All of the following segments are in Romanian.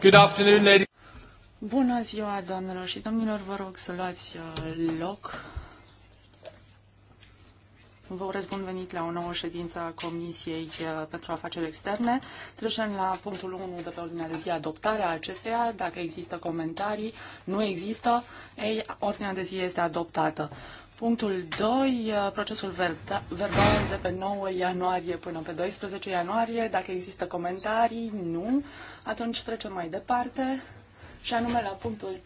Good afternoon, ladies. Bună ziua, doamnelor și domnilor, vă rog să luați uh, loc. Vă urez bun venit la o nouă ședință a Comisiei uh, pentru Afaceri Externe. Trecem la punctul 1 de pe ordinea de zi, adoptarea acesteia. Dacă există comentarii, nu există, ei, ordinea de zi este adoptată. Punctul 2, uh, procesul verbal de pe 9 ianuarie până pe 12 ianuarie. Dacă există comentarii, nu. Atunci trecem mai departe și anume la punctul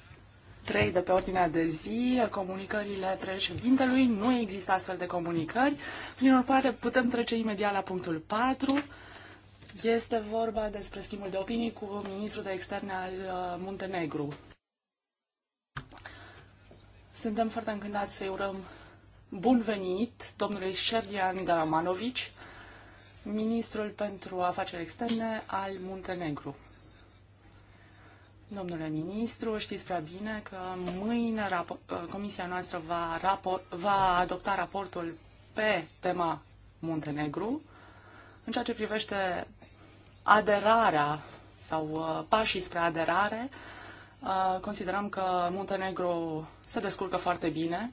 3 de pe ordinea de zi, comunicările președintelui. Nu există astfel de comunicări. Prin urmare, putem trece imediat la punctul 4. Este vorba despre schimbul de opinii cu ministrul de externe al uh, Muntenegru. Suntem foarte încântați să-i urăm bun venit domnului Șerdian Daramanovici, ministrul pentru afaceri externe al Muntenegru. Domnule ministru, știți prea bine că mâine ă, comisia noastră va, rapor, va adopta raportul pe tema Muntenegru. În ceea ce privește aderarea sau ă, pașii spre aderare, uh, considerăm că Muntenegro se descurcă foarte bine.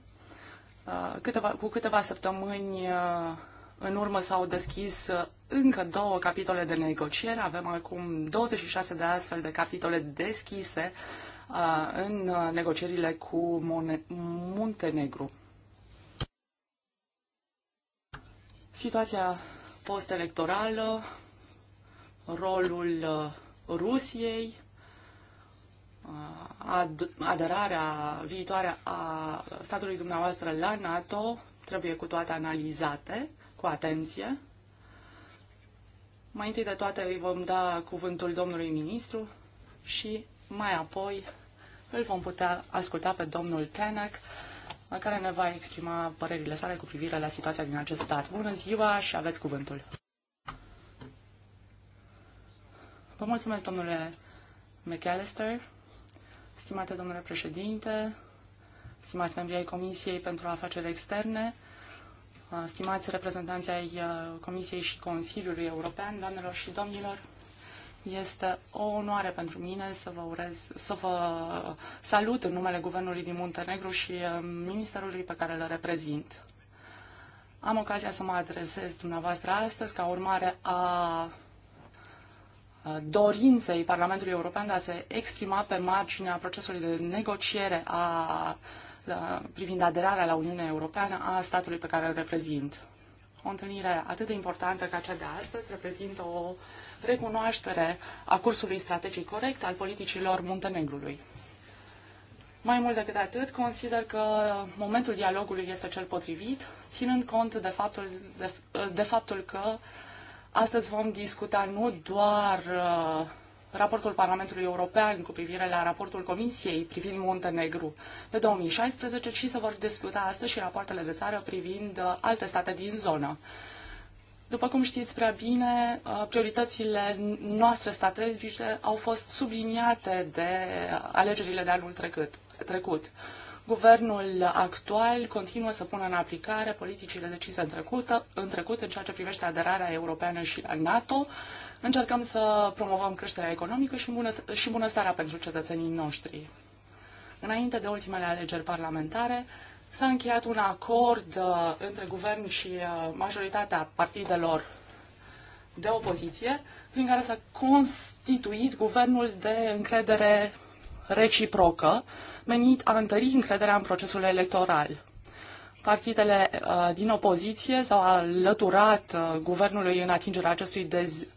Câteva, cu câteva săptămâni în urmă s-au deschis încă două capitole de negociere. Avem acum 26 de astfel de capitole deschise în negocierile cu Muntenegru. Situația postelectorală, rolul Rusiei, Uh, ad- aderarea viitoare a statului dumneavoastră la NATO trebuie cu toate analizate, cu atenție. Mai întâi de toate îi vom da cuvântul domnului ministru și mai apoi îl vom putea asculta pe domnul Tenec, uh, care ne va exprima părerile sale cu privire la situația din acest stat. Bună ziua și aveți cuvântul. Vă mulțumesc, domnule McAllister. Stimate domnule președinte, stimați membri ai Comisiei pentru Afaceri Externe, uh, stimați reprezentanții ai uh, Comisiei și Consiliului European, doamnelor și domnilor, este o onoare pentru mine să vă urez, să vă salut în numele Guvernului din Muntenegru și uh, ministerului pe care îl reprezint. Am ocazia să mă adresez dumneavoastră astăzi ca urmare a dorinței Parlamentului European de a se exprima pe marginea procesului de negociere a, a, privind aderarea la Uniunea Europeană a statului pe care îl reprezint. O întâlnire atât de importantă ca cea de astăzi reprezintă o recunoaștere a cursului strategic corect al politicilor Muntenegrului. Mai mult decât atât, consider că momentul dialogului este cel potrivit, ținând cont de faptul, de, de faptul că uh, Astăzi vom discuta nu doar uh, raportul Parlamentului European cu privire la raportul Comisiei privind Muntenegru pe 2016, ci se vor discuta astăzi și rapoartele de țară privind uh, alte state din zonă. După cum știți prea bine, uh, prioritățile noastre strategice au fost subliniate de alegerile de anul trecut. trecut. Guvernul actual continuă să pună în aplicare politicile decise în, trecută, în trecut în ceea ce privește aderarea europeană și la NATO. Încercăm să promovăm creșterea economică și, bună, și bunăstarea pentru cetățenii noștri. Înainte de ultimele alegeri parlamentare, s-a încheiat un acord uh, între guvern și uh, majoritatea partidelor de opoziție, prin care s-a constituit guvernul de încredere reciprocă, uh, menit a întări încrederea în procesul electoral. Partidele uh, din opoziție s-au alăturat uh, guvernului în atingerea acestui dez-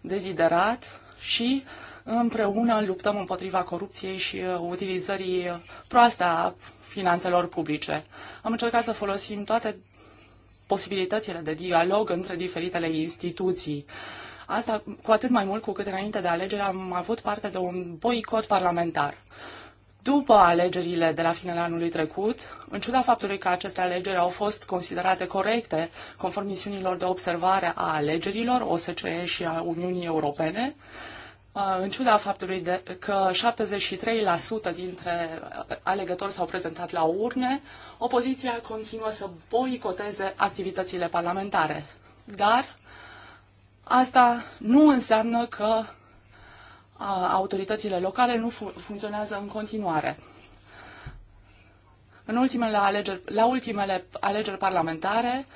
deziderat și împreună luptăm împotriva corupției și uh, utilizării proaste a finanțelor publice. Am încercat să folosim toate posibilitățile de dialog între diferitele instituții. Asta cu atât mai mult cu cât înainte de alegeri am avut parte de un boicot parlamentar după alegerile de la finele anului trecut, în ciuda faptului că aceste alegeri au fost considerate corecte conform misiunilor de observare a alegerilor OSCE și a Uniunii Europene, uh, în ciuda faptului de, că 73% dintre uh, alegători s-au prezentat la urne, opoziția continuă să boicoteze activitățile parlamentare. Dar asta nu înseamnă că autoritățile locale nu funcționează în continuare. În ultimele alegeri, la ultimele alegeri parlamentare,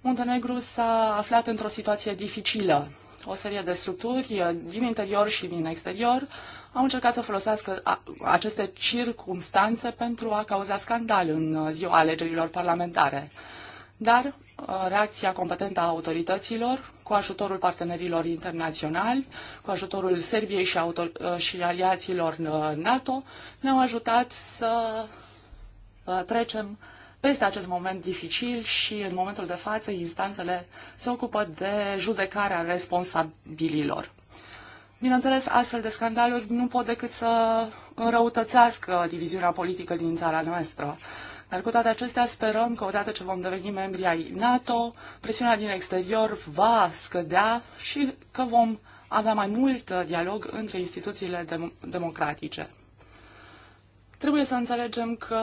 Muntenegru s-a aflat într-o situație dificilă. O serie de structuri eh, din interior și din exterior au încercat să folosească aceste circumstanțe pentru a cauza scandal în eh, ziua alegerilor parlamentare. Dar eh, reacția competentă a autorităților cu ajutorul partenerilor internaționali, cu ajutorul Serbiei și, autor- uh, și aliaților uh, NATO, ne-au ajutat să uh, trecem peste acest moment dificil și în momentul de față instanțele se ocupă de judecarea responsabililor. Bineînțeles, astfel de scandaluri nu pot decât să înrăutățească diviziunea politică din țara noastră. Dar cu toate acestea sperăm că odată ce vom deveni membri ai NATO, presiunea din exterior va scădea și că vom avea mai mult uh, dialog între instituțiile dem- democratice. Trebuie să înțelegem că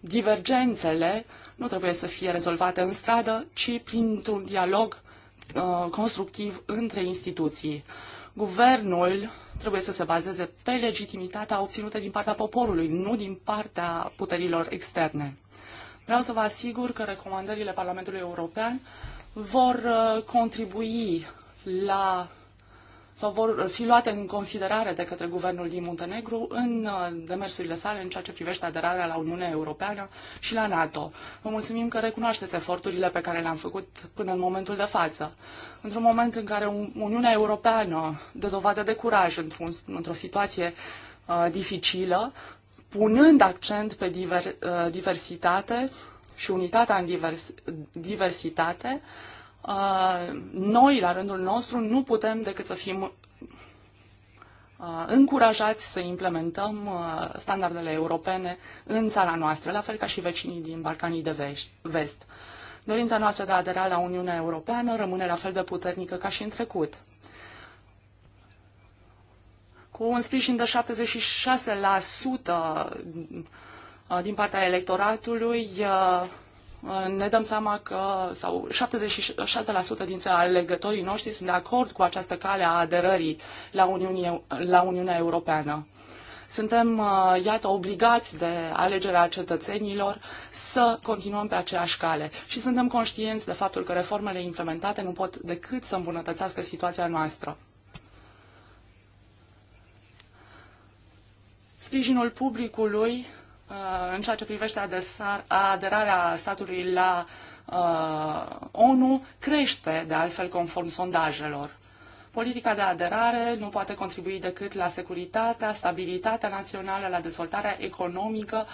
divergențele nu trebuie să fie rezolvate în stradă, ci printr-un dialog uh, constructiv între instituții. Uh, Guvernul trebuie să se bazeze pe legitimitatea obținută din partea poporului, nu din partea puterilor externe. Vreau să vă asigur că recomandările Parlamentului European vor uh, contribui la sau vor fi luate în considerare de către guvernul din Muntenegru în uh, demersurile sale în ceea ce privește aderarea la Uniunea Europeană și la NATO. Vă mulțumim că recunoașteți eforturile pe care le-am făcut până în momentul de față. Într-un moment în care Uniunea Europeană dă dovadă de curaj într-o într situație uh, dificilă, punând accent pe diver, uh, diversitate și unitatea în divers, diversitate, uh, Uh, noi, la rândul nostru, nu putem decât să fim uh, încurajați să implementăm uh, standardele europene în țara noastră, la fel ca și vecinii din Balcanii de Vest. Dorința noastră de a adera la Uniunea Europeană rămâne la fel de puternică ca și în trecut. Cu un sprijin de 76% din partea electoratului, Uh, ne dăm seama că sau 76% dintre alegătorii noștri sunt de acord cu această cale a aderării la, Uniune, la Uniunea Europeană. Suntem, uh, iată, obligați de alegerea cetățenilor să continuăm pe aceeași cale și suntem conștienți de faptul că reformele implementate nu pot decât să îmbunătățească situația noastră. Sprijinul publicului Uh, în ceea ce privește aderarea statului la uh, ONU crește, de altfel, conform sondajelor. Politica de aderare nu poate contribui decât la securitatea, stabilitatea națională, la dezvoltarea economică,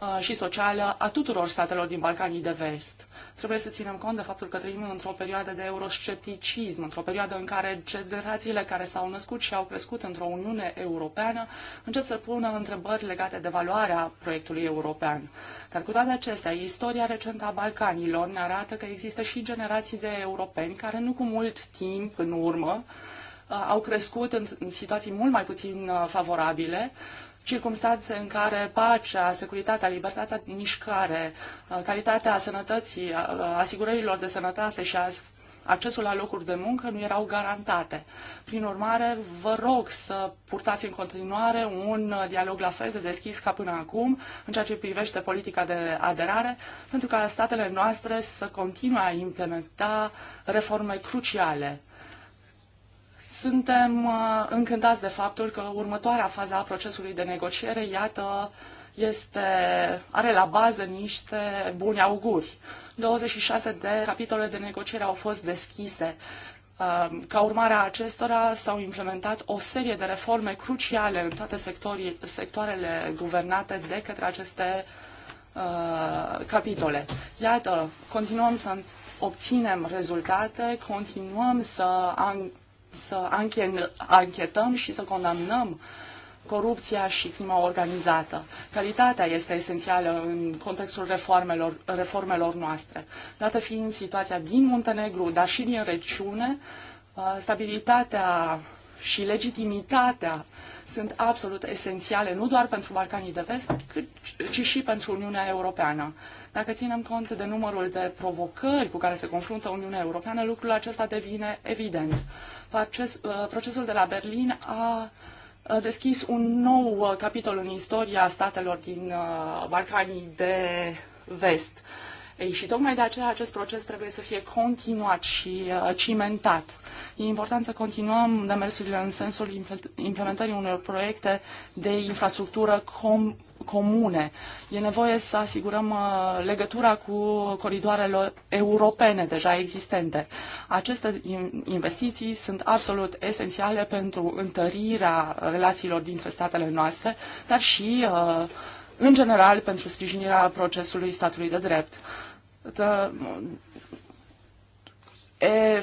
Uh, și socială a tuturor statelor din Balcanii de Vest. Trebuie să ținem cont de faptul că trăim într-o perioadă de euroscepticism, într-o perioadă în care generațiile care s-au născut și au crescut într-o Uniune Europeană încep să pună întrebări legate de valoarea proiectului european. Dar cu toate acestea, istoria recentă a Balcanilor ne arată că există și generații de europeni care nu cu mult timp în urmă uh, au crescut în situații mult mai puțin uh, favorabile, circunstanțe în care pacea, securitatea, libertatea de mișcare, uh, calitatea sănătății, uh, asigurărilor de sănătate și a accesul la locuri de muncă nu erau garantate. Prin urmare, vă rog să purtați în continuare un dialog la fel de deschis ca până acum în ceea ce privește politica de aderare, pentru ca statele noastre să continue a implementa reforme cruciale suntem uh, încântați de faptul că următoarea fază a procesului de negociere, iată, este, are la bază niște buni auguri. 26 de capitole de negociere au fost deschise. Uh, ca urmare a acestora s-au implementat o serie de reforme cruciale în toate sectorii, sectoarele guvernate de către aceste uh, capitole. Iată, continuăm să obținem rezultate, continuăm să să anchetăm și să condamnăm corupția și crima organizată. Calitatea este esențială în contextul reformelor, reformelor noastre. Dată fiind situația din Muntenegru, dar și din regiune, uh, stabilitatea și legitimitatea sunt absolut esențiale, nu doar pentru Balcanii de Vest, cât, ci și pentru Uniunea Europeană. Dacă ținem cont de numărul de provocări cu care se confruntă Uniunea Europeană, lucrul acesta devine evident. Proces, uh, procesul de la Berlin a uh, deschis un nou uh, capitol în istoria statelor din Balcanii de vest. Ei, și tocmai de aceea acest proces trebuie să fie continuat și cimentat. E important să continuăm demersurile în sensul implementării unor proiecte de infrastructură com- comune. E nevoie să asigurăm uh, legătura cu coridoarele europene deja existente. Aceste investiții sunt absolut esențiale pentru întărirea relațiilor dintre statele noastre, dar și, uh, în general, pentru sprijinirea procesului statului de drept. e,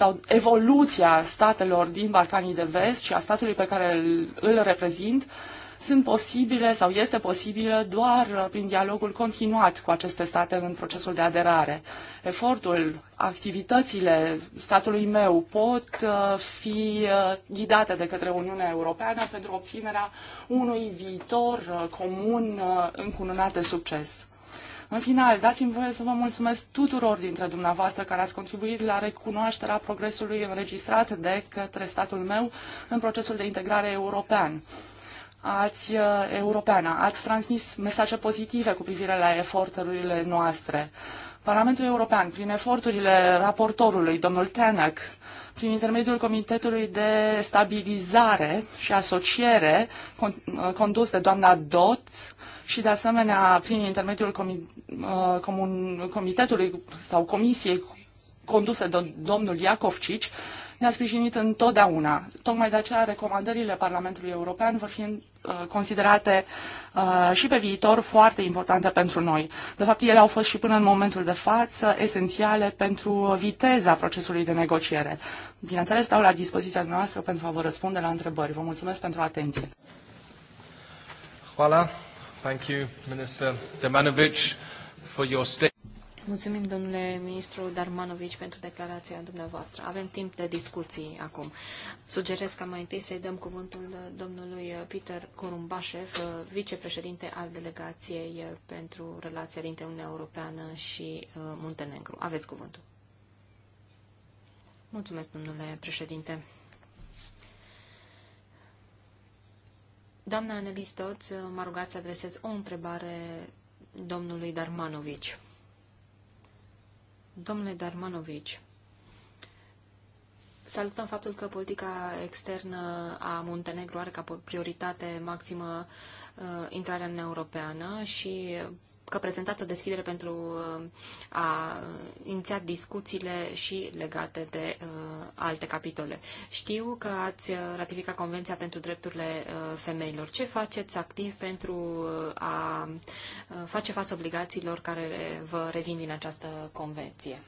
sau evoluția statelor din Balcanii de Vest și a statului pe care îl, îl reprezint sunt posibile sau este posibilă doar prin dialogul continuat cu aceste state în procesul de aderare. Efortul, activitățile statului meu pot uh, fi uh, ghidate de către Uniunea Europeană pentru obținerea unui viitor uh, comun încununat de succes. În final, dați-mi voie să vă mulțumesc tuturor dintre dumneavoastră care ați contribuit la recunoașterea progresului înregistrat de către statul meu în procesul de integrare european ați, uh, europeană. Ați transmis mesaje pozitive cu privire la eforturile noastre. Parlamentul European, prin eforturile raportorului, domnul Tenac, prin intermediul Comitetului de Stabilizare și Asociere uh, condus de doamna Dot, și de asemenea prin intermediul comi- uh, comun, comitetului sau comisiei conduse de domnul Cici, ne-a sprijinit întotdeauna. Tocmai de aceea recomandările Parlamentului European vor fi uh, considerate uh, și pe viitor foarte importante pentru noi. De fapt, ele au fost și până în momentul de față esențiale pentru viteza procesului de negociere. Bineînțeles, stau la dispoziția noastră pentru a vă răspunde la întrebări. Vă mulțumesc pentru atenție. Hvala. Thank you, Minister for your Mulțumim, domnule ministru Darmanovici, pentru declarația dumneavoastră. Avem timp de discuții acum. Sugerez ca mai întâi să-i dăm cuvântul domnului Peter Corumbașev, vicepreședinte al delegației pentru relația dintre Uniunea Europeană și uh, Muntenegru. Aveți cuvântul. Mulțumesc, domnule președinte. Doamna Annelies Toț m-a rugat să adresez o întrebare domnului Darmanovici. Domnule Darmanovici, salutăm faptul că politica externă a Muntenegru are ca prioritate maximă uh, intrarea în Europeană și că prezentați o deschidere pentru uh, a iniția discuțiile și legate de uh, alte capitole. Știu că ați uh, ratificat Convenția pentru Drepturile Femeilor. Ce faceți activ pentru a face față obligațiilor care vă revin din această convenție?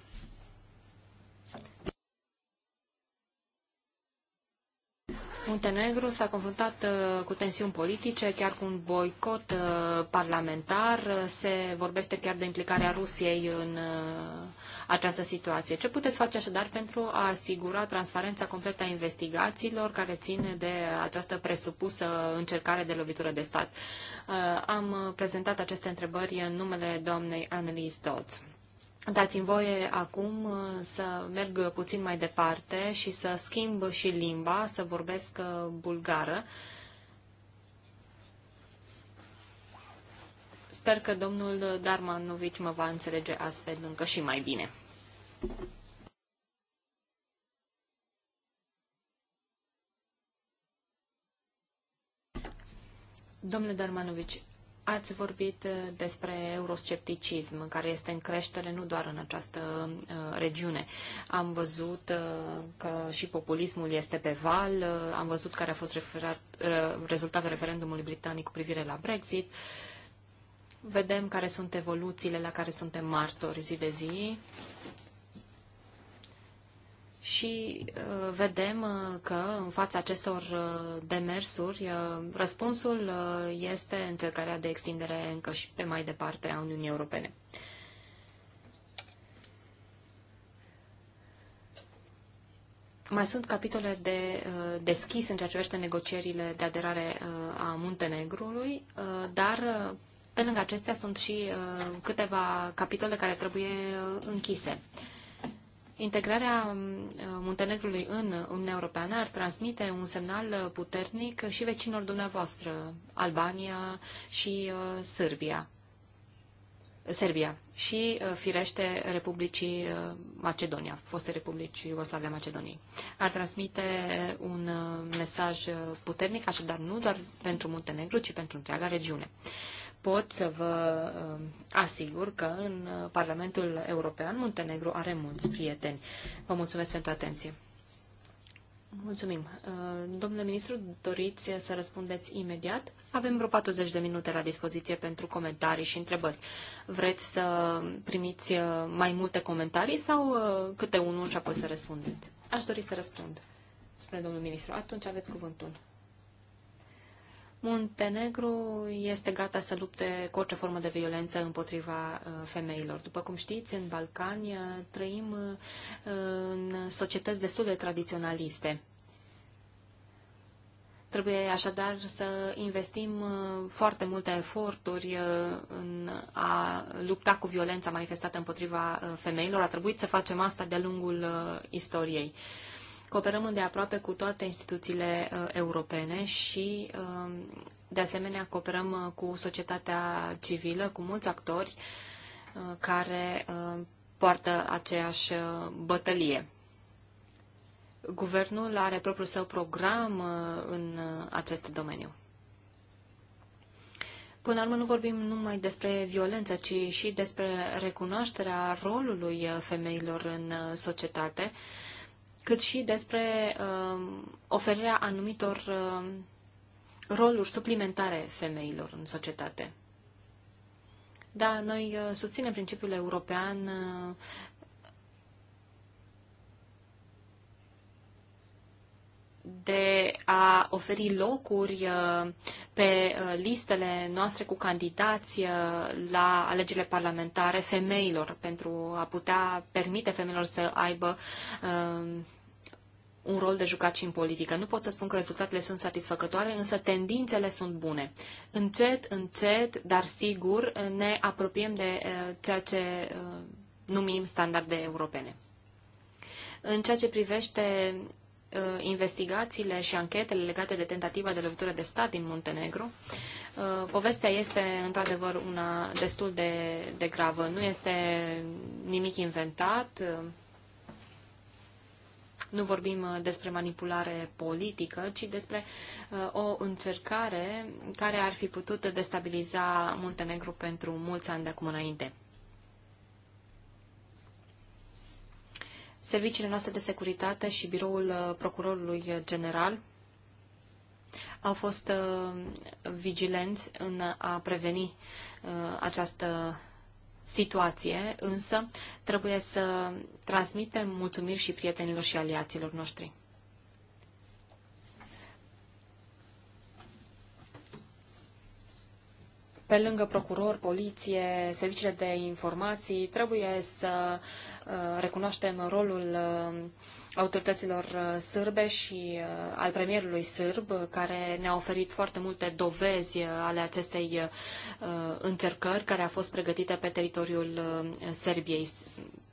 Muntenegru s-a confruntat uh, cu tensiuni politice, chiar cu un boicot uh, parlamentar. Uh, se vorbește chiar de implicarea Rusiei în această situație. Ce puteți face așadar pentru a asigura transparența completă a investigațiilor care ține de această presupusă încercare de lovitură de stat? Am prezentat aceste întrebări în numele doamnei Annelies Dodds. Dați-mi voie acum uh, să merg puțin mai departe și să schimb și limba, să vorbesc uh, bulgară. Sper că domnul Darmanovici mă va înțelege astfel încă și mai bine. Domnule Darmanovici, Ați vorbit uh, despre euroscepticism, care este în creștere nu doar în această uh, regiune. Am văzut uh, că și populismul este pe val, am văzut care a fost referat, rezultatul referendumului britanic cu privire la Brexit. Vedem care sunt evoluțiile la care suntem martori zi de zi și uh, vedem uh, că în fața acestor uh, demersuri răspunsul este încercarea de extindere încă și pe mai departe a Uniunii Europene. Mai sunt capitole de deschis în ceea ce privește negocierile de aderare a Muntenegrului, dar pe lângă acestea sunt și câteva capitole care trebuie închise integrarea mm, uh, Muntenegrului în Uniunea Europeană ar transmite un semnal uh, puternic și vecinilor dumneavoastră, Albania și uh, Serbia, Serbia și, firește, Republicii Macedonia, foste Republicii Iugoslavia Macedoniei. Ar transmite un mesaj puternic, așadar nu doar pentru Muntenegru, ci pentru întreaga regiune pot să vă um, asigur că în uh, Parlamentul European Muntenegru are mulți prieteni. Vă mulțumesc pentru atenție. Mulțumim. Uh, domnule ministru, doriți să răspundeți imediat? Avem vreo 40 de minute la dispoziție pentru comentarii și întrebări. Vreți să primiți uh, mai multe comentarii sau câte unul și apoi să răspundeți? Aș dori să răspund, spune domnul ministru. Atunci aveți cuvântul. Muntenegru este gata să lupte cu orice formă de violență împotriva uh, femeilor. După cum știți, în Balcani uh, trăim uh, în societăți destul de tradiționaliste. Trebuie așadar să investim foarte multe eforturi în a lupta cu violența manifestată împotriva femeilor. A trebuit să facem asta de-a lungul istoriei. Cooperăm îndeaproape cu toate instituțiile uh, europene și, um, de asemenea, cooperăm uh, cu societatea civilă, cu mulți actori uh, care poartă aceeași bătălie. Guvernul are propriul său program în acest domeniu. Până la urmă nu vorbim numai despre violență, ci și despre recunoașterea rolului femeilor în societate cât și despre um, oferirea anumitor um, roluri suplimentare femeilor în societate. Da, noi uh, susținem principiul european uh, de a oferi locuri uh, pe uh, listele noastre cu candidați uh, la alegerile parlamentare femeilor, pentru a putea permite femeilor să aibă un rol de jucat și în politică. Nu pot să spun că rezultatele sunt satisfăcătoare, însă tendințele sunt bune. Încet, încet, dar sigur, ne apropiem de ceea ce numim standarde europene. În ceea ce privește Uh, investigațiile și anchetele legate de tentativa de lovitură de stat din Muntenegru. Uh, povestea este într-adevăr una destul de, de gravă. Nu este nimic inventat. Uh, nu vorbim despre manipulare politică, ci despre o încercare care ar fi putut destabiliza Muntenegru pentru mulți ani de acum înainte. serviciile noastre de securitate și biroul uh, procurorului general au fost uh, vigilenți în a preveni uh, această situație, însă trebuie să transmitem mulțumiri și prietenilor și aliaților noștri. Pe lângă procurori, poliție, serviciile de informații, trebuie să uh, recunoaștem rolul uh, autorităților uh, sârbe și al premierului sârb, care ne-a oferit foarte multe dovezi ale acestei încercări care a fost pregătită pe teritoriul Serbiei.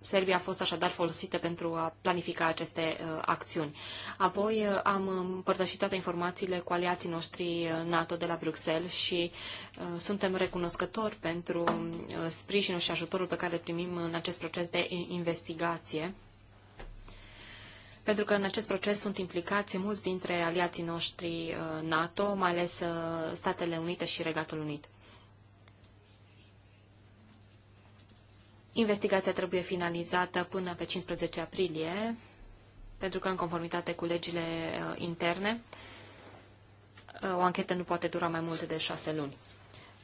Serbia a fost așadar folosită pentru a planifica aceste uh, acțiuni. Apoi uh, am împărtășit toate informațiile cu aliații noștri uh, NATO de la Bruxelles și uh, suntem recunoscători pentru uh, sprijinul și ajutorul pe care îl primim în acest proces de investigație pentru că în acest proces sunt implicați mulți dintre aliații noștri uh, NATO, mai ales uh, Statele Unite și Regatul Unit. Investigația trebuie finalizată până pe 15 aprilie, pentru că în conformitate cu legile uh, interne, uh, o anchetă nu poate dura mai mult de șase luni.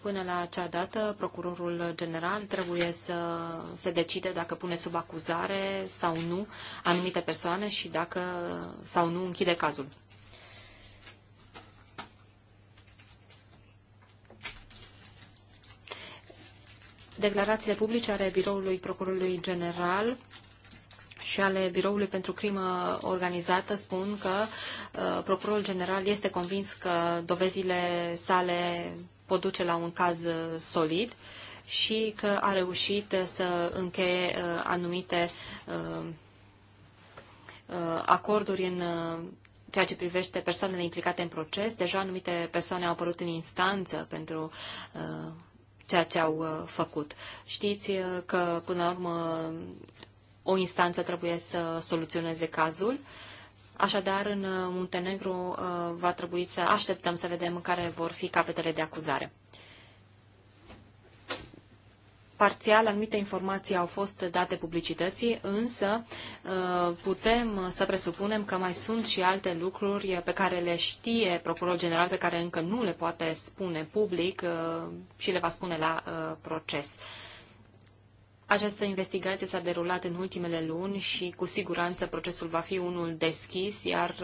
Până la acea dată, procurorul general trebuie să se decide dacă pune sub acuzare sau nu anumite persoane și dacă sau nu închide cazul. declarațiile publice ale Biroului Procurorului General și ale Biroului pentru Crimă Organizată spun că uh, Procurorul General este convins că dovezile sale pot duce la un caz uh, solid și că a reușit să încheie uh, anumite uh, uh acorduri în uh, ceea ce privește persoanele implicate în proces. Deja anumite persoane au apărut în instanță pentru ceea ce au uh, făcut. Știți uh, că, până la urmă, o instanță trebuie să soluționeze cazul. Așadar, în uh, Muntenegru va trebui să așteptăm să vedem care vor fi capetele de acuzare. Parțial, anumite informații au fost date publicității, însă uh, putem să presupunem că mai sunt și alte lucruri pe care le știe Procurorul General, pe care încă nu le poate spune public uh, și le va spune la uh, proces. Această investigație s-a derulat în ultimele luni și cu siguranță procesul va fi unul deschis, iar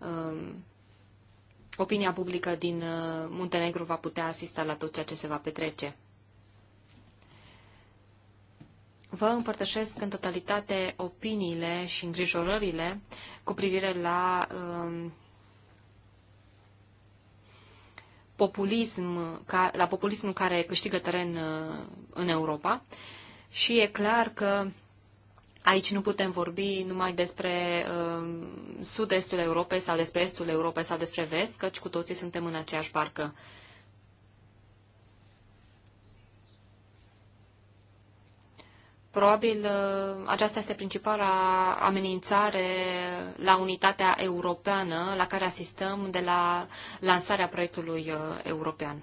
um, opinia publică din Muntenegru va putea asista la tot ceea ce se va petrece. Vă împărtășesc în totalitate opiniile și îngrijorările cu privire la um, populism, la populismul care câștigă teren uh, în Europa și e clar că aici nu putem vorbi numai despre uh, sud-estul Europei sau despre estul Europei sau despre vest, căci cu toții suntem în aceeași barcă. Uh, Probabil uh, aceasta este principala amenințare la unitatea europeană la care asistăm de la lansarea proiectului uh, european.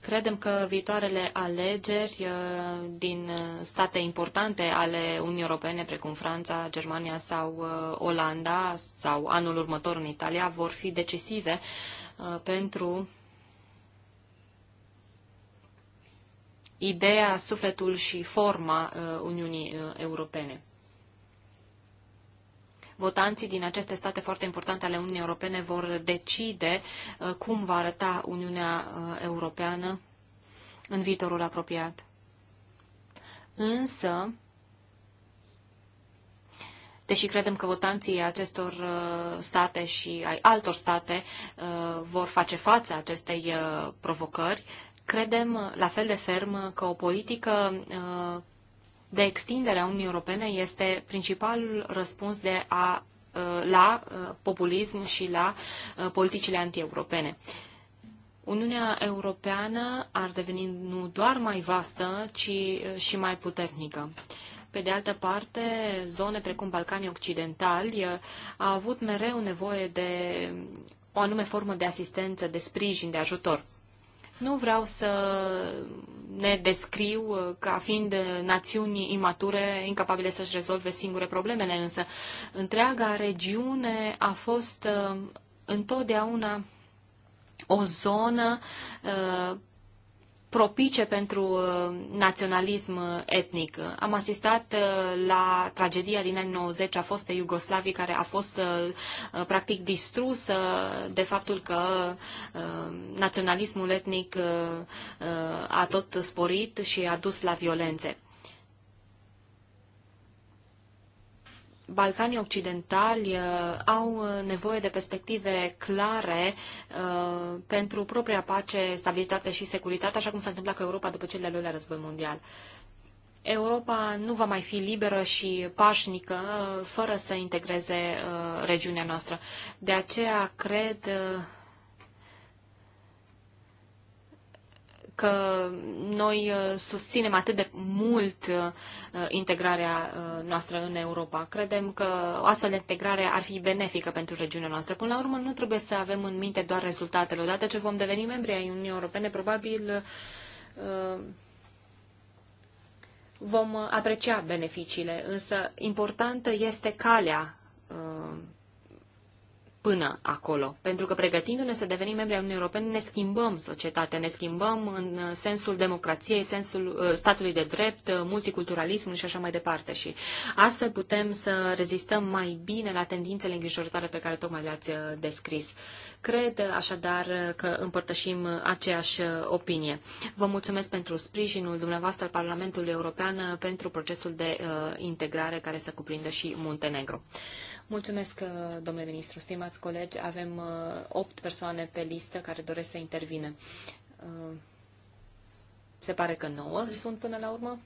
Credem că viitoarele alegeri uh, din state importante ale Uniunii Europene, precum Franța, Germania sau Olanda, sau anul următor în Italia, vor fi decisive pentru ideea, sufletul și forma uh, Uniunii uh, Europene. Votanții din aceste state foarte importante ale Uniunii Europene vor decide uh, cum va arăta Uniunea Europeană în viitorul apropiat. Însă, deși credem că votanții acestor state și ai altor state vor face față acestei provocări, Credem la fel de ferm că o politică uh, de extindere a Uniunii Europene este principalul răspuns de a, uh, la uh, populism și la politicile antieuropene. Uniunea Europeană ar deveni nu doar mai vastă, ci și mai puternică. Pe de altă parte, zone precum Balcanii Occidentali au avut mereu nevoie de o anume formă de asistență, de sprijin, de ajutor. Nu vreau să ne descriu uh, ca fiind uh, națiuni imature, incapabile să-și rezolve singure problemele, însă întreaga regiune a fost uh, întotdeauna o zonă propice pentru uh, naționalism uh, etnic. Am asistat uh, la tragedia din anii 90 a fostei Iugoslavii care a fost practic distrusă de faptul că naționalismul etnic a tot sporit și a dus la violențe. Balcanii Occidentali uh, au uh, nevoie de perspective clare uh, pentru propria pace, stabilitate și securitate, așa cum s-a întâmplat cu Europa după cel de-al doilea război mondial. Europa nu va mai fi liberă și pașnică fără să integreze regiunea noastră. De aceea cred că noi uh, susținem atât de mult uh, integrarea uh, noastră în Europa. Credem că o astfel de integrare ar fi benefică pentru regiunea noastră. Până la urmă, nu trebuie să avem în minte doar rezultatele. Odată ce vom deveni membri ai Uniunii Europene, probabil vom aprecia beneficiile, însă importantă este calea până acolo. Pentru că pregătindu-ne să devenim membri ai Uniunii Europene, ne schimbăm societatea, ne schimbăm în uh, sensul democrației, sensul uh, statului de drept, uh, multiculturalismul și așa mai departe. Și astfel putem să rezistăm mai bine la tendințele îngrijorătoare pe care tocmai le-ați descris. Cred așadar că împărtășim aceeași opinie. Vă mulțumesc pentru sprijinul dumneavoastră al Parlamentului European pentru procesul de integrare care să cuprindă și Muntenegru. Mulțumesc, uh, domnule ministru. Stimați colegi, avem uh, opt persoane pe listă care doresc să intervină. Uh, se pare că nouă sunt până la urmă.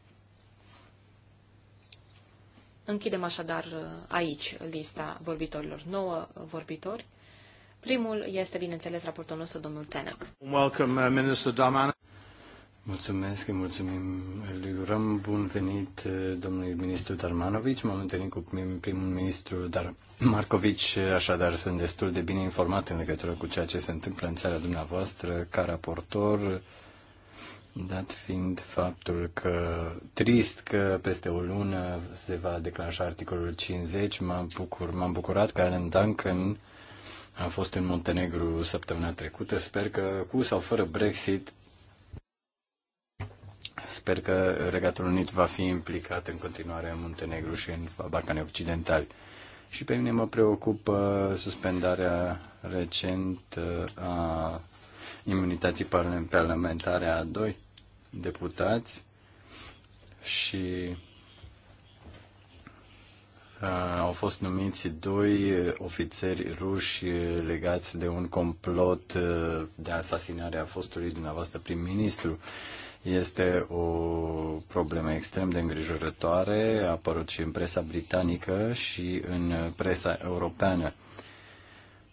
Închidem așadar aici lista vorbitorilor. Nouă vorbitori. Primul este, bineînțeles, raportul nostru, domnul Tenek. Welcome, Minister Mulțumesc, mulțumim, îi urăm bun venit eh, domnului ministru Darmanovici. M-am întâlnit cu primul ministru Dar Marcovici, așadar sunt destul de bine informat în legătură cu ceea ce se întâmplă în țara dumneavoastră ca raportor, dat fiind faptul că trist că peste o lună se va declanșa articolul 50, m-am, bucur, m-am bucurat că Alan Duncan a fost în Montenegru săptămâna trecută. Sper că cu sau fără Brexit Sper că Regatul Unit va fi implicat în continuare în Muntenegru și în Balcanii Occidentali. Și pe mine mă preocupă suspendarea recent uh, a imunității parlamentare a doi deputați și uh, au fost numiți doi ofițeri ruși legați de un complot uh, de asasinare a fostului dumneavoastră prim-ministru. Este o problemă extrem de îngrijorătoare, a apărut și în presa britanică și în presa europeană.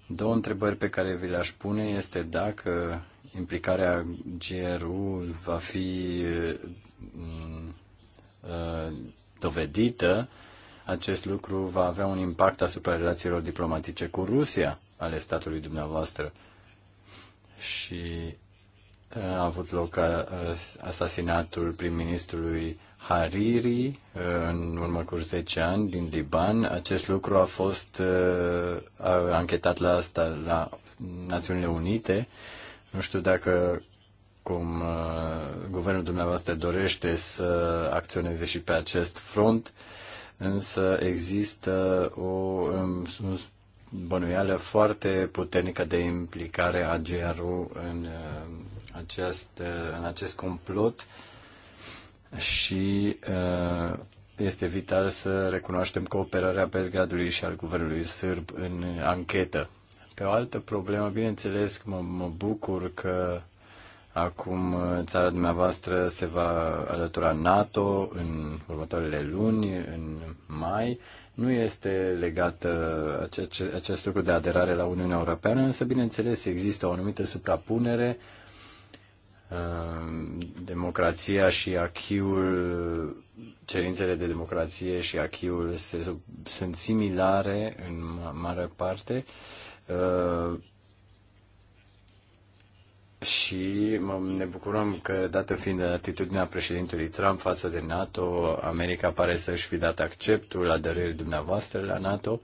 Două întrebări pe care vi le-aș pune este dacă implicarea GRU va fi uh, dovedită, acest lucru va avea un impact asupra relațiilor diplomatice cu Rusia ale statului dumneavoastră. Și a avut loc asasinatul prim-ministrului Hariri în urmă cu 10 ani din Liban. Acest lucru a fost anchetat la asta la Națiunile Unite. Nu știu dacă cum guvernul dumneavoastră dorește să acționeze și pe acest front, însă există o um, bănuială foarte puternică de implicare a GRU în aceast, uh, în acest complot și uh, este vital să recunoaștem cooperarea Belgradului și al guvernului sârb în anchetă. Pe o altă problemă, bineînțeles, mă, mă bucur că acum uh, țara dumneavoastră se va alătura NATO în următoarele luni, în mai. Nu este legat acest, acest lucru de aderare la Uniunea Europeană, însă, bineînțeles, există o anumită suprapunere Ehm, democrația și achiul, cerințele de democrație și achiul se, sunt similare în mare parte ehm, și ne bucurăm că, dată fiind atitudinea președintelui Trump față de NATO, America pare să-și fi dat acceptul aderării dumneavoastră la NATO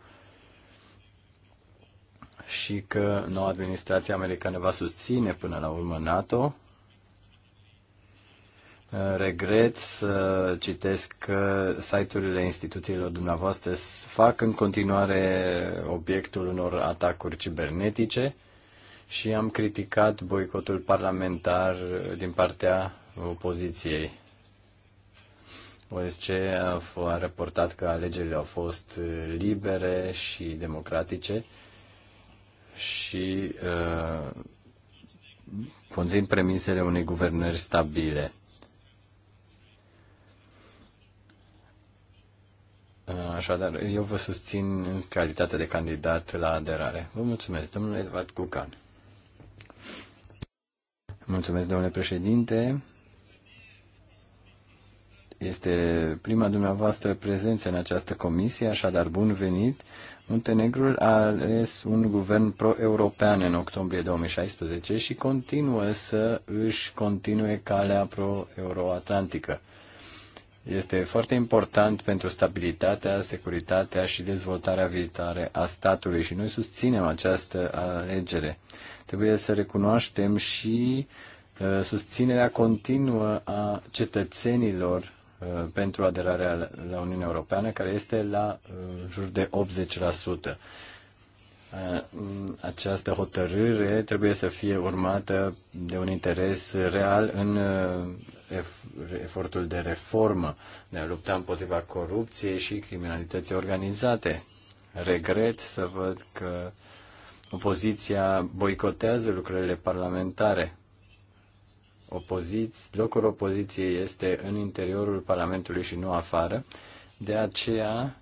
și că noua administrație americană va susține până la urmă NATO Regret să citesc că site-urile instituțiilor dumneavoastră fac în continuare obiectul unor atacuri cibernetice și am criticat boicotul parlamentar din partea opoziției. OSC a, a raportat că alegerile au fost libere și democratice și uh, punzind premisele unei guvernări stabile. Așadar, eu vă susțin în calitate de candidat la aderare. Vă mulțumesc, domnule Edvard Cucan. Mulțumesc, domnule președinte. Este prima dumneavoastră prezență în această comisie, așadar bun venit. Muntenegrul a ales un guvern pro-european în octombrie 2016 și continuă să își continue calea pro-euroatlantică este foarte important pentru stabilitatea, securitatea și dezvoltarea viitoare a statului și noi susținem această alegere. Trebuie să recunoaștem și uh, susținerea continuă a cetățenilor uh, pentru aderarea la Uniunea Europeană, care este la uh, jur de 80%. Această hotărâre trebuie să fie urmată de un interes real în efortul de reformă, de a lupta împotriva corupției și criminalității organizate. Regret să văd că opoziția boicotează lucrările parlamentare. Opoziț locul opoziției este în interiorul Parlamentului și nu afară. De aceea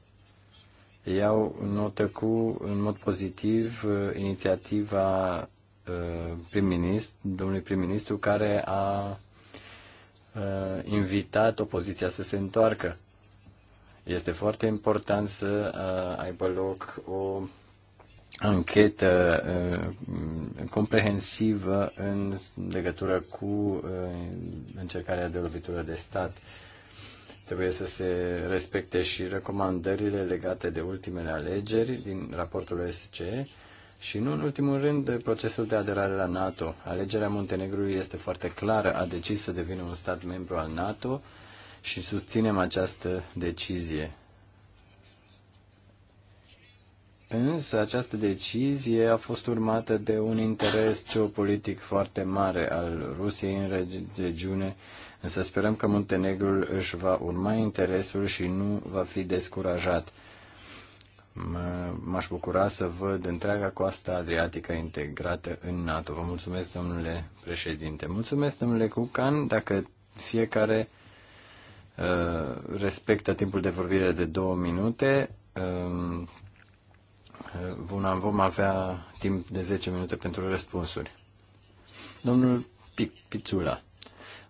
iau notă cu, în mod pozitiv, inițiativa uh, prim-ministru, domnului prim-ministru, care a Uh, invitat opoziția să se întoarcă. Este foarte important să uh, aibă loc o anchetă uh, comprehensivă în legătură cu încercarea de lovitură de stat. Trebuie să se respecte și recomandările legate de ultimele alegeri din raportul OSCE și nu în ultimul rând, procesul de aderare la NATO. Alegerea Muntenegrului este foarte clară, a decis să devină un stat membru al NATO și susținem această decizie. Însă această decizie a fost urmată de un interes geopolitic foarte mare al Rusiei în regiune, însă sperăm că Muntenegrul își va urma interesul și nu va fi descurajat m-aș bucura să văd întreaga coastă adriatică integrată în NATO. Vă mulțumesc, domnule președinte. Mulțumesc, domnule Cucan, dacă fiecare uh, respectă timpul de vorbire de două minute, um, uh, vom avea timp de 10 minute pentru răspunsuri. Domnul Pic Pițula.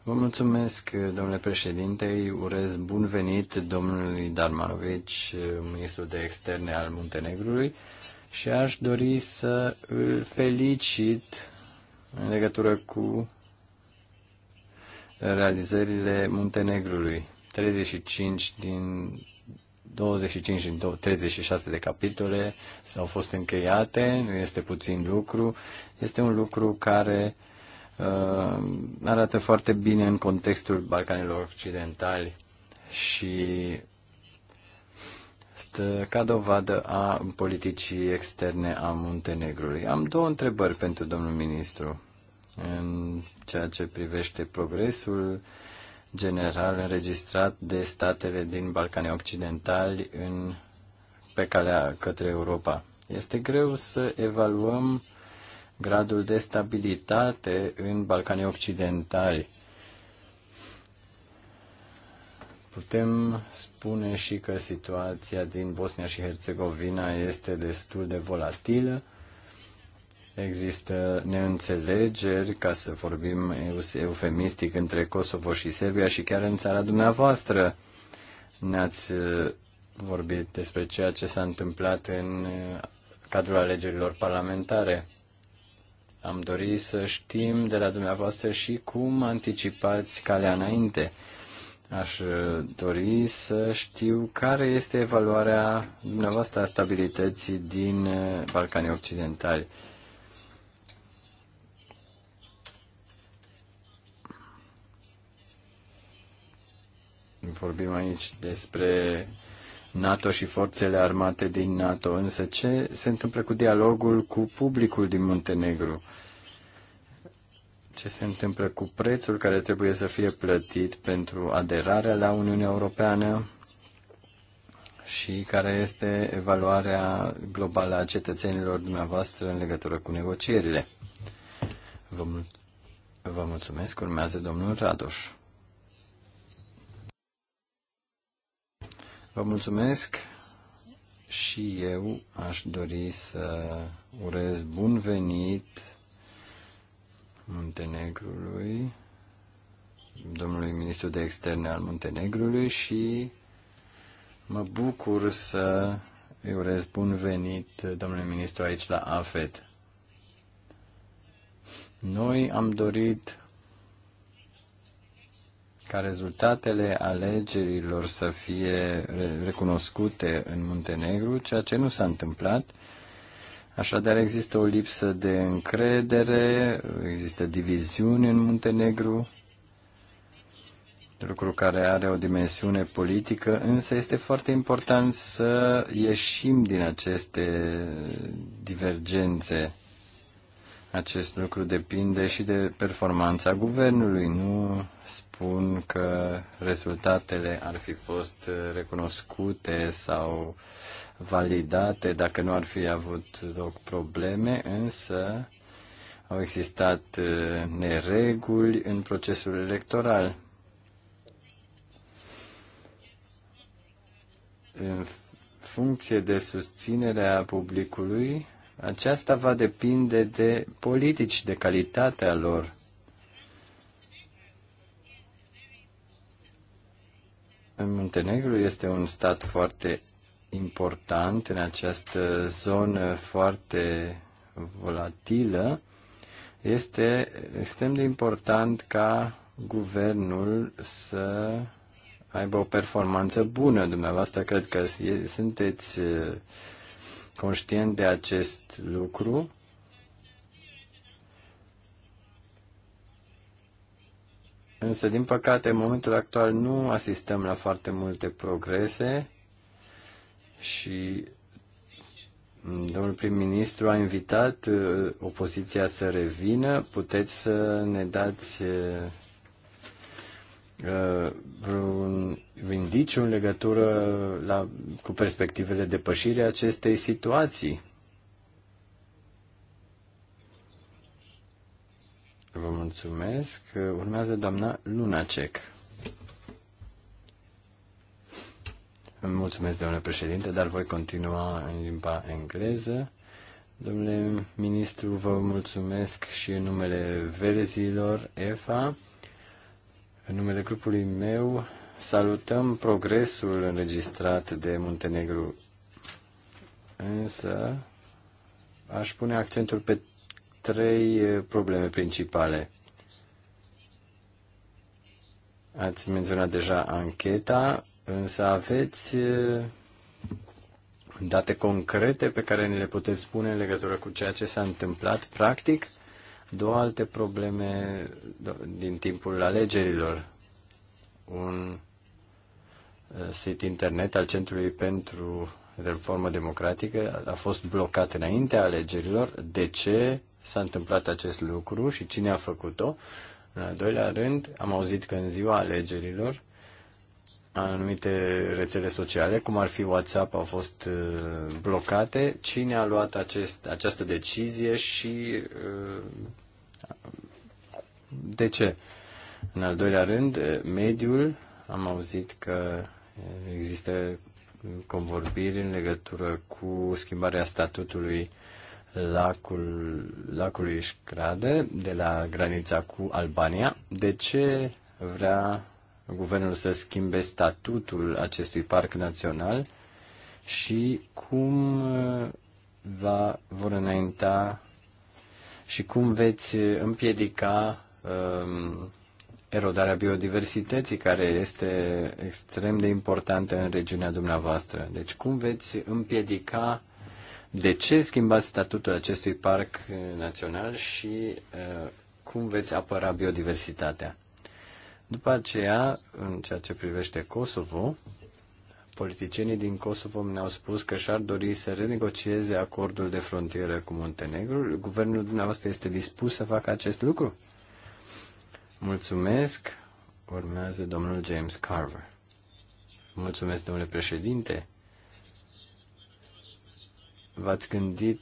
Vă mulțumesc, domnule președinte. urez bun venit domnului Darmanovici, ministrul de externe al Muntenegrului și aș dori să îl felicit în legătură cu realizările Muntenegrului. 35 din 25 din 36 de capitole s au fost încheiate, nu este puțin lucru, este un lucru care uh, Uh, arată foarte bine în contextul Balcanilor Occidentali și stă ca dovadă a politicii externe a Muntenegrului. Am două întrebări pentru domnul ministru în ceea ce privește progresul general înregistrat de statele din Balcanii Occidentali în, pe calea către Europa. Este greu să evaluăm gradul de stabilitate în Balcanii Occidentali. Putem spune și că situația din Bosnia și Herțegovina este destul de volatilă. Există neînțelegeri, ca să vorbim eufemistic, între Kosovo și Serbia și chiar în țara dumneavoastră. Ne-ați uh, vorbit despre ceea ce s-a întâmplat în uh, cadrul alegerilor parlamentare. Am dorit să știm de la dumneavoastră și cum anticipați calea înainte. Aș uh, dori să știu care este evaluarea dumneavoastră a stabilității din uh, Balcanii Occidentali. Vorbim aici despre NATO și forțele armate din NATO. Însă ce se întâmplă cu dialogul cu publicul din Muntenegru? Ce se întâmplă cu prețul care trebuie să fie plătit pentru aderarea la Uniunea Europeană? Și care este evaluarea globală a cetățenilor dumneavoastră în legătură cu negocierile? Vă, mul- vă mulțumesc. Urmează domnul Radoș. Vă mulțumesc și eu aș dori să urez bun venit Muntenegrului, domnului ministru de externe al Muntenegrului și mă bucur să îi urez bun venit domnului ministru aici la AFET. Noi am dorit ca rezultatele alegerilor să fie recunoscute în Muntenegru, ceea ce nu s-a întâmplat. Așadar, există o lipsă de încredere, există diviziuni în Muntenegru, lucru care are o dimensiune politică, însă este foarte important să ieșim din aceste divergențe acest lucru depinde și de performanța guvernului. Nu spun că rezultatele ar fi fost uh, recunoscute sau validate dacă nu ar fi avut loc probleme, însă au existat uh, nereguli în procesul electoral. În funcție de susținerea publicului, aceasta va depinde de politici, de calitatea lor. În Muntenegru este un stat foarte important în această zonă foarte volatilă. Este extrem de important ca guvernul să aibă o performanță bună. Dumneavoastră cred că sunteți Conștient de acest lucru, Însă, din păcate, în momentul actual nu asistăm la foarte multe progrese și domnul prim-ministru a invitat uh, opoziția să revină. Puteți să ne dați uh, Uh, vreun indiciu în legătură la, cu perspectivele depășirii acestei situații. Vă mulțumesc. Urmează doamna Lunacek. Îmi mulțumesc, domnule președinte, dar voi continua în limba engleză. Domnule ministru, vă mulțumesc și în numele verzilor EFA în numele grupului meu salutăm progresul înregistrat de Muntenegru, însă aș pune accentul pe trei probleme principale. Ați menționat deja ancheta, însă aveți date concrete pe care ne le puteți spune în legătură cu ceea ce s-a întâmplat practic? două alte probleme din timpul alegerilor. Un uh, site internet al Centrului pentru Reformă Democratică a fost blocat înaintea alegerilor. De ce s-a întâmplat acest lucru și cine a făcut-o? În al doilea rând, am auzit că în ziua alegerilor anumite rețele sociale, cum ar fi WhatsApp, au fost uh, blocate. Cine a luat acest, această decizie și uh, de ce? În al doilea rând, uh, mediul, am auzit că există convorbiri în legătură cu schimbarea statutului lacul, lacului Șcrade de la granița cu Albania. De ce vrea guvernul să schimbe statutul acestui parc național și cum uh, va, vor înainta și cum veți împiedica um, erodarea biodiversității, care este extrem de importantă în regiunea dumneavoastră. Deci cum veți împiedica de ce schimbați statutul acestui parc național și uh, cum veți apăra biodiversitatea? După aceea, în ceea ce privește Kosovo, politicienii din Kosovo mi au spus că și-ar dori să renegocieze acordul de frontieră cu Montenegru. Guvernul dumneavoastră este dispus să facă acest lucru? Mulțumesc. Urmează domnul James Carver. Mulțumesc, domnule președinte. V-ați gândit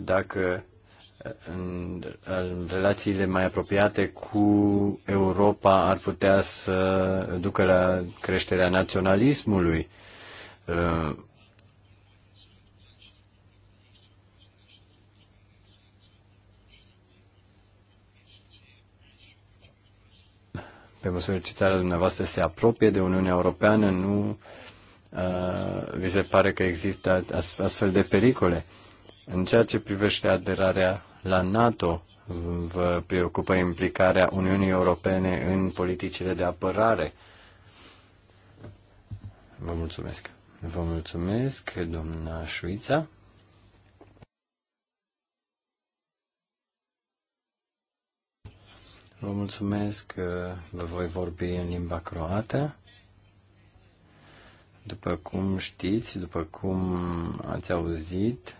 dacă în, în relațiile mai apropiate cu Europa ar putea să ducă la creșterea naționalismului. Pe măsură ce țara dumneavoastră se apropie de Uniunea Europeană, nu uh, vi se pare că există astfel de pericole. În ceea ce privește aderarea la NATO vă preocupă implicarea Uniunii Europene în politicile de apărare? Vă mulțumesc. Vă mulțumesc, doamna Șuița. Vă mulțumesc că vă voi vorbi în limba croată. După cum știți, după cum ați auzit,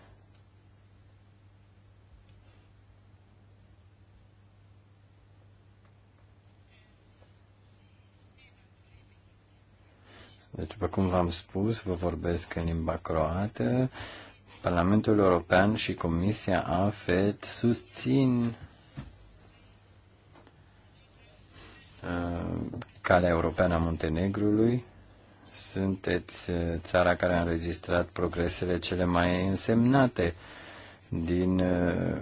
Deci, după cum v-am spus, vă vorbesc în limba croată. Parlamentul European și Comisia AFET susțin uh, calea europeană a Muntenegrului. Sunteți uh, țara care a înregistrat progresele cele mai însemnate din uh,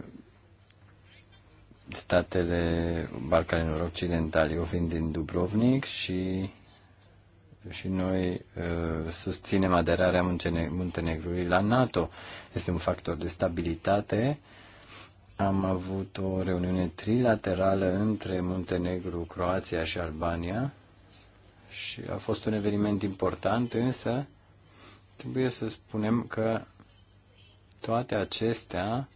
statele Balcanilor Occidentale. Eu vin din Dubrovnik și și noi uh, susținem aderarea Muntenegrului la NATO. Este un factor de stabilitate. Am avut o reuniune trilaterală între Muntenegru, Croația și Albania și a fost un eveniment important, însă trebuie să spunem că toate acestea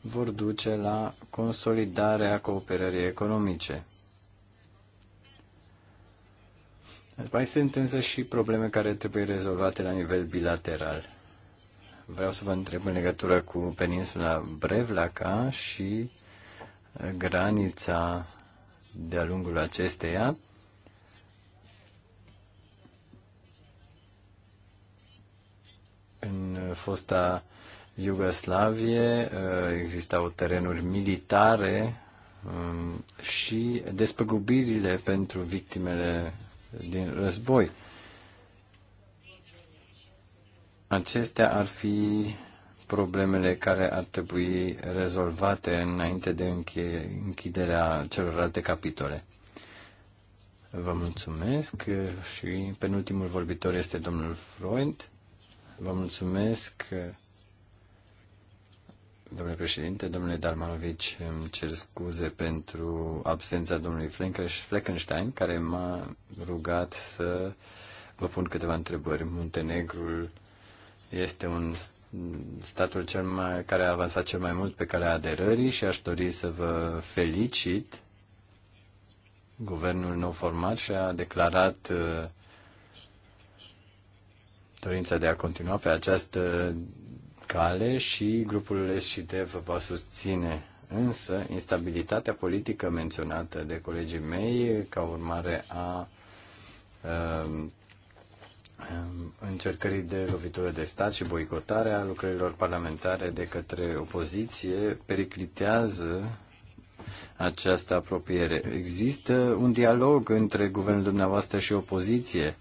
vor duce la consolidarea cooperării economice. Mai sunt însă și probleme care trebuie rezolvate la nivel bilateral. Vreau să vă întreb în legătură cu peninsula Brevlaca și uh, granița de-a lungul acesteia. În fosta Iugoslavie uh, existau terenuri militare um, și despăgubirile pentru victimele din război. Acestea ar fi problemele care ar trebui rezolvate înainte de închiderea celorlalte capitole. Vă mulțumesc și penultimul vorbitor este domnul Freund. Vă mulțumesc Domnule președinte, domnule Darmanovici, îmi cer scuze pentru absența domnului Fleckenstein, care m-a rugat să vă pun câteva întrebări. Muntenegrul este un statul cel mai, care a avansat cel mai mult pe calea aderării și aș dori să vă felicit. Guvernul nou format și a declarat uh, dorința de a continua pe această cale și grupul SCD vă va susține. Însă, instabilitatea politică menționată de colegii mei, ca urmare a um, um, încercării de lovitură de stat și boicotarea lucrărilor parlamentare de către opoziție periclitează această apropiere. Există un dialog între guvernul dumneavoastră și opoziție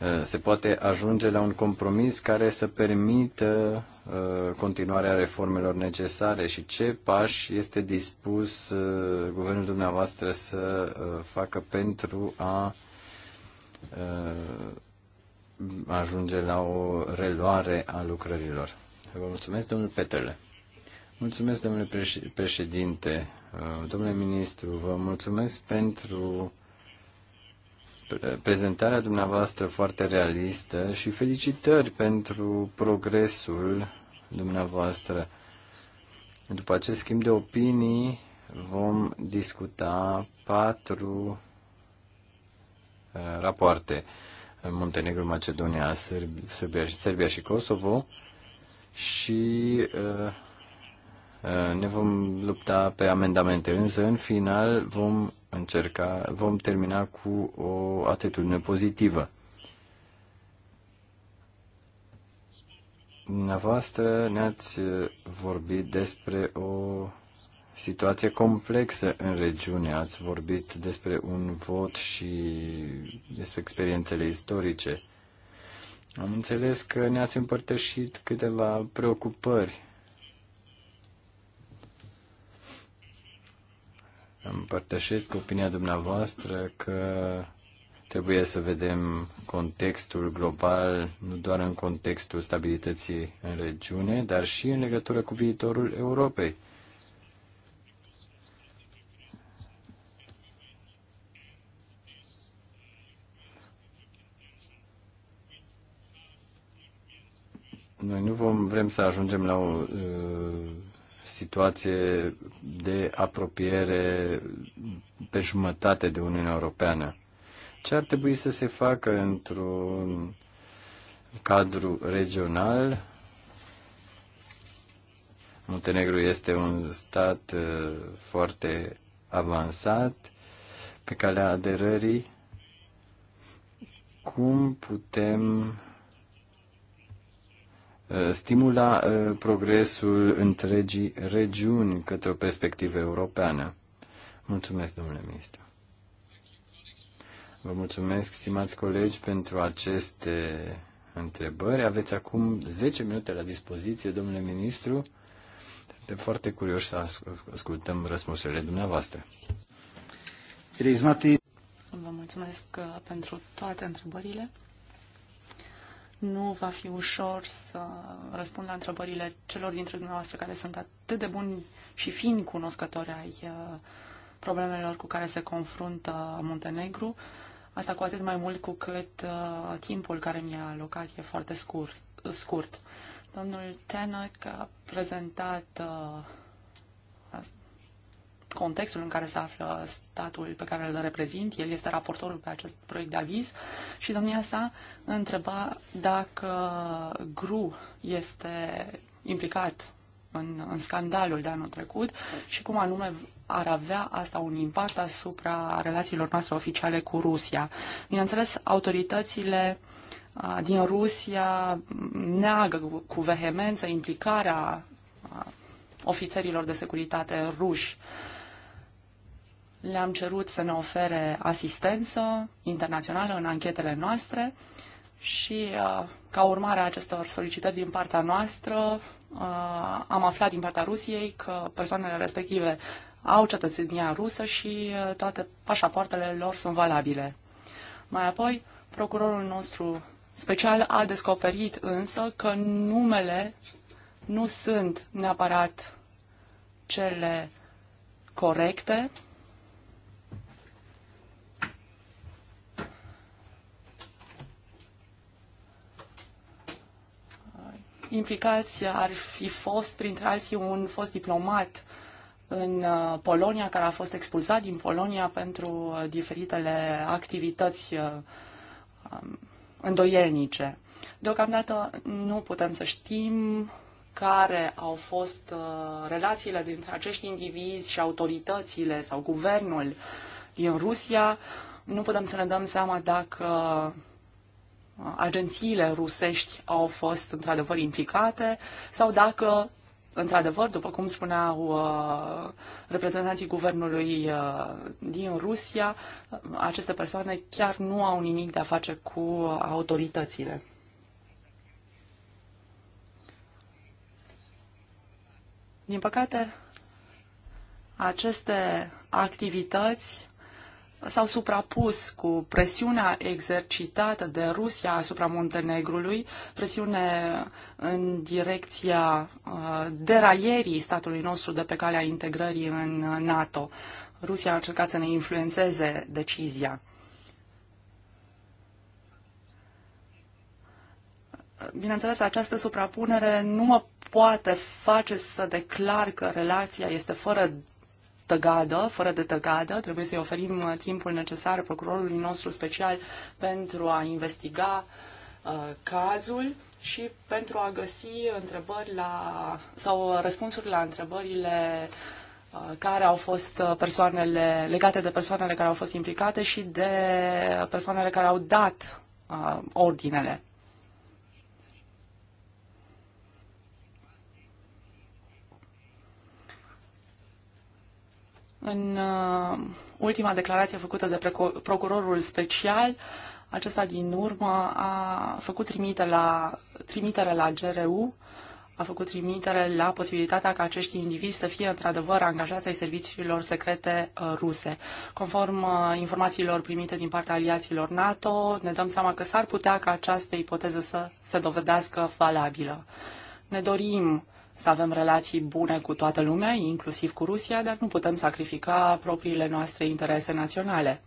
Eh, se poate ajunge la un compromis care să permită eh, continuarea reformelor necesare și ce pași este dispus eh, guvernul dumneavoastră să facă pentru a ajunge la o reluare a lucrărilor. Vă mulțumesc, domnul Petrele. Mulțumesc, domnule președinte. Domnule ministru, vă mulțumesc pentru prezentarea dumneavoastră foarte realistă și felicitări pentru progresul dumneavoastră. După acest schimb de opinii vom discuta patru uh, rapoarte. Muntenegru, Macedonia, Serbia, Serbia și Kosovo și uh, uh, ne vom lupta pe amendamente. Însă, în final, vom încerca, vom termina cu o atitudine pozitivă. Dumneavoastră ne-ați vorbit despre o situație complexă în regiune. Ați vorbit despre un vot și despre experiențele istorice. Am înțeles că ne-ați împărtășit câteva preocupări Împărtășesc opinia dumneavoastră că trebuie să vedem contextul global, nu doar în contextul stabilității în regiune, dar și în legătură cu viitorul Europei. Noi nu vom vrem să ajungem la o uh, situație de apropiere pe jumătate de Uniunea Europeană. Ce ar trebui să se facă într-un cadru regional? Muntenegru este un stat uh, foarte avansat pe calea aderării. Cum putem Uh, stimula uh, progresul întregii regiuni către o perspectivă europeană. Mulțumesc, domnule ministru. Vă mulțumesc, stimați colegi, pentru aceste întrebări. Aveți acum 10 minute la dispoziție, domnule ministru. Suntem foarte curioși să ascultăm răspunsurile dumneavoastră. Vă mulțumesc uh, pentru toate întrebările. Nu va fi ușor să răspund la întrebările celor dintre dumneavoastră care sunt atât de buni și fiind cunoscători ai uh, problemelor cu care se confruntă Muntenegru. Asta cu atât mai mult cu cât uh, timpul care mi-a alocat e foarte scurt. scurt. Domnul Tenor a prezentat uh, contextul în care se află statul pe care îl reprezint. El este raportorul pe acest proiect de aviz și domnia sa întreba dacă GRU este implicat în, în scandalul de anul trecut și cum anume ar avea asta un impact asupra relațiilor noastre oficiale cu Rusia. Bineînțeles, autoritățile din Rusia neagă cu vehemență implicarea ofițerilor de securitate ruși le-am cerut să ne ofere asistență internațională în anchetele noastre și uh, ca urmare a acestor solicitări din partea noastră uh, am aflat din partea Rusiei că persoanele respective au cetățenia rusă și uh, toate pașapoartele lor sunt valabile. Mai apoi, procurorul nostru special a descoperit însă că numele nu sunt neapărat cele corecte, implicați ar fi fost, printre alții, un fost diplomat în uh, Polonia, care a fost expulzat din Polonia pentru uh, diferitele activități uh, um, îndoielnice. Deocamdată nu putem să știm care au fost relațiile dintre acești indivizi și autoritățile sau guvernul din Rusia. Nu putem să ne dăm seama dacă agențiile rusești au fost într-adevăr implicate sau dacă, într-adevăr, după cum spuneau uh, reprezentanții guvernului uh, din Rusia, aceste persoane chiar nu au nimic de a face cu autoritățile. Din păcate, aceste activități s-au suprapus cu presiunea exercitată de Rusia asupra Muntenegrului, presiune în direcția uh, deraierii statului nostru de pe calea integrării în NATO. Rusia a încercat să ne influențeze decizia. Bineînțeles, această suprapunere nu mă poate face să declar că relația este fără tăgadă, fără de tăgadă. Trebuie să-i oferim uh, timpul necesar procurorului nostru special pentru a investiga uh, cazul și pentru a găsi întrebări la, sau răspunsuri la întrebările uh, care au fost persoanele, legate de persoanele care au fost implicate și de persoanele care au dat ordinele. În uh, ultima declarație făcută de procurorul special, acesta din urmă a făcut trimite la, trimitere la GRU, a făcut trimitere la posibilitatea ca acești indivizi să fie într-adevăr angajați ai serviciilor secrete uh, ruse. Conform uh, informațiilor primite din partea aliaților NATO, ne dăm seama că s-ar putea ca această ipoteză să se dovedească valabilă. Ne dorim să avem relații bune cu toată lumea, inclusiv cu Rusia, dar nu putem sacrifica propriile noastre interese naționale.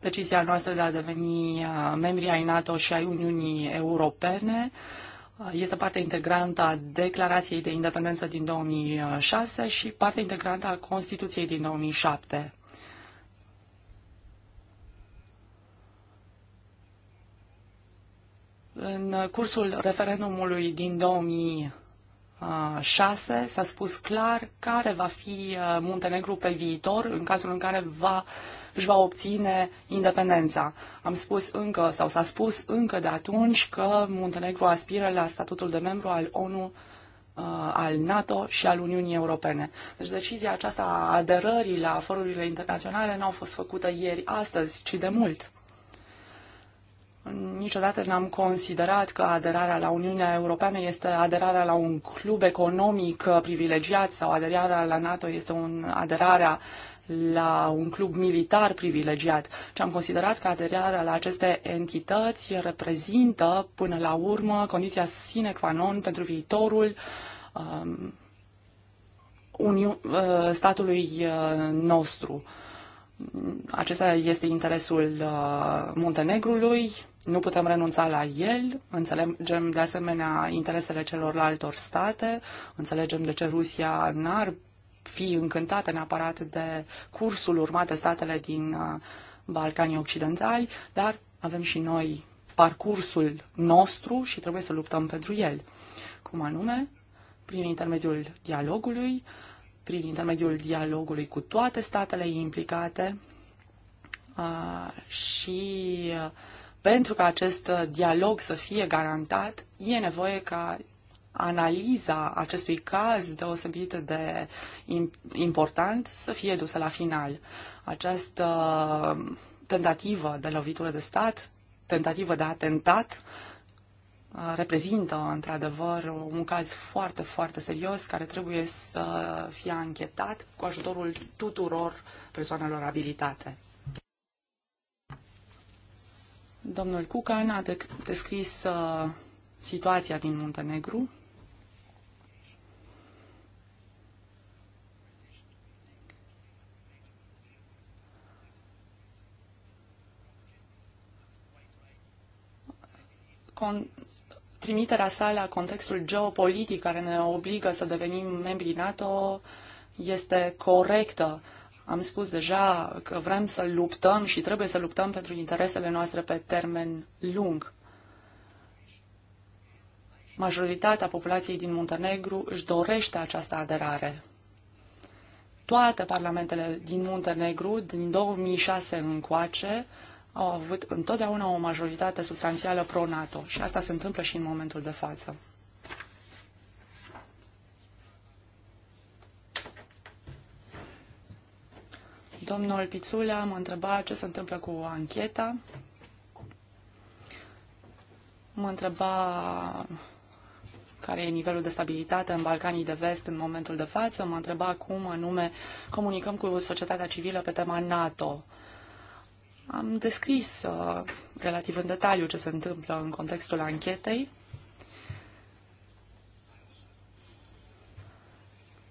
Decizia noastră de a deveni uh, membri ai NATO și ai Uniunii Europene uh, este parte integrantă a Declarației de Independență din 2006 și parte integrantă a Constituției din 2007. În cursul referendumului din 2000 6 uh, s-a spus clar care va fi uh, Muntenegru pe viitor în cazul în care va, își va obține independența. Am spus încă, sau s-a spus încă de atunci că Muntenegru aspiră la statutul de membru al ONU uh, al NATO și al Uniunii Europene. Deci decizia aceasta a aderării la forurile internaționale nu au fost făcută ieri, astăzi, ci de mult niciodată n-am considerat că aderarea la Uniunea Europeană este aderarea la un club economic privilegiat sau aderarea la NATO este un aderarea la un club militar privilegiat, ci am considerat că aderarea la aceste entități reprezintă, până la urmă, condiția sine qua non pentru viitorul um, uh, statului uh, nostru. Uh, acesta este interesul uh, Muntenegrului, nu putem renunța la el, înțelegem de asemenea interesele celorlaltor state, înțelegem de ce Rusia n-ar fi încântată neapărat de cursul urmat de statele din uh, Balcanii Occidentali, dar avem și noi parcursul nostru și trebuie să luptăm pentru el. Cum anume? Prin intermediul dialogului, uh, prin intermediul dialogului cu toate statele implicate și pentru ca acest dialog să fie garantat, e nevoie ca analiza acestui caz deosebit de important să fie dusă la final. Această tentativă de lovitură de stat, tentativă de atentat, reprezintă, într-adevăr, un caz foarte, foarte serios care trebuie să fie anchetat cu ajutorul tuturor persoanelor abilitate. Domnul Cucan a descris uh, situația din Muntenegru. Con trimiterea sa la contextul geopolitic care ne obligă să devenim membrii NATO este corectă. Am spus deja că vrem să luptăm și trebuie să luptăm pentru interesele noastre pe termen lung. Majoritatea populației din Muntenegru își dorește această aderare. Toate parlamentele din Muntenegru, din 2006 încoace, au avut întotdeauna o majoritate substanțială pro-NATO și asta se întâmplă și în momentul de față. Domnul Pițulea mă întreba ce se întâmplă cu ancheta. Mă întreba care e nivelul de stabilitate în Balcanii de Vest în momentul de față. Mă întreba cum anume comunicăm cu societatea civilă pe tema NATO. Am descris uh, relativ în detaliu ce se întâmplă în contextul anchetei.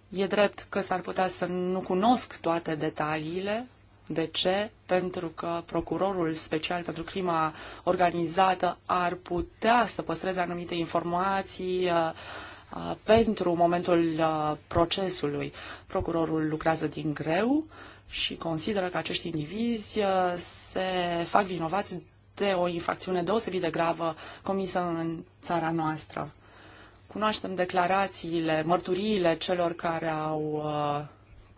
E drept că s-ar putea să nu cunosc toate detaliile. De ce? Pentru că procurorul special pentru crima organizată ar putea să păstreze anumite informații uh, uh pentru momentul uh, procesului. Procurorul lucrează din greu, și consideră că acești indivizi uh, se fac vinovați de o infracțiune deosebit de gravă comisă în țara noastră. Cunoaștem declarațiile, mărturiile celor care au uh,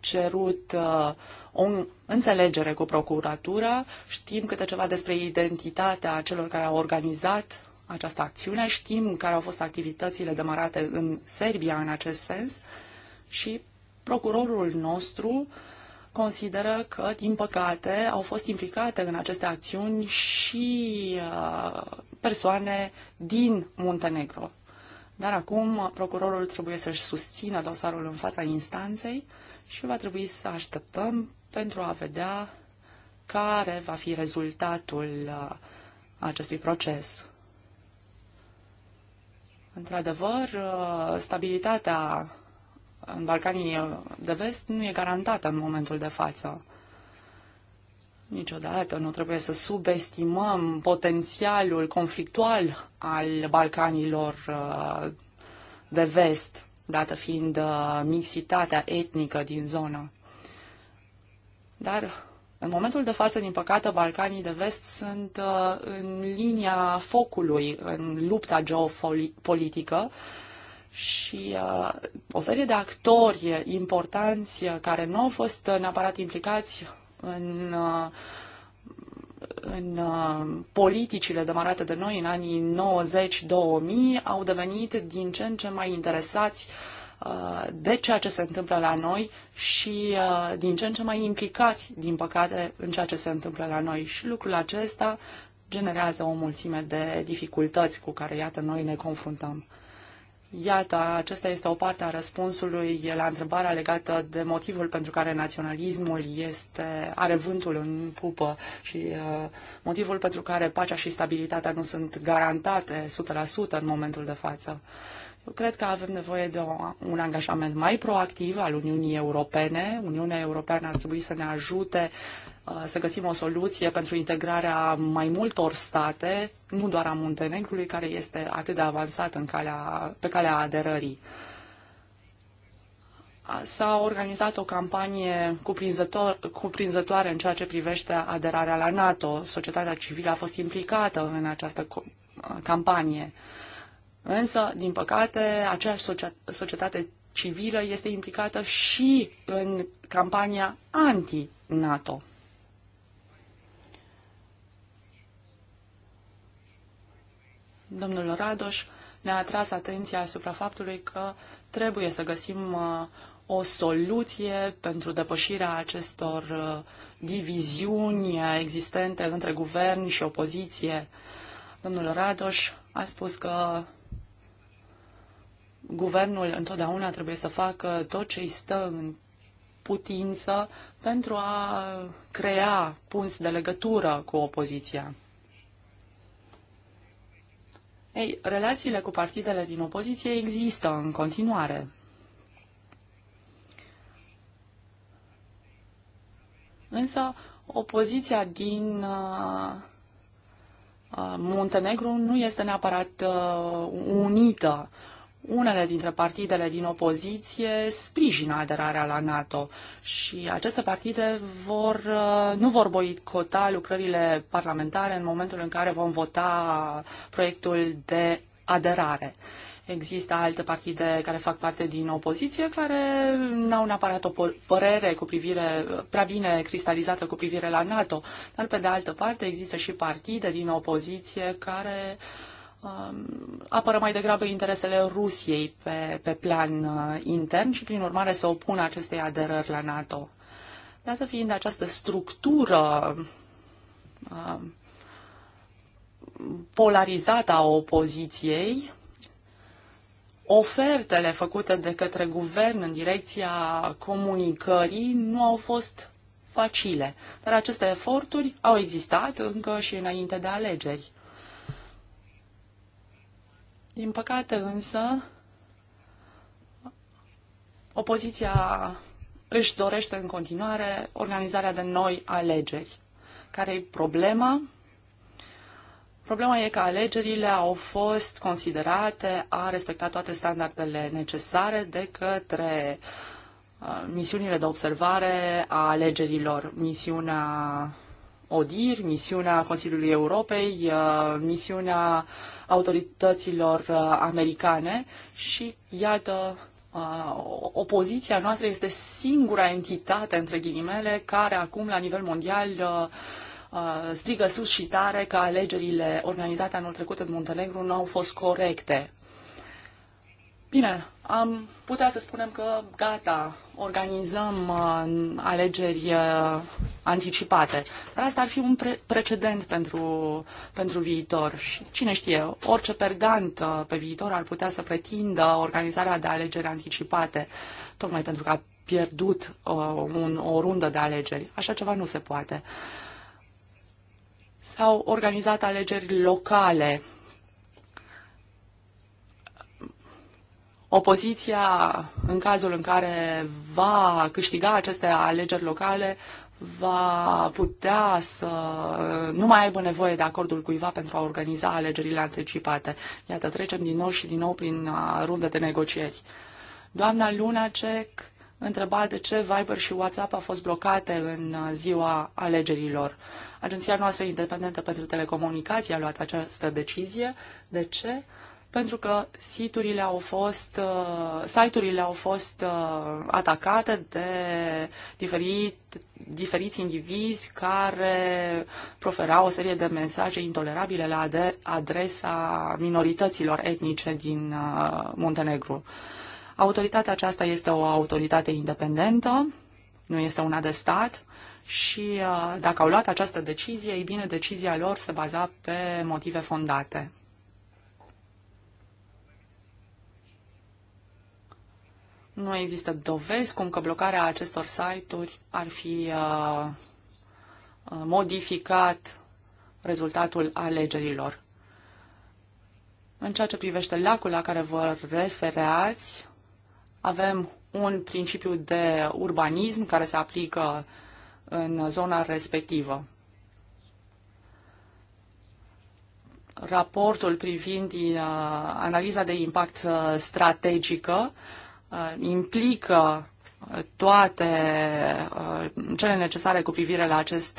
cerut uh, o înțelegere cu procuratura, știm câte ceva despre identitatea celor care au organizat această acțiune, știm care au fost activitățile demarate în Serbia în acest sens și procurorul nostru uh, consideră că, din păcate, au fost implicate în aceste acțiuni și uh, persoane din Muntenegro. Dar acum uh, procurorul trebuie să-și susțină dosarul în fața instanței și va trebui să așteptăm pentru a vedea care va fi rezultatul uh, acestui proces. Într-adevăr, stabilitatea în Balcanii de vest nu e garantată în momentul de față. Niciodată nu trebuie să subestimăm potențialul conflictual al Balcanilor uh, de vest, dată fiind uh, mixitatea etnică din zonă. Dar în momentul de față, din păcate, Balcanii de Vest sunt uh, în linia focului în lupta geopolitică, și uh, o serie de actori importanți uh, care nu au fost uh, neapărat implicați în, uh, în uh, politicile demarate de noi în anii 90-2000 au devenit din ce în ce mai interesați uh, de ceea ce se întâmplă la noi și uh, din ce în ce mai implicați, din păcate, în ceea ce se întâmplă la noi. Și lucrul acesta generează o mulțime de dificultăți cu care, iată, noi ne confruntăm. Iată, acesta este o parte a răspunsului la întrebarea legată de motivul pentru care naționalismul este, are vântul în pupă și uh, motivul pentru care pacea și stabilitatea nu sunt garantate 100% în momentul de față. Eu cred că avem nevoie de o, un angajament mai proactiv al Uniunii Europene. Uniunea Europeană ar trebui să ne ajute uh, Uh, să găsim o soluție pentru integrarea mai multor state, nu doar a Muntenegrului, care este atât de avansat în calea, pe calea aderării. S-a organizat o campanie cuprinzător, cuprinzătoare în ceea ce privește aderarea la NATO. Societatea civilă a fost implicată în această uh, campanie. Însă, din păcate, aceeași societate civilă este implicată și în campania anti-NATO. domnul Radoș ne-a atras atenția asupra faptului că trebuie să găsim uh, o soluție pentru depășirea acestor uh, diviziuni existente între guvern și opoziție. Domnul Radoș a spus că guvernul întotdeauna trebuie să facă tot ce îi stă în putință pentru a crea punți de legătură cu opoziția. Ei, relațiile cu partidele din opoziție există în continuare. Însă, opoziția din uh, uh Muntenegru nu este neapărat uh, unită. Uh, unele dintre partidele din opoziție sprijină aderarea la NATO și aceste partide vor, uh, nu vor boicota lucrările parlamentare în momentul în care vom vota proiectul de aderare. Există alte partide care fac parte din opoziție care n-au neapărat o părere cu privire prea bine cristalizată cu privire la NATO, dar pe de altă parte există și partide din opoziție care uh, Um, apără mai degrabă interesele Rusiei pe, pe plan uh, intern și, prin urmare, se opună acestei aderări la NATO. Dată fiind această structură um, polarizată a opoziției, ofertele făcute de către guvern în direcția comunicării nu au fost facile, dar aceste eforturi au existat încă și înainte de alegeri. Din păcate însă, opoziția își dorește în continuare organizarea de noi alegeri. Care e problema? Problema e că alegerile au fost considerate a respecta toate standardele necesare de către uh, misiunile de observare a alegerilor, misiunea ODIR, misiunea Consiliului Europei, uh, misiunea autorităților uh, americane și iată uh, opoziția noastră este singura entitate, între ghilimele, care acum la nivel mondial strigă sus și tare că alegerile organizate anul trecut în Muntenegru nu au fost corecte. Bine, am putea să spunem că gata, organizăm uh, alegeri uh, anticipate. Dar asta ar fi un pre- precedent pentru, pentru viitor. Și cine știe, orice perdant uh, pe viitor ar putea să pretindă organizarea de alegeri anticipate, tocmai pentru că a pierdut uh, un, o rundă de alegeri. Așa ceva nu se poate. S-au organizat alegeri locale Opoziția, în cazul în care va câștiga aceste alegeri locale, va putea să nu mai aibă nevoie de acordul cuiva pentru a organiza alegerile anticipate. Iată, trecem din nou și din nou prin uh, runde de negocieri. Doamna Lunacek întreba de ce Viber și WhatsApp au fost blocate în uh, ziua alegerilor. Agenția noastră independentă pentru telecomunicații a luat această decizie. De ce? pentru că siturile au fost, uh, site-urile au fost uh, atacate de diferit, diferiți indivizi care proferau o serie de mesaje intolerabile la adresa minorităților etnice din uh, Muntenegru. Autoritatea aceasta este o autoritate independentă, nu este una de stat și dacă au luat această decizie, ei bine, decizia lor se baza pe motive fondate. Nu există dovezi cum că blocarea acestor site-uri ar fi uh, uh, modificat rezultatul alegerilor. În ceea ce privește lacul la care vă refereați, avem un principiu de urbanism care se aplică în zona respectivă. Raportul privind uh, analiza de impact strategică Uh, implică uh, toate uh, cele necesare cu privire la acest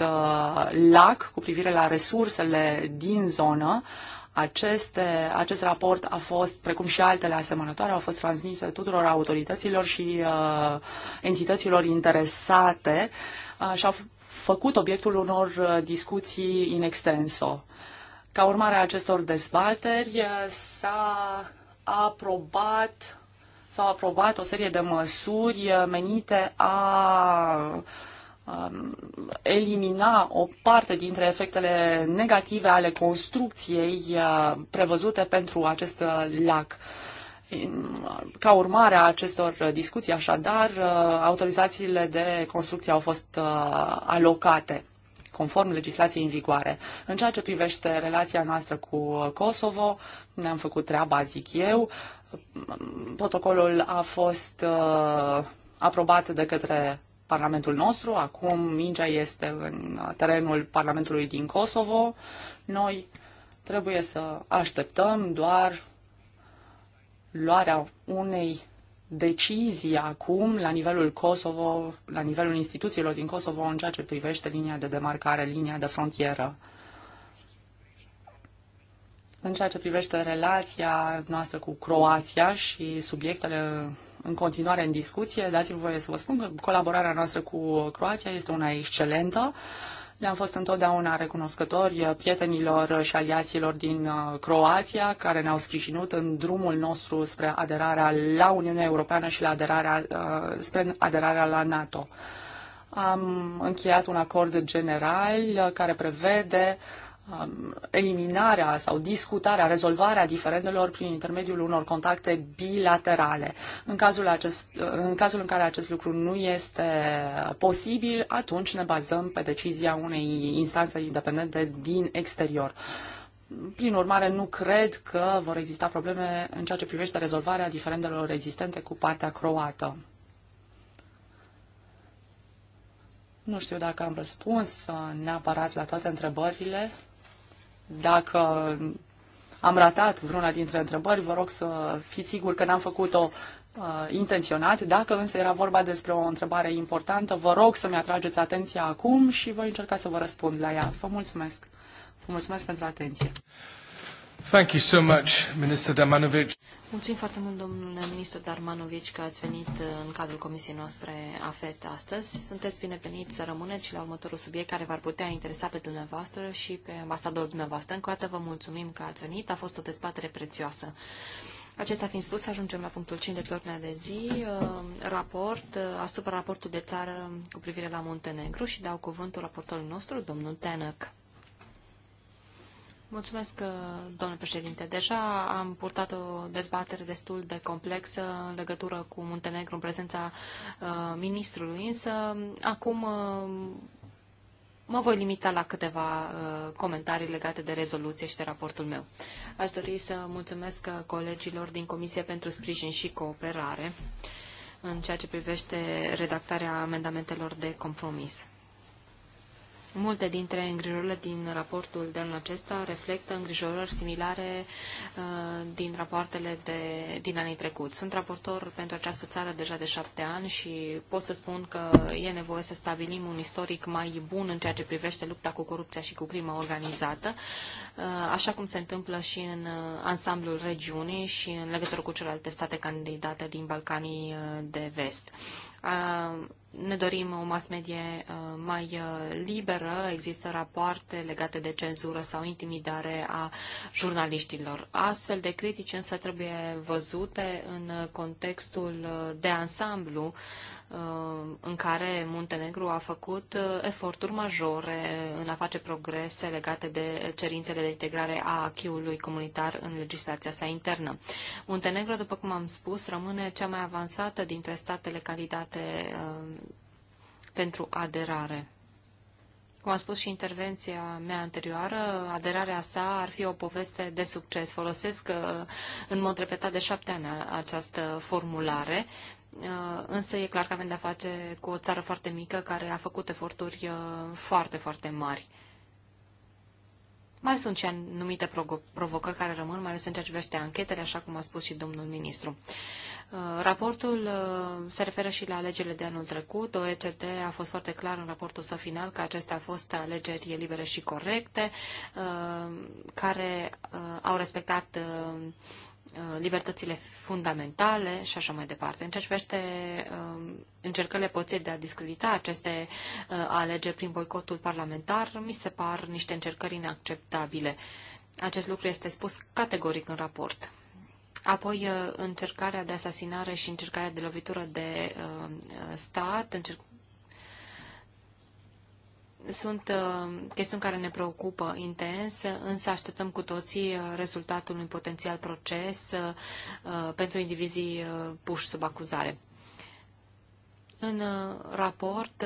lac, cu privire la resursele din zonă. Aceste, acest raport a fost, precum și altele asemănătoare, au fost transmise tuturor autorităților și uh, entităților interesate uh, și au făcut obiectul unor discuții in extenso. Ca urmare a acestor dezbateri s-a aprobat s-au aprobat o serie de măsuri menite a um, elimina o parte dintre efectele negative ale construcției uh, prevăzute pentru acest uh, lac. Uh, ca urmare a acestor discuții, așadar, autorizațiile de construcție au fost alocate conform legislației în vigoare. În ceea ce privește relația noastră cu Kosovo, ne-am făcut treaba, zic eu. Protocolul a fost uh, aprobat de către Parlamentul nostru, acum mingea este în terenul Parlamentului din Kosovo. Noi trebuie să așteptăm doar luarea unei decizia acum la nivelul Kosovo, la nivelul instituțiilor din Kosovo în ceea ce privește linia de demarcare, linia de frontieră. În ceea ce privește relația noastră cu Croația și subiectele în continuare în discuție, dați-mi voie să vă spun că colaborarea noastră cu Croația este una excelentă. Uh, le-am fost întotdeauna recunoscători prietenilor și aliaților din uh, Croația, care ne-au sprijinut în drumul nostru spre aderarea la Uniunea Europeană și la aderarea, uh, spre aderarea la NATO. Am încheiat un acord general care prevede Um, eliminarea sau discutarea, rezolvarea diferendelor prin intermediul unor contacte bilaterale. În cazul, acest, în cazul în care acest lucru nu este posibil, atunci ne bazăm pe decizia unei instanțe independente din exterior. Prin urmare, nu cred că vor exista probleme în ceea ce privește rezolvarea diferendelor existente cu partea croată. Nu știu dacă am răspuns neapărat la toate întrebările. Dacă am ratat vreuna dintre întrebări, vă rog să fiți sigur că n-am făcut-o uh, intenționat. Dacă însă era vorba despre o întrebare importantă, vă rog să-mi atrageți atenția acum și voi încerca să vă răspund la ea. Vă mulțumesc! Vă mulțumesc pentru atenție! Thank you so much, Minister Mulțumim foarte mult, domnule ministru Darmanovici, că ați venit în cadrul comisiei noastre AFET astăzi. Sunteți bineveniți să rămâneți și la următorul subiect care v-ar putea interesa pe dumneavoastră și pe ambasadorul dumneavoastră. Încă o dată vă mulțumim că ați venit. A fost o dezbatere prețioasă. Acesta fiind spus, ajungem la punctul 5 de pe ordinea de zi, uh, raport uh, asupra raportului de țară cu privire la Muntenegru și dau cuvântul raportorului nostru, domnul Tenăc. Mulțumesc, uh, domnule președinte. Deja am purtat o dezbatere destul de complexă în legătură cu Muntenegru în prezența uh, ministrului, însă acum uh, mă voi limita la câteva uh, comentarii legate de rezoluție și de raportul meu. Aș dori să mulțumesc uh, colegilor din Comisie pentru Sprijin și Cooperare în ceea ce privește redactarea amendamentelor de compromis. Multe dintre îngrijorările din raportul de anul acesta reflectă îngrijorări similare uh, din rapoartele de, din anii trecuți. Sunt raportor pentru această țară deja de șapte ani și pot să spun că e nevoie să stabilim un istoric mai bun în ceea ce privește lupta cu corupția și cu crima organizată, uh, așa cum se întâmplă și în uh, ansamblul regiunii și în legătură cu celelalte state candidate din Balcanii uh, de vest. Ne dorim o mass medie mai liberă, există rapoarte legate de cenzură sau intimidare a jurnaliștilor. Astfel de critici însă trebuie văzute în contextul de ansamblu Uh, în care Muntenegru a făcut uh, eforturi majore în a face progrese legate de cerințele de integrare a acquis comunitar în legislația sa internă. Muntenegru, după cum am spus, rămâne cea mai avansată dintre statele candidate uh, pentru aderare. Cum a spus și intervenția mea anterioară, aderarea sa ar fi o poveste de succes. Folosesc în mod repetat de șapte ani această formulare Uh, însă e clar că avem de-a face cu o țară foarte mică care a făcut eforturi uh, foarte, foarte mari. Mai sunt și anumite provocări care rămân, mai ales în ceea ce privește anchetele, așa cum a spus și domnul ministru. Uh, raportul se referă și la alegerile de anul trecut. OECD a fost foarte clar în raportul său final că acestea au fost alegeri libere și corecte, care au respectat Uh, libertățile fundamentale și așa mai departe. În ceea ce privește um, încercările poției de a discredita aceste uh, alegeri prin boicotul parlamentar, mi se par niște încercări inacceptabile. Acest lucru este spus categoric în raport. Apoi uh, încercarea de asasinare și încercarea de lovitură de stat, încercarea sunt uh, chestiuni care ne preocupă intens, însă așteptăm cu toții uh, rezultatul unui potențial proces uh, pentru indivizii puși sub acuzare. În raport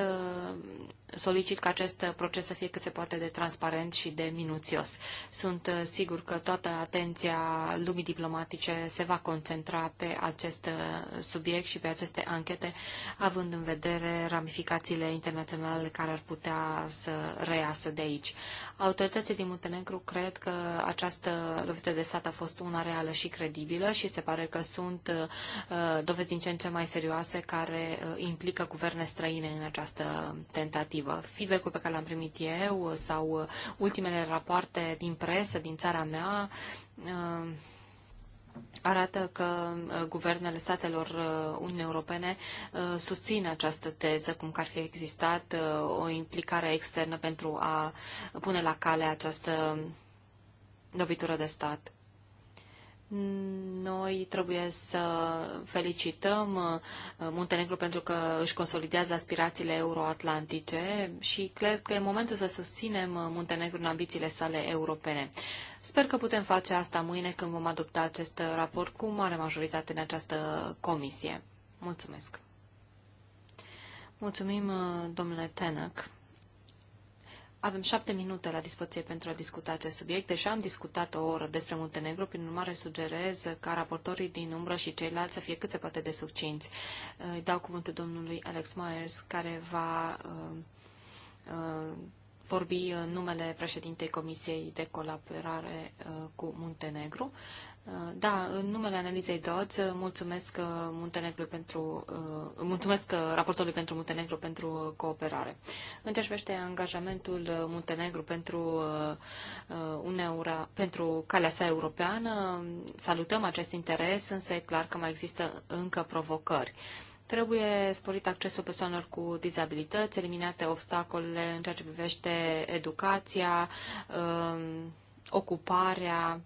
solicit ca acest proces să fie cât se poate de transparent și de minuțios. Sunt uh, sigur că toată atenția lumii diplomatice se va concentra pe acest uh, subiect și pe aceste anchete, având în vedere ramificațiile internaționale care ar putea să reiasă de aici. Autoritățile din Muntenegru cred că această lovită de stat a fost una reală și credibilă și se pare că sunt uh, dovezi din ce în ce mai serioase care implică guverne străine în această tentativă pozitivă. Feedback-ul pe care l-am primit eu sau uh, ultimele rapoarte din presă din țara mea uh, arată că uh, guvernele statelor Uniunii Europene susțin această teză, cum că ar fi existat o implicare externă pentru a pune la cale această lovitură de stat. Noi trebuie să felicităm uh, Muntenegru pentru că își consolidează aspirațiile euroatlantice și cred că e momentul să susținem uh, Muntenegru în ambițiile sale europene. Sper că putem face asta mâine când vom adopta acest raport cu mare majoritate în această comisie. Mulțumesc! Mulțumim, uh, domnule Tenek. Avem șapte minute la dispoziție pentru a discuta acest subiect. Deja am discutat o oră despre Muntenegru, prin urmare sugerez ca raportorii din umbră și ceilalți să fie cât se poate de succinți. Îi dau cuvântul domnului Alex Myers, care va uh, uh, vorbi în numele președintei Comisiei de Colaborare uh, cu Muntenegru. Uh, Uh, da, în numele analizei DOTS, uh, mulțumesc, uh, Muntenegru pentru, mulțumesc raportorului pentru Muntenegru pentru cooperare. În ce privește angajamentul Muntenegru pentru, uneura, pentru calea sa europeană, salutăm acest interes, însă e clar că mai există încă provocări. Trebuie sporit accesul persoanelor cu dizabilități, eliminate obstacolele în ceea ce privește educația, um, ocuparea,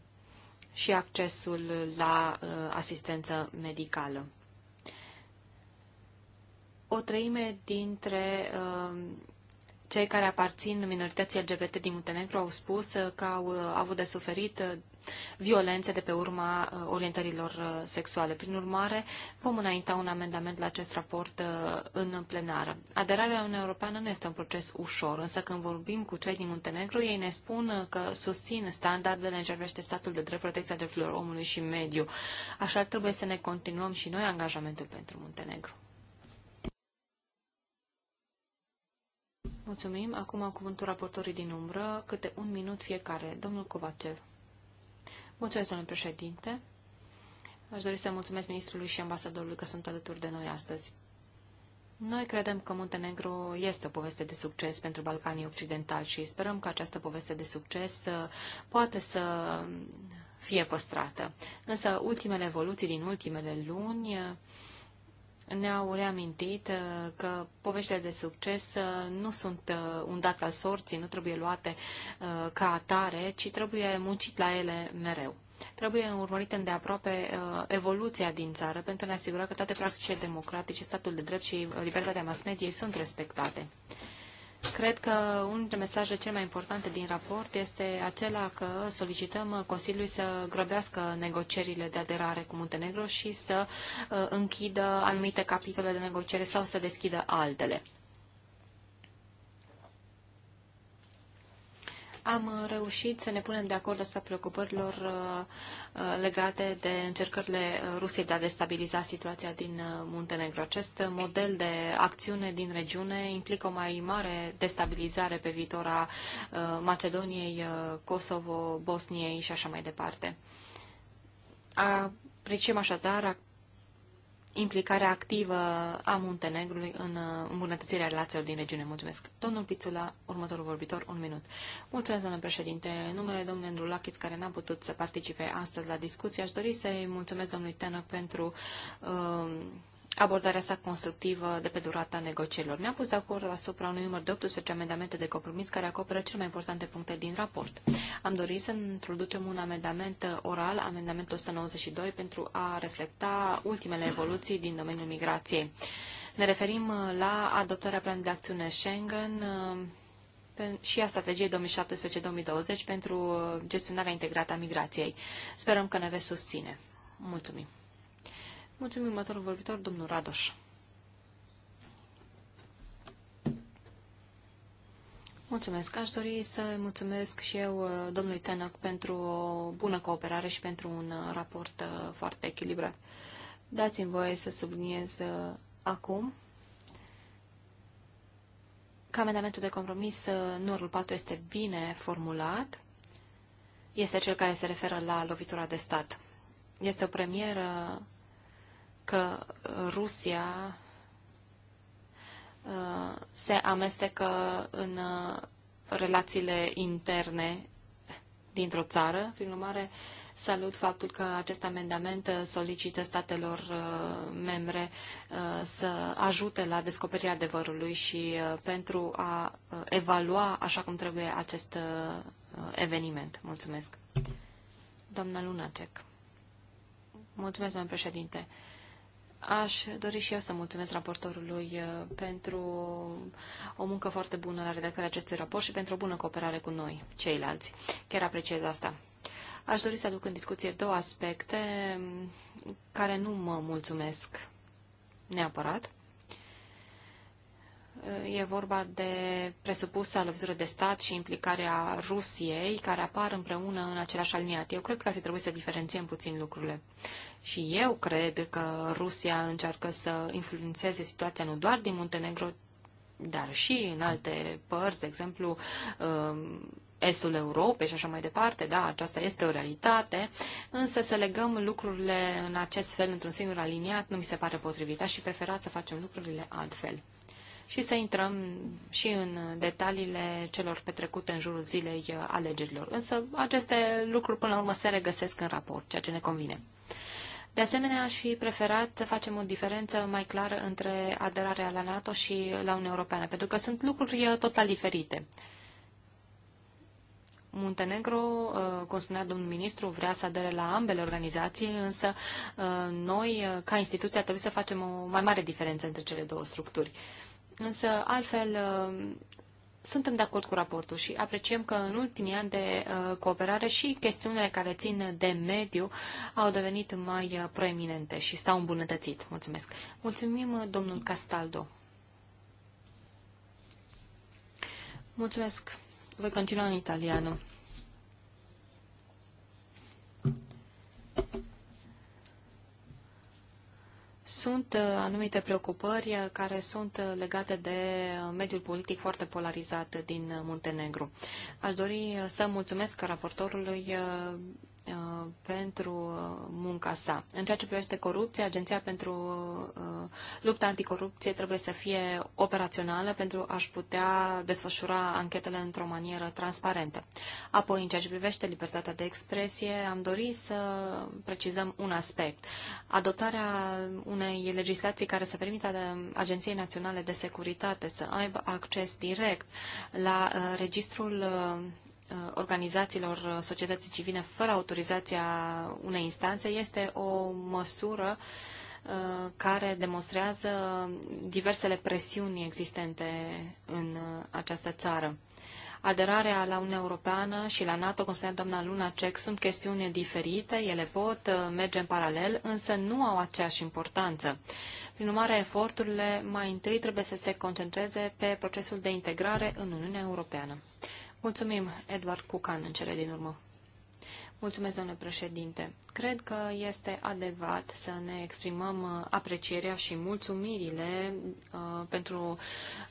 și accesul la uh, asistență medicală. O treime dintre uh, cei care aparțin minorității LGBT din Muntenegru au spus uh, că au avut de suferit violențe de pe urma uh, orientărilor uh, sexuale. Prin urmare, vom înainta un amendament la acest raport uh, în plenară. Aderarea Uniunii Europeană nu este un proces ușor, însă când vorbim cu cei din Muntenegru, ei ne spun că susțin standardele în ce privește statul de drept, protecția drepturilor omului și mediu. Așa trebuie să ne continuăm și noi angajamentul pentru Muntenegru. Mulțumim. Acum cuvântul raportorii din umbră, câte un minut fiecare. Domnul Covacev. Mulțumesc, domnule președinte. Aș dori să mulțumesc ministrului și ambasadorului că sunt alături de noi astăzi. Noi credem că Muntenegru este o poveste de succes pentru Balcanii Occidentali și sperăm că această poveste de succes uh, poate să fie păstrată. Însă ultimele evoluții din ultimele luni uh, ne-au reamintit uh, că poveștile de succes uh, nu sunt uh, un dat al sorții, nu trebuie luate ca atare, ci trebuie muncit la ele mereu. Trebuie urmărită îndeaproape evoluția din țară pentru a ne asigura că toate practicile democratice, statul de drept și libertatea mass mediei sunt respectate. Cred că unul dintre mesajele cele mai importante din raport este acela că solicităm Consiliului să grăbească negocierile de aderare cu Muntenegro și să uh, închidă anumite capitole de negociere sau să deschidă altele. am reușit să ne punem de acord asupra preocupărilor uh, uh, legate de încercările uh, Rusiei de a destabiliza situația din Muntenegru. Acest model de acțiune din regiune implică o mai mare destabilizare pe viitor a Macedoniei, Kosovo, Bosniei și așa mai departe. Apreciem așadar implicarea activă a Muntenegrului în uh, îmbunătățirea relațiilor din regiune. Mulțumesc. Domnul Pițula, următorul vorbitor, un minut. Mulțumesc, domnule președinte. În numele domnului Andrulachis, care n-a putut să participe astăzi la discuție, aș dori să-i mulțumesc domnului Tenă pentru uh, abordarea sa constructivă de pe durata negocierilor. Ne-am pus de acord asupra unui număr de 18 amendamente de compromis care acoperă cele mai importante puncte din raport. Am dorit să introducem un amendament oral, amendamentul 192, pentru a reflecta ultimele evoluții din domeniul migrației. Ne referim la adoptarea planului de acțiune Schengen și a strategiei 2017-2020 pentru gestionarea integrată a migrației. Sperăm că ne veți susține. Mulțumim! Mulțumim următorul vorbitor, domnul Radoș. Mulțumesc. Aș dori să mulțumesc și eu uh, domnului Tenoc pentru o bună cooperare și pentru un uh, raport uh, foarte echilibrat. Dați-mi voie să subliniez acum că amendamentul de compromis numărul 4 este bine formulat. Este cel care se referă la lovitura de stat. Este o premieră că uh, Rusia uh, se amestecă în uh, relațiile interne dintr-o țară. Prin urmare, salut faptul că acest amendament solicită statelor membre să ajute la descoperirea adevărului și pentru a evalua așa cum trebuie acest eveniment. Mulțumesc. Doamna Lunacek. Mulțumesc, domnule președinte. Aș dori și eu să mulțumesc raportorului uh, pentru o muncă foarte bună la redactarea acestui raport și pentru o bună cooperare cu noi, ceilalți. Chiar apreciez asta. Aș dori să aduc în discuție două aspecte mm, care nu mă mulțumesc neapărat e vorba de presupusa lovitură de stat și implicarea Rusiei, care apar împreună în același aliniat. Eu cred că ar fi trebuit să diferențiem puțin lucrurile. Și eu cred că Rusia încearcă să influențeze situația nu doar din Muntenegro, dar și în alte părți, de exemplu, um, estul Europei și așa mai departe, da, aceasta este o realitate, însă să legăm lucrurile în acest fel, într-un singur aliniat, nu mi se pare potrivit. Aș fi preferat să facem lucrurile altfel și să intrăm și în detaliile celor petrecute în jurul zilei alegerilor. Însă aceste lucruri până la urmă se regăsesc în raport, ceea ce ne convine. De asemenea, aș fi preferat să facem o diferență mai clară între aderarea la NATO și la Uniunea Europeană, pentru că sunt lucruri total diferite. Muntenegro, ă, cum spunea domnul ministru, vrea să adere la ambele organizații, însă ă, noi, ca instituție, trebuie să facem o mai mare diferență între cele două structuri. Însă, altfel, uh, suntem de acord cu raportul și apreciem că în ultimii ani de uh, cooperare și chestiunile care țin de mediu au devenit mai uh, proeminente și s-au îmbunătățit. Mulțumesc. Mulțumim, domnul Castaldo. Mulțumesc. Voi continua în italiană. Sunt uh, anumite preocupări uh, care sunt uh, legate de mediul politic foarte polarizat din Muntenegru. Aș dori să mulțumesc raportorului Uh, pentru uh, munca sa. În ceea ce privește corupția, Agenția pentru uh, Lupta Anticorupție trebuie să fie operațională pentru a-și putea desfășura anchetele într-o manieră transparentă. Apoi, în ceea ce privește libertatea de expresie, am dorit să precizăm un aspect. Adoptarea unei legislații care să permită Agenției Naționale de Securitate să aibă acces direct la registrul Uh, organizațiilor uh, societății civile fără autorizația unei instanțe este o măsură uh, care demonstrează diversele presiuni existente în această țară. Aderarea la Uniunea Europeană și la NATO, cum spunea doamna Lunacek, sunt chestiuni diferite, ele pot merge în paralel, însă nu au aceeași importanță. Prin urmare, eforturile mai întâi trebuie să se concentreze pe procesul de integrare în Uniunea Europeană. Mulțumim, Edward Cucan, în cele din urmă. Mulțumesc, domnule președinte. Cred că este adevărat să ne exprimăm uh, aprecierea și mulțumirile uh, pentru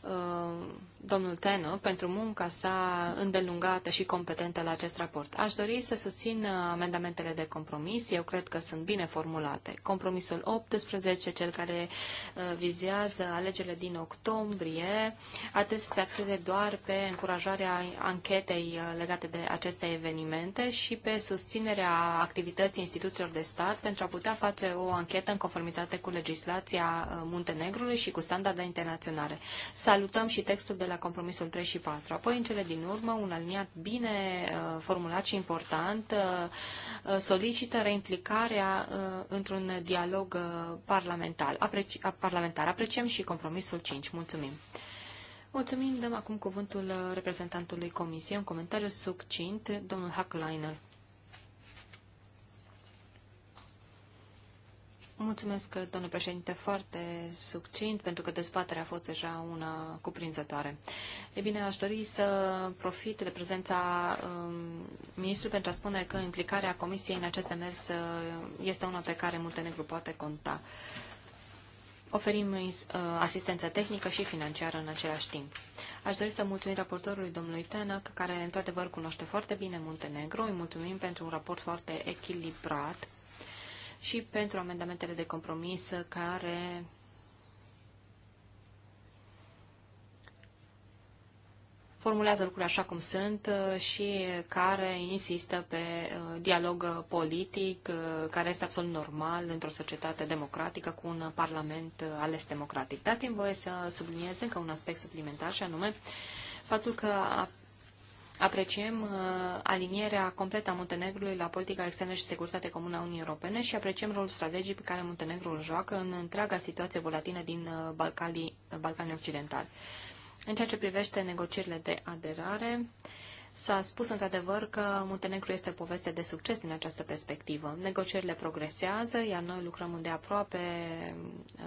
uh, domnul Tenoc pentru munca sa îndelungată și competentă la acest raport. Aș dori să susțin amendamentele de compromis. Eu cred că sunt bine formulate. Compromisul 18, cel care uh, vizează alegerile din octombrie, ar trebui să se axeze doar pe încurajarea anchetei uh, legate de aceste evenimente și pe susținerea activității instituțiilor de stat pentru a putea face o anchetă în conformitate cu legislația uh, Muntenegrului și cu standarde internaționale. Salutăm și textul de la la compromisul 3 și 4. Apoi, în cele din urmă, un aliniat bine uh, formulat și important uh, uh, solicită reimplicarea într-un dialog parlamentar. Apreci parlamentar. Apreciem și compromisul 5. Mulțumim! Mulțumim, dăm acum cuvântul reprezentantului Comisiei, un comentariu succint, domnul Hackliner. Mulțumesc, domnule președinte, foarte succint, pentru că dezbaterea a fost deja una cuprinzătoare. E bine, aș dori să profit de prezența um, ministrului pentru a spune că implicarea Comisiei în acest demers uh, este una pe care Muntenegru poate conta. Oferim uh, asistență tehnică și financiară în același timp. Aș dori să mulțumim raportorului domnului Tenac, care într-adevăr cunoaște foarte bine Muntenegru. Îi mulțumim pentru un raport foarte echilibrat și pentru amendamentele de compromis care formulează lucrurile așa cum sunt uh, și care insistă pe uh, dialog politic, uh, care este absolut normal într-o societate democratică cu un parlament ales democratic. Dați-mi voie să subliniez încă un aspect suplimentar și anume faptul că Apreciem uh, alinierea completă a Muntenegrului la politica externă și securitate comună a Uniunii Europene și apreciem rolul strategic pe care Muntenegrul îl joacă în întreaga situație volatilă din uh, Balcanii, Balcanii Occidentali. În ceea ce privește negocierile de aderare, uh, S-a spus într-adevăr că Muntenegru este o poveste de succes din această perspectivă. Negocierile progresează, iar noi lucrăm îndeaproape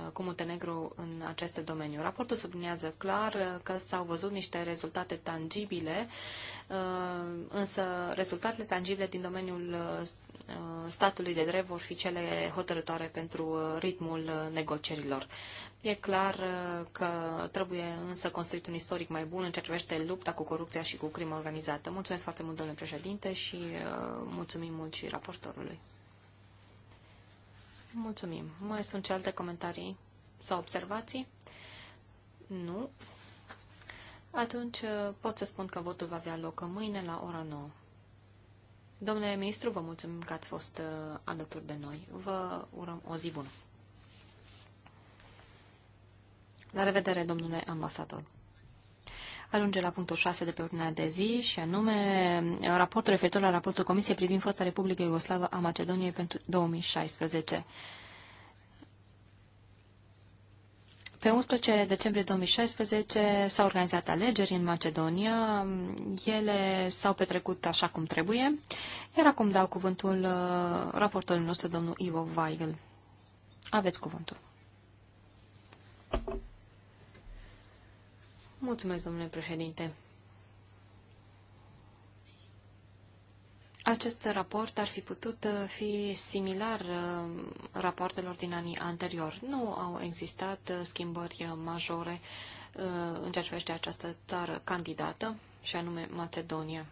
uh, cu Muntenegru în acest domeniu. Raportul subliniază clar uh, că s-au văzut niște rezultate tangibile, uh, însă rezultatele tangibile din domeniul Uh, statului de drept vor fi cele hotărătoare pentru uh, ritmul uh, negocierilor. E clar că trebuie însă construit un istoric mai bun în ceea ce privește lupta cu corupția și cu crima organizată. Mulțumesc foarte mult, domnule președinte, și mulțumim mult și raportorului. Mulțumim. Mai sunt și alte comentarii sau observații? Nu. Atunci pot să spun că votul va avea loc mâine la ora 9. Domnule ministru, vă mulțumim că ați fost uh, alături de noi. Vă urăm o zi bună. La revedere, domnule ambasador. Ajunge la punctul 6 de pe ordinea de zi și anume uh, raportul referitor la raportul Comisiei privind fosta Republică Iugoslavă a Macedoniei pentru 2016. Pe 11 decembrie 2016 s-au organizat alegeri în Macedonia, ele s-au petrecut așa cum trebuie, iar acum dau cuvântul uh, raportorului nostru, domnul Ivo Weigel. Aveți cuvântul. Mulțumesc, domnule președinte. Acest raport ar fi putut uh, fi similar uh, rapoartelor din anii anterior. Nu au existat uh, schimbări majore în ceea ce privește această țară candidată, și anume Macedonia.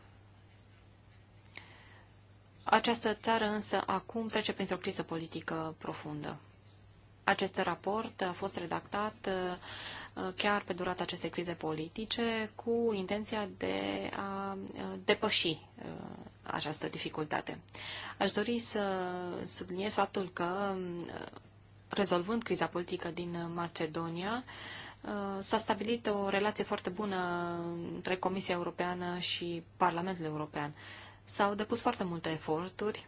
Această țară însă acum trece printr-o criză politică profundă. Acest raport a fost redactat uh, chiar pe durata acestei crize politice cu intenția de a uh, depăși uh, această dificultate. Aș dori să subliniez faptul că rezolvând criza politică din Macedonia, s-a stabilit o relație foarte bună între Comisia Europeană și Parlamentul European. S-au depus foarte multe eforturi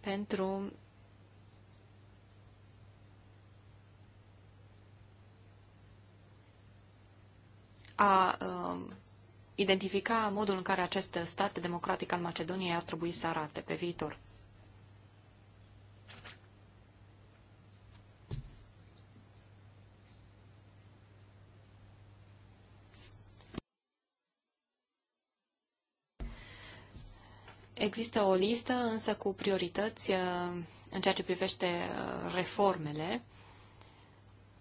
pentru a um, identifica modul în care acest stat democratic al Macedoniei ar trebui să arate pe viitor. Există o listă, însă cu priorități uh, în ceea ce privește uh, reformele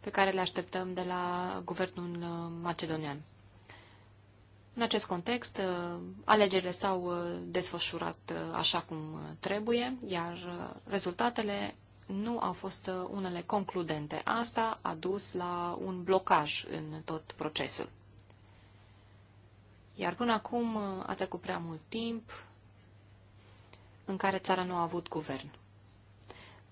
pe care le așteptăm de la guvernul uh, macedonian. În acest context, uh, alegerile s-au uh, desfășurat așa cum trebuie, iar rezultatele nu au fost unele concludente. Asta a dus la un blocaj în tot procesul. Iar până acum a trecut prea mult timp în care țara nu a avut guvern.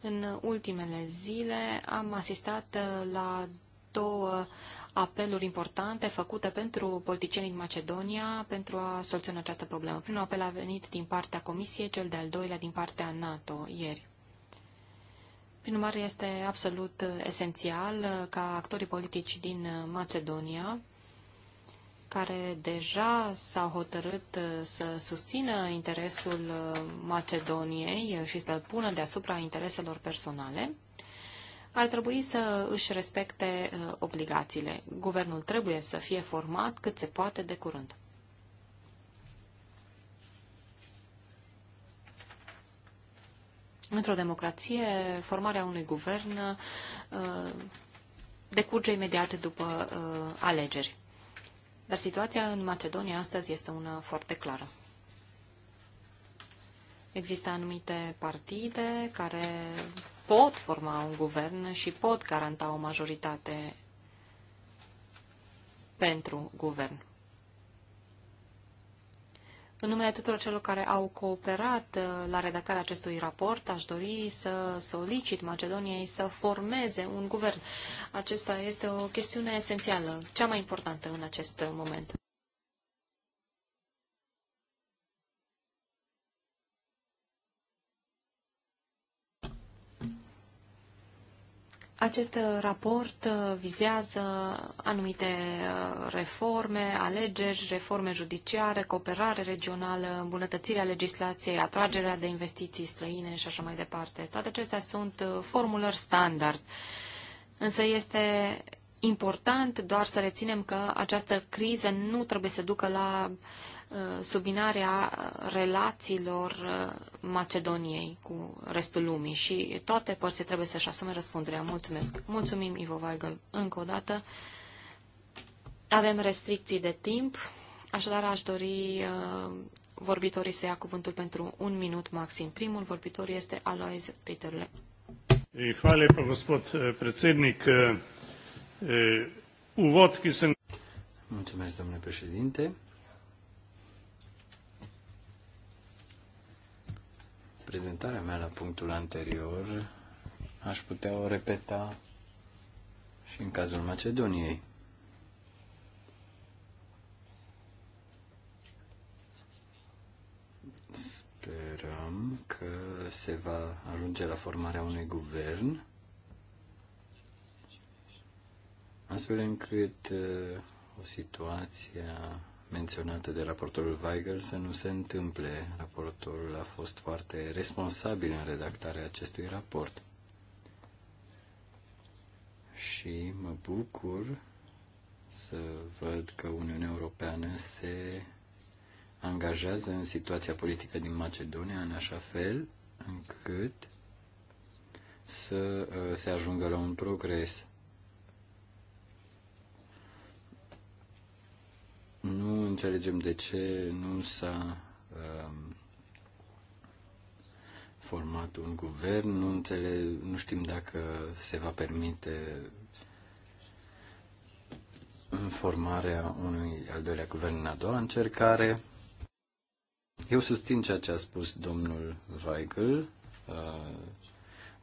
În ultimele zile am asistat uh, la două apeluri importante făcute pentru politicienii din Macedonia pentru a soluționa această problemă. Primul apel a venit din partea Comisiei, cel de-al doilea din partea NATO ieri. Prin urmare, este absolut uh, esențial uh, ca actorii politici din Macedonia care deja s-au hotărât uh, să susțină interesul uh, Macedoniei uh, și să-l pună deasupra intereselor personale, ar trebui să își respecte obligațiile. Guvernul trebuie să fie format cât se poate de curând. Într-o democrație, formarea unui guvern decurge imediat după alegeri. Dar situația în Macedonia astăzi este una foarte clară. Există anumite partide care pot forma un guvern și pot garanta o majoritate pentru guvern. În numele tuturor celor care au cooperat uh, la redactarea acestui raport, aș dori să solicit Macedoniei să formeze un guvern. Acesta este o chestiune esențială, cea mai importantă în acest moment. Acest uh, raport uh, vizează anumite uh, reforme, alegeri, reforme judiciare, cooperare regională, îmbunătățirea legislației, atragerea de investiții străine și așa mai departe. Toate acestea sunt formulări standard. Însă este important doar să reținem că această criză nu trebuie să ducă la Uh, subinarea relațiilor uh, Macedoniei cu restul lumii și toate părțile trebuie să-și asume răspunderea. Mulțumesc. Mulțumim, Ivo Weigel, încă o dată. Avem restricții de timp, așadar aș dori uh, vorbitorii să ia cuvântul pentru un minut maxim. Primul vorbitor este Alois Peterle. Hvala lepa, gospod eh, predsednik. Eh, eh, uvod, ki sem... Mulțumesc, domnule președinte. prezentarea mea la punctul anterior, aș putea o repeta și în cazul Macedoniei. Sperăm că se va ajunge la formarea unui guvern, astfel încât uh, o situație menționată de raportorul Weigel să nu se întâmple. Raportorul a fost foarte responsabil în redactarea acestui raport. Și mă bucur să văd că Uniunea Europeană se angajează în situația politică din Macedonia în așa fel încât să uh, se ajungă la un progres. Nu înțelegem de ce nu s-a um, format un guvern, nu, înțeleg, nu știm dacă se va permite formarea unui al doilea guvern în a doua încercare. Eu susțin ceea ce a spus domnul Weigel. Uh,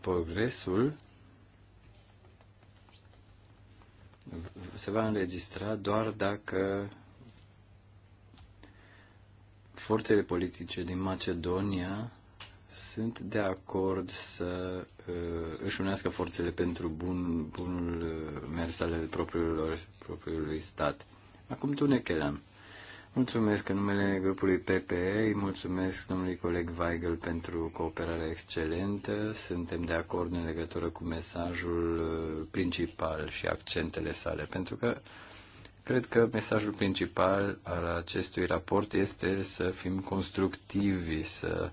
progresul se va înregistra doar dacă forțele politice din Macedonia sunt de acord să uh, își unească forțele pentru bun, bunul uh, mers ale propriilor, propriului stat. Acum tu ne chelam. Mulțumesc în numele grupului PPE, îi mulțumesc domnului coleg Weigel pentru cooperarea excelentă. Suntem de acord în legătură cu mesajul uh, principal și accentele sale, pentru că Cred că mesajul principal al acestui raport este să fim constructivi, să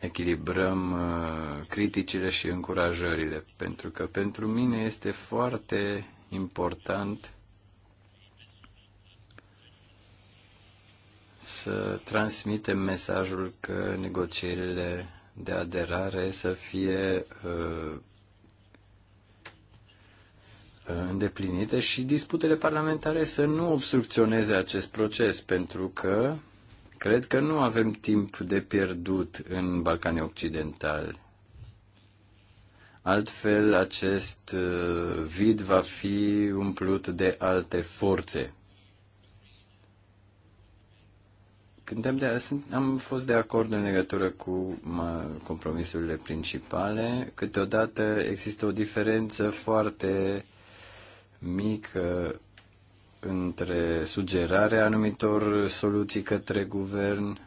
echilibrăm uh, criticile și încurajările, pentru că pentru mine este foarte important să transmitem mesajul că negocierile de aderare să fie uh, îndeplinite și disputele parlamentare să nu obstrucționeze acest proces, pentru că cred că nu avem timp de pierdut în Balcanii Occidentali. Altfel, acest uh, vid va fi umplut de alte forțe. Când am, de, am fost de acord în legătură cu compromisurile principale, câteodată există o diferență foarte uh, mică între sugerarea anumitor soluții către guvern.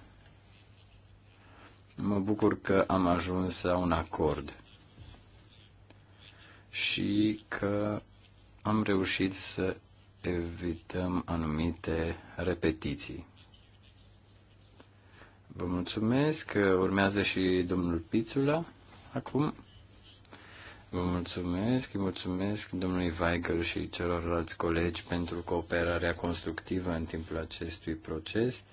Mă bucur că am ajuns la un acord și că am reușit să evităm anumite repetiții. Vă mulțumesc. Urmează și domnul Pițula acum. Vă mulțumesc, îi mulțumesc domnului Weigel și celorlalți colegi pentru cooperarea constructivă în timpul acestui proces.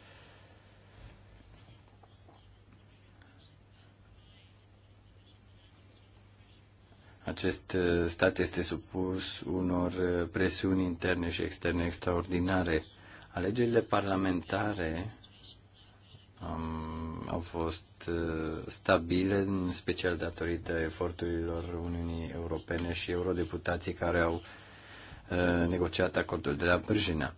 Acest stat este supus unor presiuni interne și externe extraordinare. Alegerile parlamentare um, au fost uh, stabile, în special datorită eforturilor Uniunii Europene și eurodeputații care au uh, negociat acordul de la Brjina.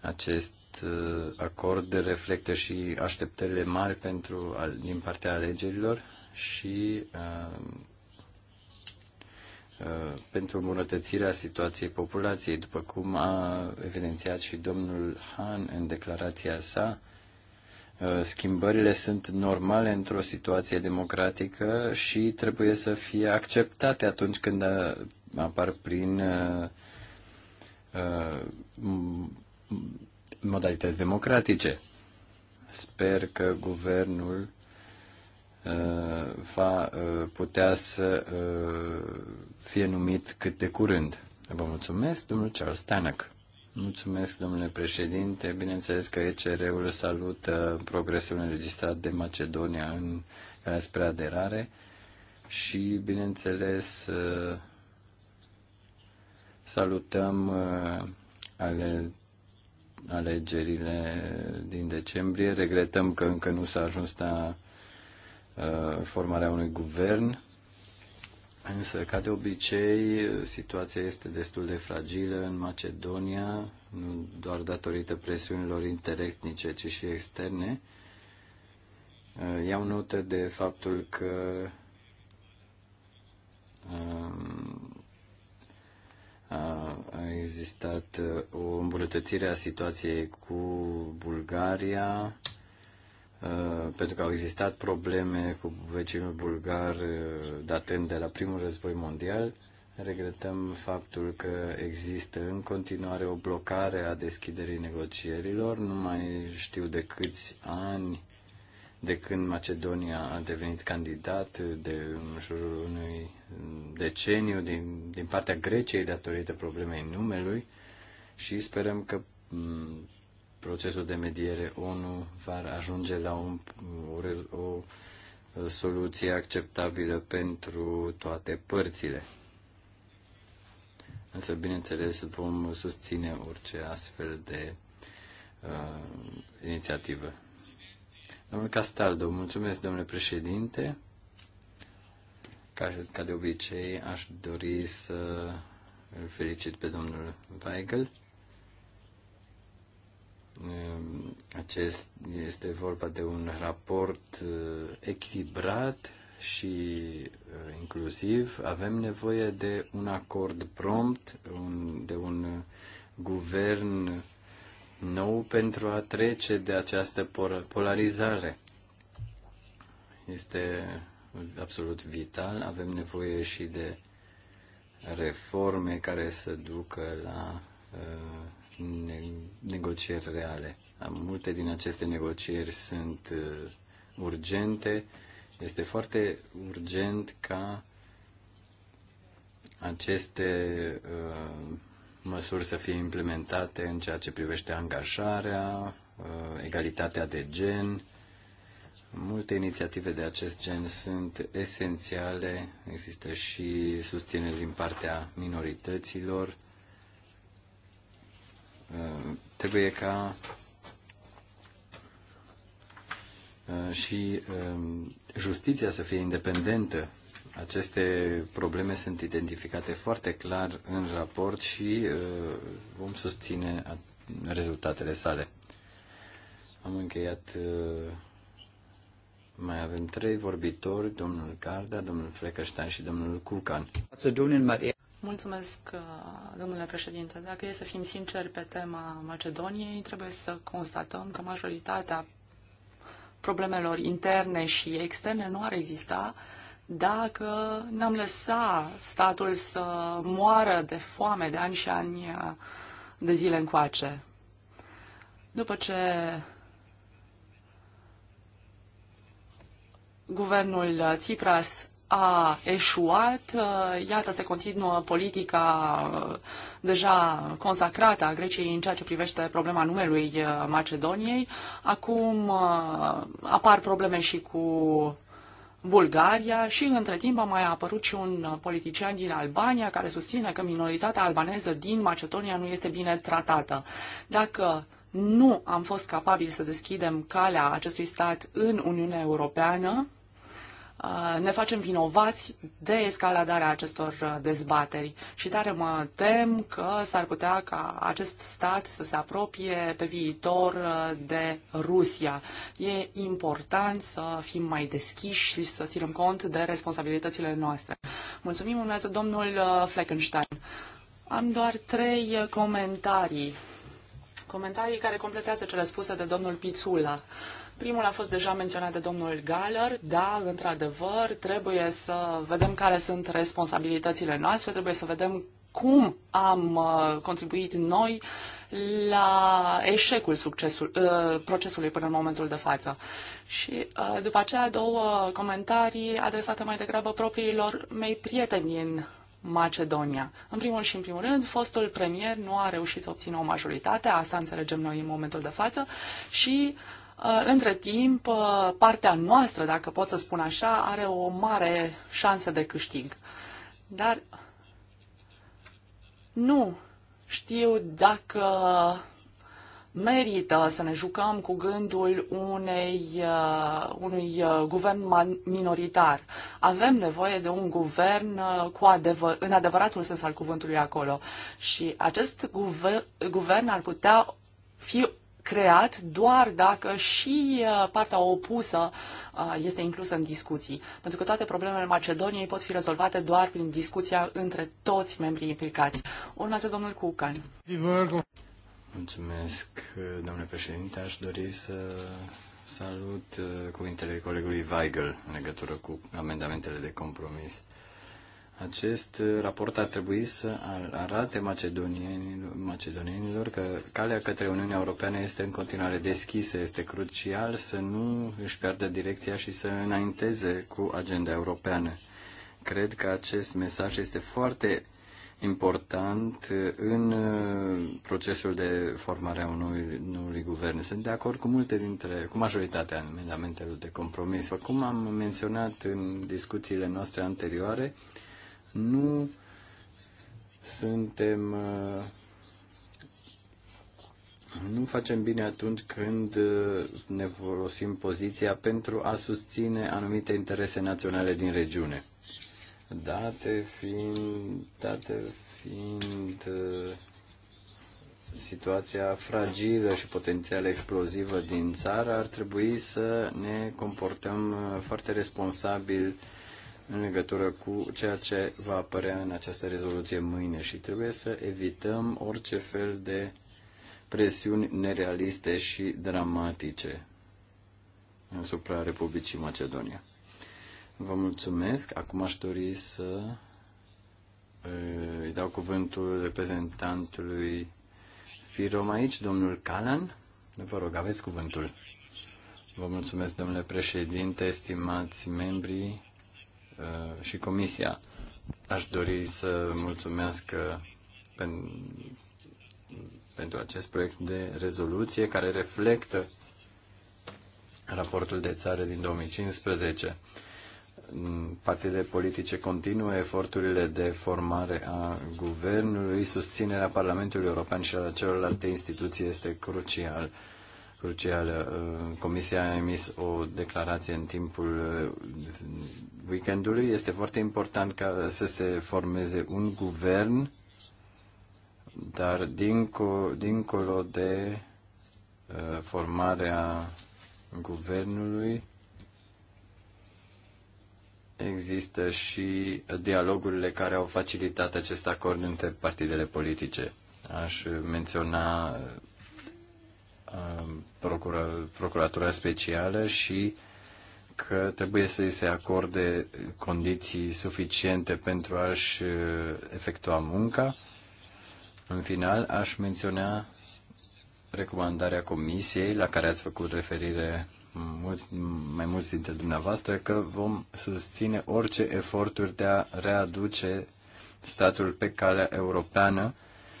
Acest uh, acord reflectă și așteptările mari pentru, al, din partea alegerilor și uh, uh, pentru îmbunătățirea situației populației, după cum a evidențiat și domnul Han în declarația sa, Uh, schimbările sunt normale într-o situație democratică și trebuie să fie acceptate atunci când uh, apar prin uh, modalități democratice. Sper că guvernul va putea să fie numit cât de curând. Vă mulțumesc, domnul Charles Stanek. Mulțumesc, domnule președinte. Bineînțeles că ECR-ul salută progresul înregistrat de Macedonia în calea spre aderare și, bineînțeles, uh, salutăm uh, ale alegerile din decembrie. Regretăm că încă nu s-a ajuns la uh, formarea unui guvern Însă, ca de obicei, situația este destul de fragilă în Macedonia, nu doar datorită presiunilor interetnice, ci și externe. Iau notă de faptul că um, a existat uh, o îmbunătățire a situației cu Bulgaria, Uh, pentru că au existat probleme cu vecinul bulgar uh, datând de la primul război mondial. Regretăm faptul că există în continuare o blocare a deschiderii negocierilor. Nu mai știu de câți ani de când Macedonia a devenit candidat de în jurul unui deceniu din, din partea Greciei datorită problemei numelui și sperăm că mm, procesul de mediere ONU va ajunge la un, o, o uh, soluție acceptabilă pentru toate părțile. Însă, bineînțeles, vom susține orice astfel de uh, inițiativă. Domnul Castaldo, mulțumesc, domnule președinte. Ca, ca de obicei, aș dori să îl felicit pe domnul Weigel Ehm, acest este vorba de un raport eh, echilibrat și eh, inclusiv. Avem nevoie de un acord prompt, un, de un guvern nou pentru a trece de această polarizare. Este absolut vital. Avem nevoie și de reforme care să ducă la eh, negocieri reale. Multe din aceste negocieri sunt uh, urgente. Este foarte urgent ca aceste uh, măsuri să fie implementate în ceea ce privește angajarea, uh, egalitatea de gen. Multe inițiative de acest gen sunt esențiale. Există și susținere din partea minorităților Trebuie ca uh, și um, justiția să fie independentă. Aceste probleme sunt identificate foarte clar în raport și uh, vom susține rezultatele sale. Am încheiat. Uh, mai avem trei vorbitori, domnul Carda, domnul Frecăștan și domnul Cucan. Mulțumesc, uh, domnule președinte. Dacă e să fim sinceri pe tema Macedoniei, trebuie să constatăm că majoritatea problemelor interne și externe nu ar exista dacă n-am lăsat statul să moară de foame de ani și ani uh, de zile încoace. După ce guvernul Tsipras a eșuat. Iată, se continuă politica uh, deja consacrată a Greciei în ceea ce privește problema numelui uh, Macedoniei. Acum uh, apar probleme și cu Bulgaria și între timp a mai apărut și un politician din Albania care susține că minoritatea albaneză din Macedonia nu este bine tratată. Dacă nu am fost capabili să deschidem calea acestui stat în Uniunea Europeană, Uh, ne facem vinovați de escaladarea acestor uh, dezbateri și tare mă tem că s-ar putea ca acest stat să se apropie pe viitor uh, de Rusia. E important să fim mai deschiși și să ținem cont de responsabilitățile noastre. Mulțumim, urmează domnul Fleckenstein. Am doar trei comentarii comentarii care completează cele spuse de domnul Pițula. Uh, Primul a fost deja menționat de domnul Galler. Da, într-adevăr, trebuie să vedem care sunt responsabilitățile noastre, trebuie să vedem cum am uh, contribuit noi la eșecul succesul, uh, procesului până în momentul de față. Și uh, după aceea două comentarii adresate mai degrabă propriilor mei prieteni din Macedonia. În primul și în primul rând, fostul premier nu a reușit să obțină o majoritate, asta înțelegem noi în momentul de față, și uh, Uh, între timp, uh, partea noastră, dacă pot să spun așa, are o mare șansă de câștig. Dar nu știu dacă merită să ne jucăm cu gândul unei, uh, unui guvern minoritar. Avem nevoie de un guvern cu adevăr, în adevăratul sens al cuvântului acolo. Și acest guver, guvern ar putea fi creat doar dacă și uh, partea opusă uh, este inclusă în discuții. Pentru că toate problemele Macedoniei pot fi rezolvate doar prin discuția între toți membrii implicați. Urmează domnul Cucan. Mulțumesc, domnule președinte. Aș dori să salut uh, cuvintele colegului Weigel în legătură cu amendamentele de compromis. Uh, acest uh, raport ar trebui să arate macedonienilor, macedonienilor că calea către Uniunea Europeană este în continuare deschisă. Este crucial să nu își piardă direcția și să înainteze cu agenda europeană. Cred că acest mesaj este foarte important uh, în uh, procesul de formare a unui noului guvern. Sunt de acord cu multe dintre, cu majoritatea amendamentelor de compromis. Cum am menționat în discuțiile noastre anterioare, nu suntem uh, nu facem bine atunci când uh, ne folosim poziția pentru a susține anumite interese naționale din regiune. Date fiind, date fiind uh, situația fragilă și potențial explozivă din țară, ar trebui să ne comportăm foarte responsabil în legătură cu ceea ce va apărea în această rezoluție mâine și trebuie să evităm orice fel de presiuni nerealiste și dramatice asupra Republicii Macedonia. Vă mulțumesc. Acum aș dori să îi dau cuvântul reprezentantului Firom aici, domnul Calan. Vă rog, aveți cuvântul. Vă mulțumesc, domnule președinte, estimați membrii Uh, și Comisia. Aș dori să mulțumesc uh, pen, pentru acest proiect de rezoluție care reflectă raportul de țară din 2015. Partide politice continuă eforturile de formare a guvernului, susținerea Parlamentului European și a celorlalte instituții este crucial crucială. Uh, Comisia a emis o declarație în timpul uh, weekendului. Este foarte important ca să se formeze un guvern, dar dincolo, dincolo de uh, formarea guvernului există și dialogurile care au facilitat acest acord între partidele politice. Aș menționa Um, procura, Procuratura Specială și că trebuie să îi se acorde condiții suficiente pentru a-și uh, efectua munca. În final, aș menționa recomandarea Comisiei, la care ați făcut referire mulți, mai mulți dintre dumneavoastră, că vom susține orice eforturi de a readuce statul pe calea europeană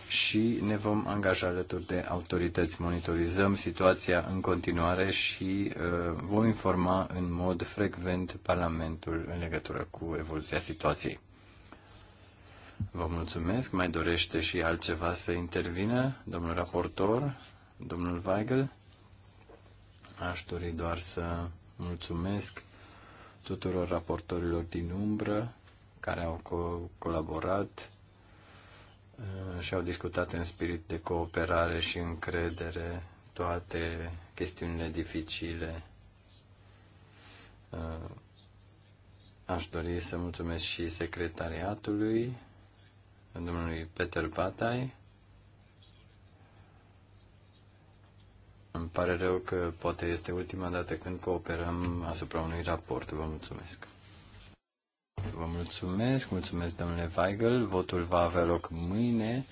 și ne vom angaja alături de autorități. Monitorizăm situația în continuare și uh, vom informa în mod frecvent Parlamentul în legătură cu evoluția situației. Vă mulțumesc. Mai dorește și altceva să intervină? Domnul raportor, domnul Weigel, aș dori doar să mulțumesc tuturor raportorilor din umbră care au co- colaborat Uh, și au discutat în spirit de cooperare și încredere toate chestiunile dificile. Uh, aș dori să mulțumesc și secretariatului, domnului Peter Patai. Îmi pare rău că poate este ultima dată când cooperăm asupra unui raport. Vă mulțumesc. Vă mulțumesc, mulțumesc domnule Weigel. Votul va avea loc mâine.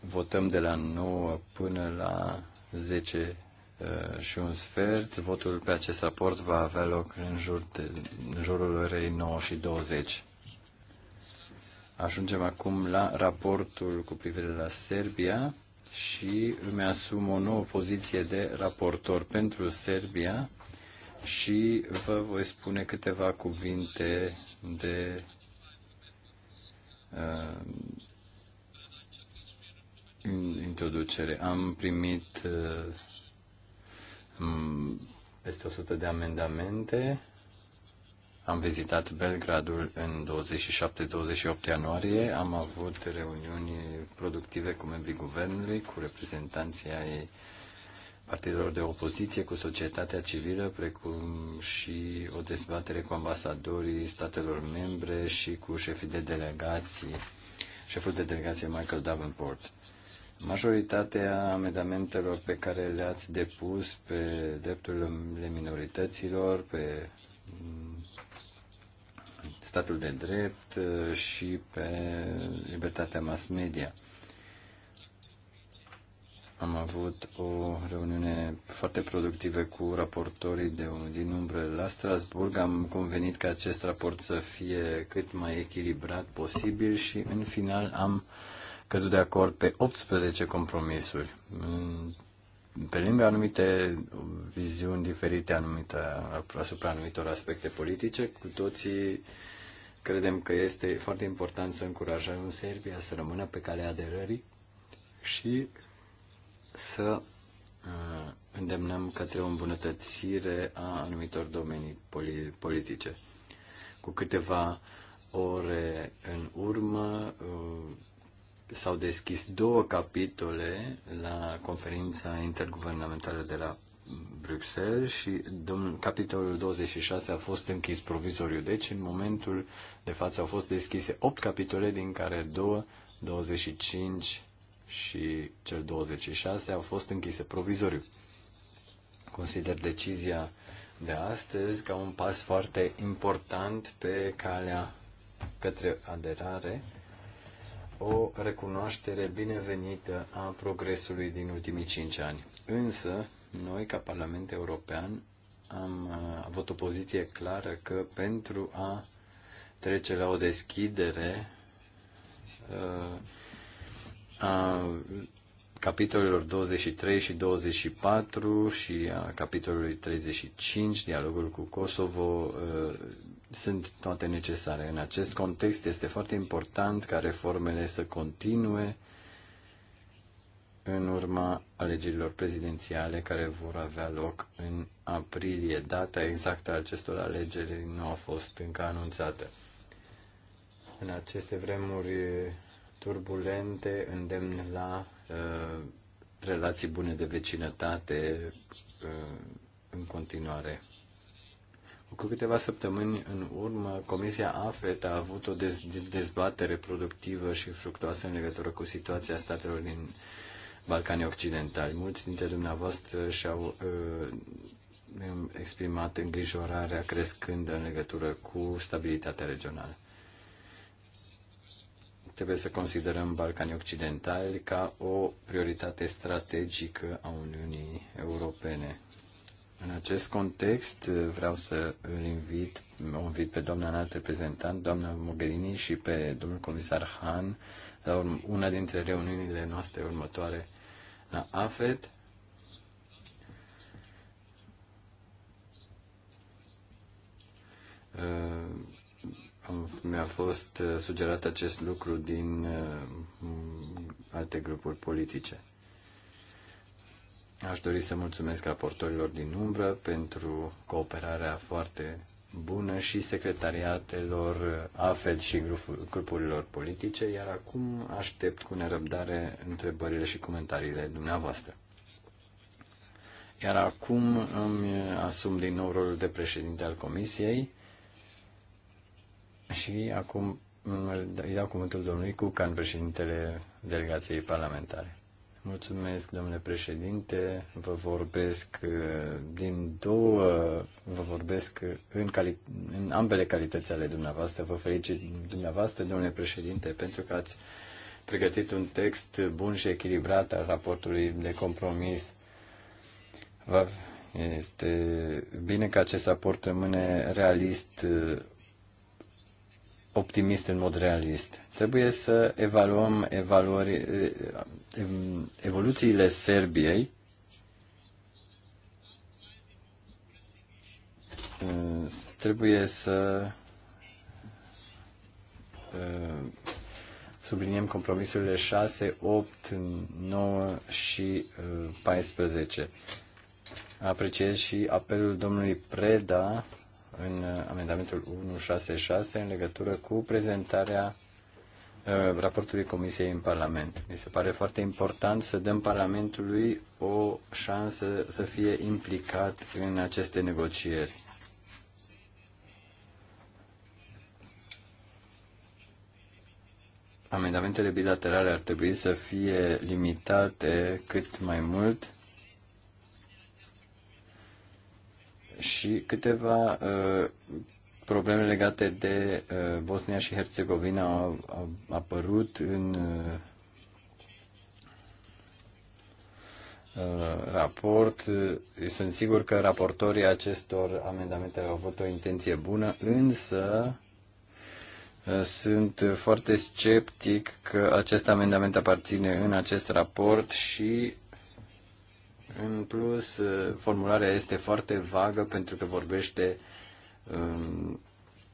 Votăm de la 9 până la 10 uh, și un sfert. Votul pe acest raport va avea loc în, jur de, în jurul orei 9 și 20. Ajungem acum la raportul cu privire la Serbia și îmi asum o nouă poziție de raportor pentru Serbia și vă voi spune câteva cuvinte de uh, introducere. Am primit uh, peste 100 de amendamente. Am vizitat Belgradul în 27-28 ianuarie. Am avut reuniuni productive cu membrii guvernului, cu reprezentanții ai partidelor de opoziție cu societatea civilă, precum și o dezbatere cu ambasadorii statelor membre și cu șefii de delegații, șeful de delegație Michael Davenport. Majoritatea amendamentelor pe care le-ați depus pe drepturile minorităților, pe mm, statul de drept uh, și pe libertatea mass media. Am avut o reuniune foarte productivă cu raportorii de din umbră la Strasburg. Am convenit că acest raport să fie cât mai echilibrat posibil și în final am căzut de acord pe 18 compromisuri. Pe lângă anumite viziuni diferite anumite, asupra anumitor aspecte politice, cu toții credem că este foarte important să încurajăm Serbia să rămână pe calea aderării și să uh, îndemnăm către o îmbunătățire a anumitor domenii politice. Cu câteva ore în urmă uh, s-au deschis două capitole la conferința interguvernamentală de la Bruxelles și capitolul 26 a fost închis provizoriu. Deci, în momentul de față au fost deschise 8 capitole, din care 2, 25 și cel 26 au fost închise provizoriu. Consider decizia de astăzi ca un pas foarte important pe calea către aderare, o recunoaștere binevenită a progresului din ultimii cinci ani. Însă, noi, ca Parlament European, am uh, avut o poziție clară că pentru a trece la o deschidere, uh, a capitolelor 23 și 24 și a capitolului 35, dialogul cu Kosovo, uh, sunt toate necesare. În acest context este foarte important ca reformele să continue în urma alegerilor prezidențiale care vor avea loc în aprilie. Data exactă a acestor alegeri nu a fost încă anunțată. În aceste vremuri turbulente îndemn la uh, relații bune de vecinătate uh, în continuare. Cu câteva săptămâni în urmă, Comisia AFET a avut o dez- dezbatere productivă și fructoasă în legătură cu situația statelor din Balcanii Occidentali. Mulți dintre dumneavoastră și-au uh, exprimat îngrijorarea crescând în legătură cu stabilitatea regională trebuie să considerăm Balcanii Occidentali ca o prioritate strategică a Uniunii Europene. În acest context vreau să îl invit, o invit pe doamna înalt reprezentant, doamna Mogherini și pe domnul comisar Han la una dintre reuniunile noastre următoare la AFED. Uh, mi-a fost uh, sugerat acest lucru din uh, alte grupuri politice. Aș dori să mulțumesc raportorilor din umbră pentru cooperarea foarte bună și secretariatelor AFED și grupurilor politice, iar acum aștept cu nerăbdare întrebările și comentariile dumneavoastră. Iar acum îmi asum din nou rolul de președinte al Comisiei și acum da- îi dau cuvântul domnului Cucan, președintele delegației parlamentare. Mulțumesc, domnule președinte. Vă vorbesc uh, din două, vă vorbesc în, cali, în ambele calități ale dumneavoastră. Vă felicit dumneavoastră, domnule președinte, pentru că ați pregătit un text bun și echilibrat al raportului de compromis. Vă, este bine că acest raport rămâne realist uh, optimist în mod realist. Trebuie să evaluăm evaluări, eh, evoluțiile Serbiei eh, trebuie să eh, subliniem compromisurile 6, 8, 9 și 14. Apreciez și apelul domnului Preda în uh, amendamentul 166 în legătură cu prezentarea uh, raportului Comisiei în Parlament. Mi se pare foarte important să dăm Parlamentului o șansă să fie implicat în aceste negocieri. Amendamentele bilaterale ar trebui să fie limitate cât mai mult și câteva uh, probleme legate de uh, Bosnia și Herțegovina au, au apărut în uh, uh raport. Sunt sigur că raportorii acestor amendamente au avut o intenție bună, însă uh, sunt foarte sceptic că acest amendament aparține în acest raport și în plus, uh, formularea este foarte vagă pentru că vorbește um,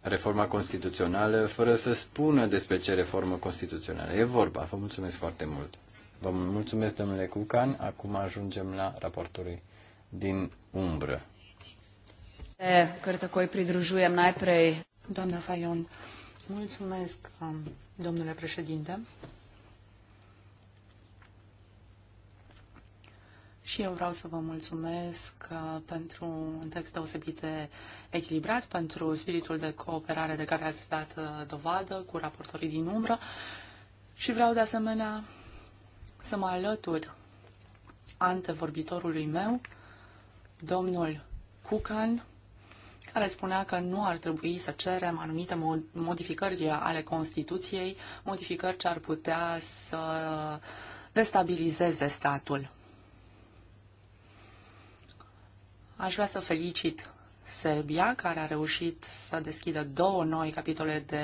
reforma constituțională fără să spună despre ce reformă constituțională e vorba. Vă mulțumesc foarte mult. Vă mulțumesc, domnule Cucan. Acum ajungem la raportorii din umbră. Cred că îi pridrujujem najprej. Doamna Fayon, mulțumesc, um, domnule președinte. Și eu vreau să vă mulțumesc uh, pentru un text deosebit de echilibrat, pentru spiritul de cooperare de care ați dat uh, dovadă cu raportorii din umbră și vreau de asemenea să mă alătur antevorbitorului meu, domnul Cucan, care spunea că nu ar trebui să cerem anumite modificări ale Constituției, modificări ce ar putea să destabilizeze statul. Aș vrea să felicit Serbia, care a reușit să deschidă două noi capitole de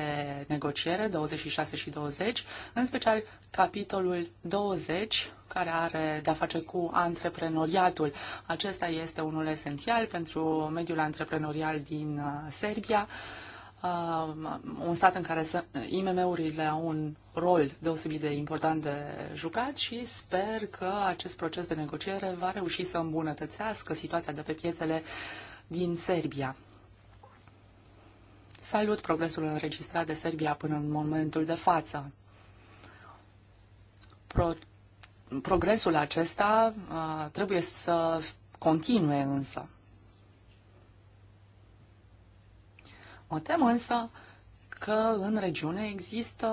negociere, 26 și 20, în special capitolul 20, care are de-a face cu antreprenoriatul. Acesta este unul esențial pentru mediul antreprenorial din uh, Serbia. Um, un stat în care IMM-urile au un rol deosebit de important de jucat și sper că acest proces de negociere va reuși să îmbunătățească situația de pe piețele din Serbia. Salut progresul înregistrat de Serbia până în momentul de față. Pro progresul acesta uh, trebuie să continue însă. Mă tem însă că în regiune există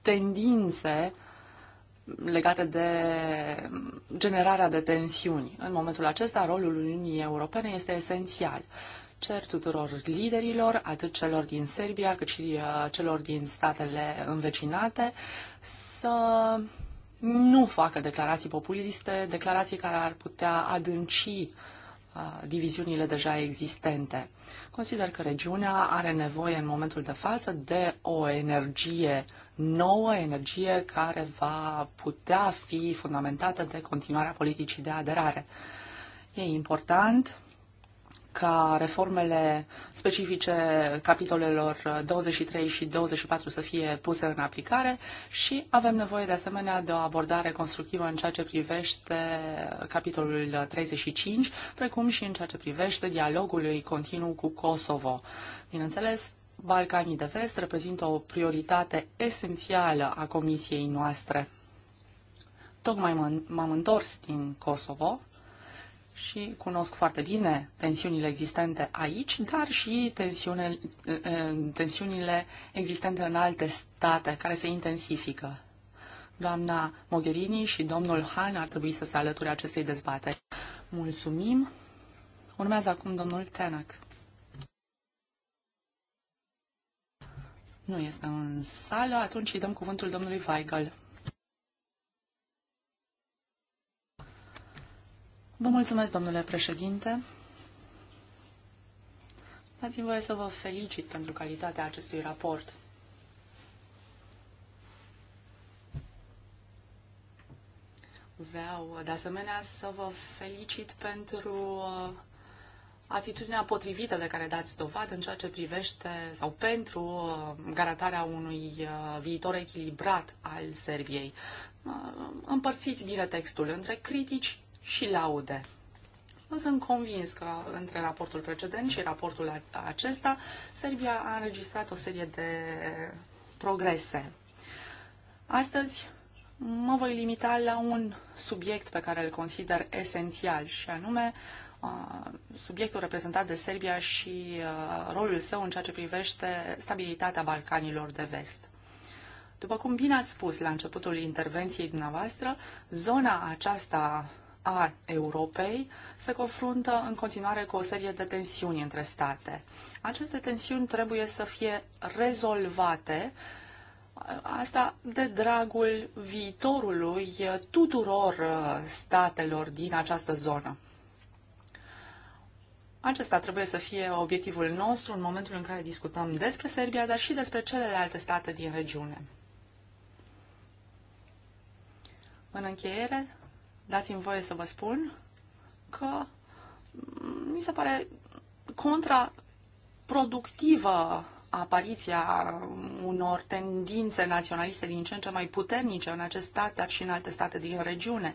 tendințe legate de generarea de tensiuni. În momentul acesta, rolul Uniunii Europene este esențial. Cer tuturor liderilor, atât celor din Serbia, cât și uh, celor din statele învecinate, să nu facă declarații populiste, declarații care ar putea adânci uh, diviziunile deja existente. Consider că regiunea are nevoie în momentul de față de o energie nouă, energie care va putea fi fundamentată de continuarea politicii de aderare. E important ca reformele specifice capitolelor 23 și 24 să fie puse în aplicare și avem nevoie de asemenea de o abordare constructivă în ceea ce privește capitolul 35, precum și în ceea ce privește dialogul continuu cu Kosovo. Bineînțeles, Balcanii de Vest reprezintă o prioritate esențială a comisiei noastre. Tocmai m-am întors din Kosovo, și cunosc foarte bine tensiunile existente aici, dar și tensiune, tensiunile existente în alte state care se intensifică. Doamna Mogherini și domnul Han ar trebui să se alăture acestei dezbateri. Mulțumim. Urmează acum domnul Tenac. Nu este în sală, atunci îi dăm cuvântul domnului Weigel. Vă mulțumesc, domnule președinte. Dați-mi voie să vă felicit pentru calitatea acestui raport. Vreau, de asemenea, să vă felicit pentru uh, atitudinea potrivită de care dați dovadă în ceea ce privește sau pentru uh, garantarea unui uh, viitor echilibrat al Serbiei. Împărțiți bine textul între critici și laude. Eu sunt convins că între raportul precedent și raportul acesta, Serbia a înregistrat o serie de progrese. Astăzi mă voi limita la un subiect pe care îl consider esențial și anume uh, subiectul reprezentat de Serbia și uh, rolul său în ceea ce privește stabilitatea Balcanilor de vest. După cum bine ați spus la începutul intervenției dumneavoastră, zona aceasta a Europei se confruntă în continuare cu o serie de tensiuni între state. Aceste tensiuni trebuie să fie rezolvate Asta de dragul viitorului tuturor uh, statelor din această zonă. Acesta trebuie să fie obiectivul nostru în momentul în care discutăm despre Serbia, dar și despre celelalte state din regiune. În încheiere, dați-mi voie să vă spun că mi se pare contraproductivă apariția unor tendințe naționaliste din ce în ce mai puternice în acest stat, dar și în alte state din regiune.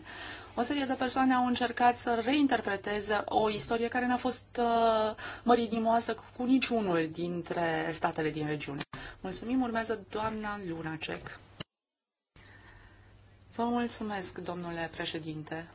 O serie de persoane au încercat să reinterpreteze o istorie care n-a fost uh, măridimoasă cu niciunul dintre statele din regiune. Mulțumim, urmează doamna Lunacek. Vă mulțumesc, domnule președinte.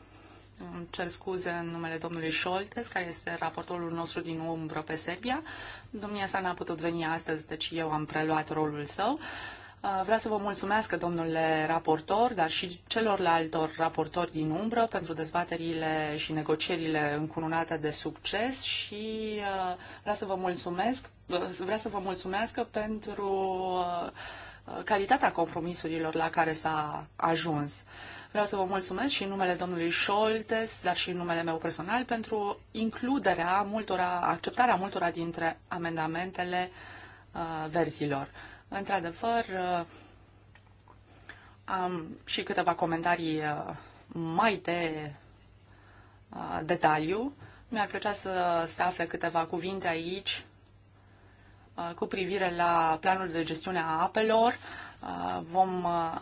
Îmi cer scuze în numele domnului Șoltes, care este raportorul nostru din umbră pe Serbia. Domnia sa n-a putut veni astăzi, deci eu am preluat rolul său. Uh, vreau să vă mulțumesc, domnule raportor, dar și celorlaltor raportori din umbră pentru dezbaterile și negocierile încununate de succes și uh, vreau să vă mulțumesc, uh, vreau să vă mulțumesc pentru Uh, calitatea compromisurilor la care s-a ajuns. Vreau să vă mulțumesc și în numele domnului Scholtes, dar și în numele meu personal, pentru includerea multora, acceptarea multora dintre amendamentele uh, verzilor. Într-adevăr, uh, am și câteva comentarii uh, mai de uh, detaliu. Mi-ar plăcea să se afle câteva cuvinte aici Uh, cu privire la planul de gestiune a apelor. Uh, vom uh,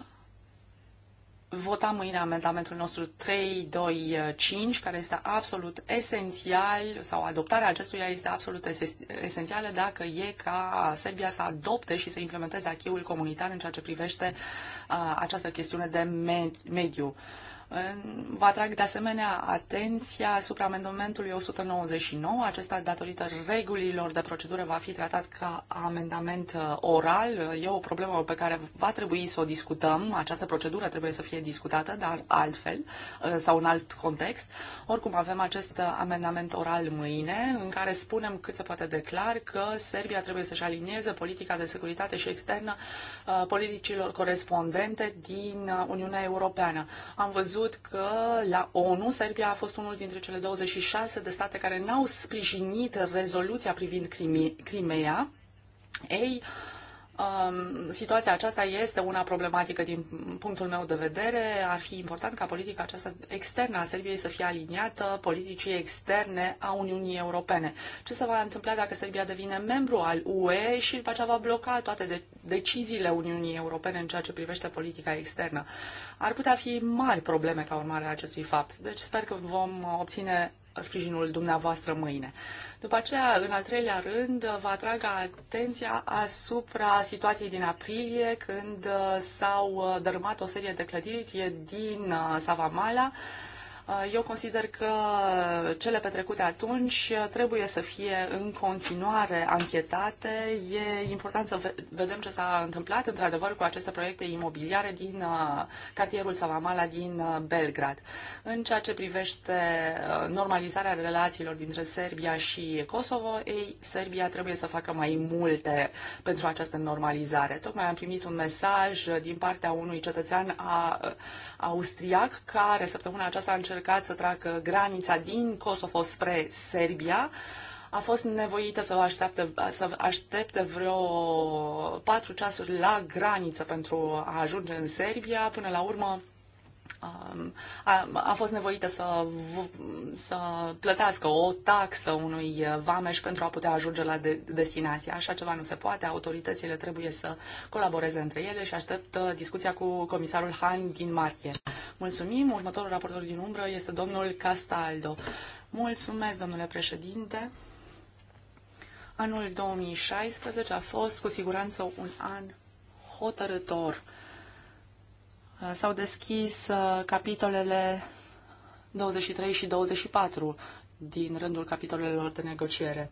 vota mâine amendamentul nostru 325, care este absolut esențial, sau adoptarea acestuia este absolut esențială dacă e ca Serbia să adopte și să implementeze achiul comunitar în ceea ce privește această chestiune de mediu. Vă atrag de asemenea atenția asupra amendamentului 199. Acesta, datorită regulilor de procedură, va fi tratat ca amendament uh, oral. E o problemă pe care va trebui să o discutăm. Această procedură trebuie să fie discutată, dar altfel uh, sau în alt context. Oricum, avem acest uh, amendament oral mâine, în care spunem cât se poate declar că Serbia trebuie să-și alinieze politica de securitate și externă politicilor corespondente din Uniunea Europeană. Am văzut văzut că la ONU Serbia a fost unul dintre cele 26 de state care n-au sprijinit rezoluția privind Crimea. Ei, Um, situația aceasta este una problematică din punctul meu de vedere. Ar fi important ca politica aceasta externă a Serbiei să fie aliniată politicii externe a Uniunii Europene. Ce se va întâmpla dacă Serbia devine membru al UE și după aceea va bloca toate de- deciziile Uniunii Europene în ceea ce privește politica externă? Ar putea fi mari probleme ca urmare a acestui fapt. Deci sper că vom obține sprijinul dumneavoastră mâine. După aceea, în al treilea rând, vă atrag atenția asupra situației din aprilie, când uh, s-au uh, dărâmat o serie de clădiri din uh, Savamala, Eh, eu consider că cele petrecute atunci trebuie să fie în continuare anchetate. E important să vedem ce s-a întâmplat într-adevăr cu aceste proiecte imobiliare din eh, cartierul Savamala din eh, Belgrad. În ceea ce privește normalizarea relațiilor dintre Serbia și Kosovo, ei, Serbia trebuie să facă mai multe pentru această normalizare. Tocmai am primit un mesaj din partea unui cetățean austriac care săptămâna aceasta a început încercat să treacă granița din Kosovo spre Serbia, a fost nevoită să, așteaptă, să aștepte vreo patru ceasuri la graniță pentru a ajunge în Serbia. Până la urmă Um, a, fost nevoită să, să plătească o taxă unui uh, vameș pentru a putea ajunge la de, destinație. Așa ceva nu se poate, autoritățile trebuie să colaboreze între ele și aștept uh, discuția cu comisarul Han din martie. Mulțumim, următorul raportor din umbră este domnul Castaldo. Mulțumesc, domnule președinte. Anul 2016 a fost cu siguranță un an hotărător Uh, s-au deschis uh, capitolele 23 și 24 din rândul capitolelor de negociere.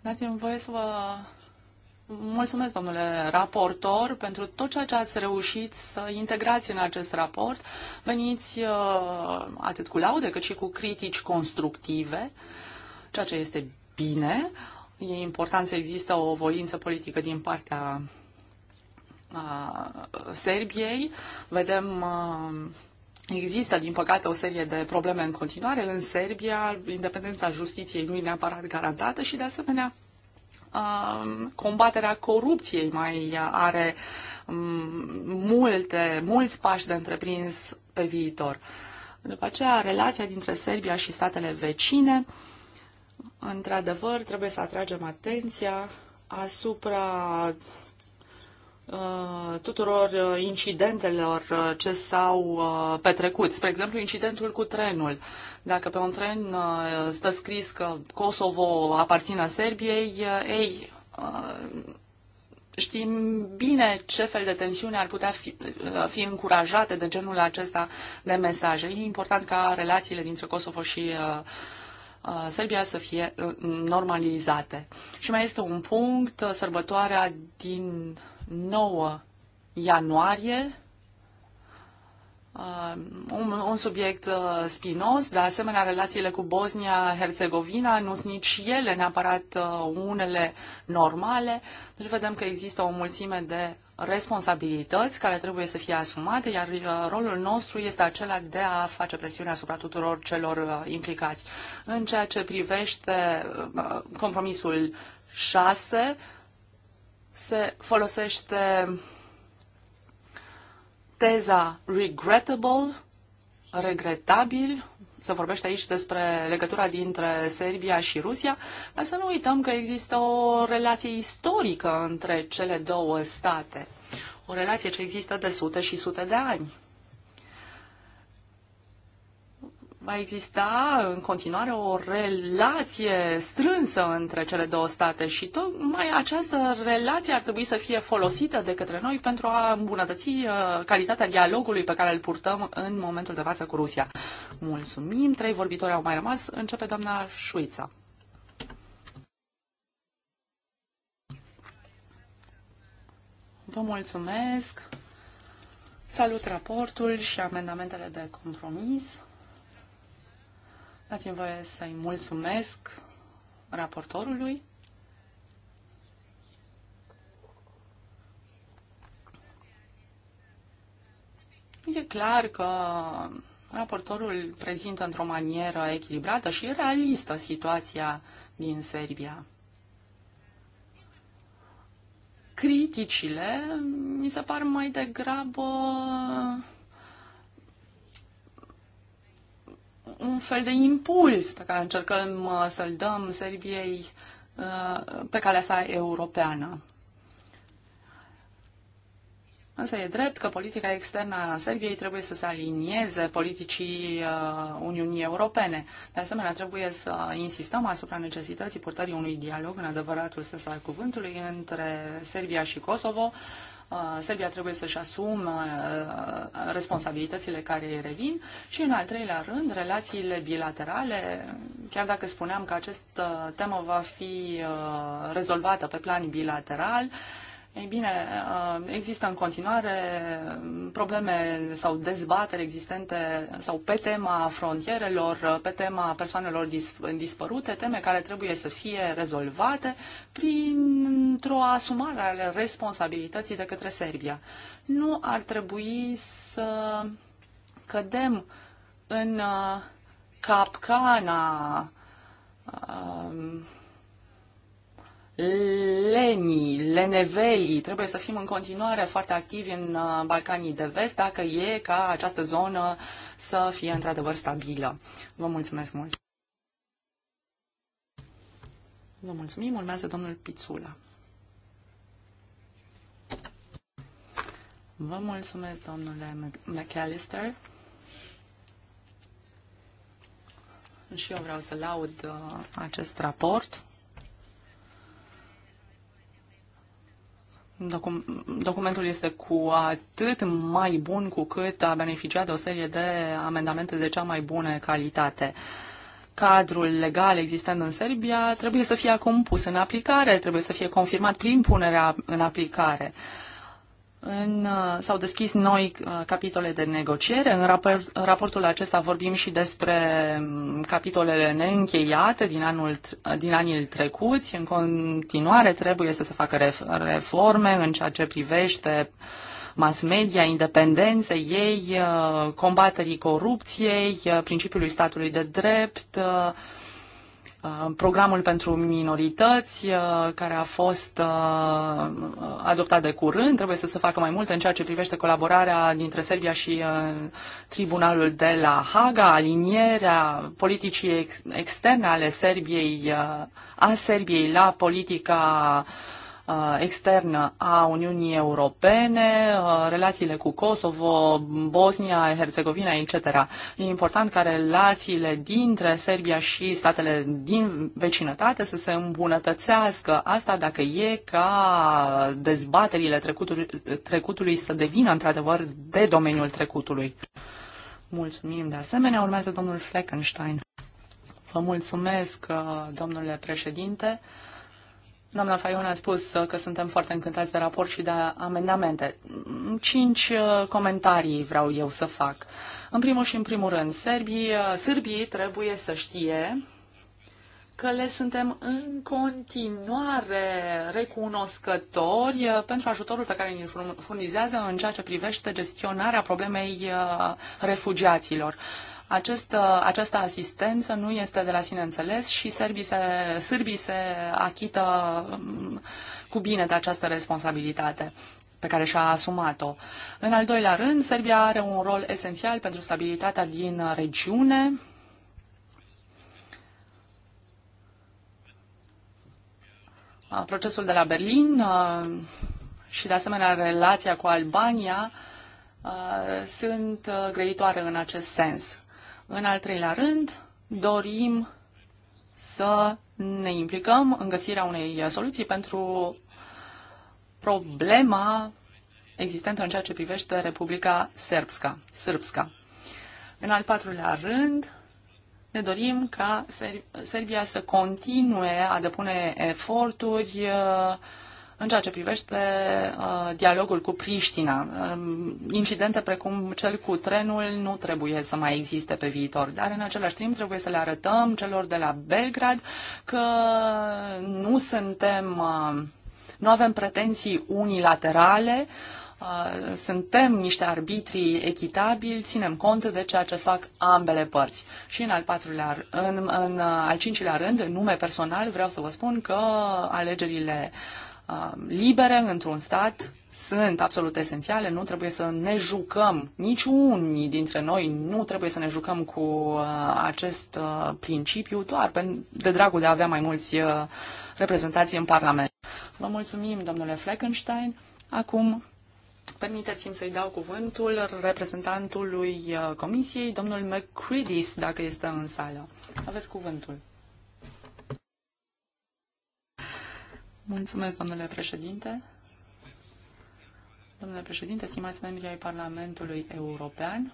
Dați-mi voie să vă Mulțumesc, domnule raportor, pentru tot ceea ce ați reușit să integrați în acest raport. Veniți uh, atât cu laude cât și cu critici constructive, ceea ce este bine. E important să există o voință politică din partea uh, Serbiei. Vedem uh, Există, din păcate, o serie de probleme în continuare. În Serbia, independența justiției nu e neapărat garantată și, de asemenea, Um, combaterea corupției mai are um, multe, mulți pași de întreprins pe viitor. După aceea, relația dintre Serbia și statele vecine, într-adevăr, trebuie să atragem atenția asupra Uh, tuturor uh, incidentelor uh, ce s-au petrecut. Spre exemplu, incidentul cu trenul. Dacă pe un tren stă scris că Kosovo aparține Serbiei, ei, știm bine ce fel de tensiune ar putea fi, fi încurajate de genul acesta de mesaje. E important ca relațiile dintre Kosovo și Serbia să fie normalizate. Și mai este un punct, sărbătoarea din 9 ianuarie uh, un, un subiect uh, spinos, de asemenea relațiile cu Bosnia-Herzegovina nu sunt nici ele neapărat uh, unele normale. Deci vedem că există o mulțime de responsabilități care trebuie să fie asumate, iar rolul nostru este acela de a face presiune asupra tuturor celor implicați. În ceea ce privește compromisul 6, se folosește teza regrettable, regretabil, se vorbește aici despre legătura dintre Serbia și Rusia, dar să nu uităm că există o relație istorică între cele două state, o relație ce există de sute și sute de ani. va exista în continuare o relație strânsă între cele două state și tocmai această relație ar trebui să fie folosită de către noi pentru a îmbunătăți uh, calitatea dialogului pe care îl purtăm în momentul de față cu Rusia. Mulțumim, trei vorbitori au mai rămas. Începe doamna Șuița. Vă mulțumesc. Salut raportul și amendamentele de compromis. Dați-mi voie să-i mulțumesc raportorului. E clar că raportorul prezintă într-o manieră echilibrată și realistă situația din Serbia. Criticile mi se par mai degrabă un fel de impuls pe care încercăm uh, să-l dăm Serbiei uh, pe calea sa europeană. Însă e drept că politica externă a Serbiei trebuie să se alinieze politicii uh, Uniunii Europene. De asemenea, trebuie să insistăm asupra necesității purtării unui dialog în adevăratul sens al cuvântului între Serbia și Kosovo, Uh, Serbia trebuie să-și asume uh, responsabilitățile care îi revin și, în al treilea rând, relațiile bilaterale, chiar dacă spuneam că această temă va fi uh, rezolvată pe plan bilateral, ei bine, uh, există în continuare probleme sau dezbateri existente sau pe tema frontierelor, uh, pe tema persoanelor dispărute, teme care trebuie să fie rezolvate printr-o asumare ale responsabilității de către Serbia. Nu ar trebui să cădem în uh, capcana lenii, lenevelii. Trebuie să fim în continuare foarte activi în uh, Balcanii de Vest dacă e ca această zonă să fie într-adevăr stabilă. Vă mulțumesc mult! Vă mulțumim. Urmează domnul Pițula. Vă mulțumesc, domnule McAllister. Și eu vreau să laud uh, acest raport. Docum documentul este cu atât mai bun cu cât a beneficiat de o serie de amendamente de cea mai bună calitate. Cadrul legal existent în Serbia trebuie să fie acum pus în aplicare, trebuie să fie confirmat prin punerea în aplicare. Uh, în, uh, s-au deschis noi uh, capitole de negociere. În, raportul acesta vorbim și despre um, capitolele neîncheiate din, anul, uh, din anii trecuți. În continuare trebuie să se facă reforme în ceea ce privește mass media, independenței ei, combaterii corupției, principiului statului de drept, Uh, programul pentru minorități uh, care a fost uh, adoptat de curând. Trebuie să se facă mai mult în ceea ce privește colaborarea dintre Serbia și Tribunalul de la Haga, alinierea politicii externe ale Serbiei, a Serbiei la politica Uh, externă a Uniunii Europene, uh, relațiile cu Kosovo, Bosnia, Herzegovina, etc. E important ca relațiile dintre Serbia și statele din vecinătate să se îmbunătățească. Asta dacă e ca dezbaterile trecutului, trecutului să devină într-adevăr de domeniul trecutului. Mulțumim de asemenea. Urmează domnul Fleckenstein. Vă mulțumesc, uh, domnule președinte. Doamna Faion a spus uh, că suntem foarte încântați de raport și de amendamente. Mm, cinci uh, comentarii vreau eu să fac. În primul și în primul rând, serbii, uh, sârbii trebuie să știe că le suntem în continuare recunoscători pentru ajutorul pe care ne furnizează în ceea ce privește gestionarea problemei refugiaților. Acest, această asistență nu este de la sine înțeles și sârbii se, sârbii se achită mm, cu bine de această responsabilitate pe care și-a asumat-o. În al doilea rând, Serbia are un rol esențial pentru stabilitatea din regiune, procesul de la Berlin și, de asemenea, relația cu Albania sunt grăitoare în acest sens. În al treilea rând, dorim să ne implicăm în găsirea unei soluții pentru problema existentă în ceea ce privește Republica Serbska. Sârbska. În al patrulea rând, ne dorim ca Serbia să continue a depune eforturi uh, în ceea ce privește uh, dialogul cu Priștina. Uh, incidente precum cel cu trenul nu trebuie să mai existe pe viitor, dar în același timp trebuie să le arătăm celor de la Belgrad că nu suntem, uh, nu avem pretenții unilaterale, uh, suntem niște arbitri echitabili, ținem cont de ceea ce fac ambele părți. Și în al patrulea, în, în uh, al cincilea rând, în nume personal, vreau să vă spun că alegerile uh, Um, libere într-un stat sunt absolut esențiale, nu trebuie să ne jucăm, niciunii dintre noi nu trebuie să ne jucăm cu uh, acest uh, principiu doar de dragul de a avea mai mulți uh, reprezentații în Parlament. Vă mulțumim, domnule Fleckenstein. Acum permiteți-mi să-i dau cuvântul reprezentantului Comisiei, domnul McCreedis, dacă este în sală. Aveți cuvântul. Mulțumesc, domnule președinte. Domnule președinte, stimați membri ai Parlamentului European,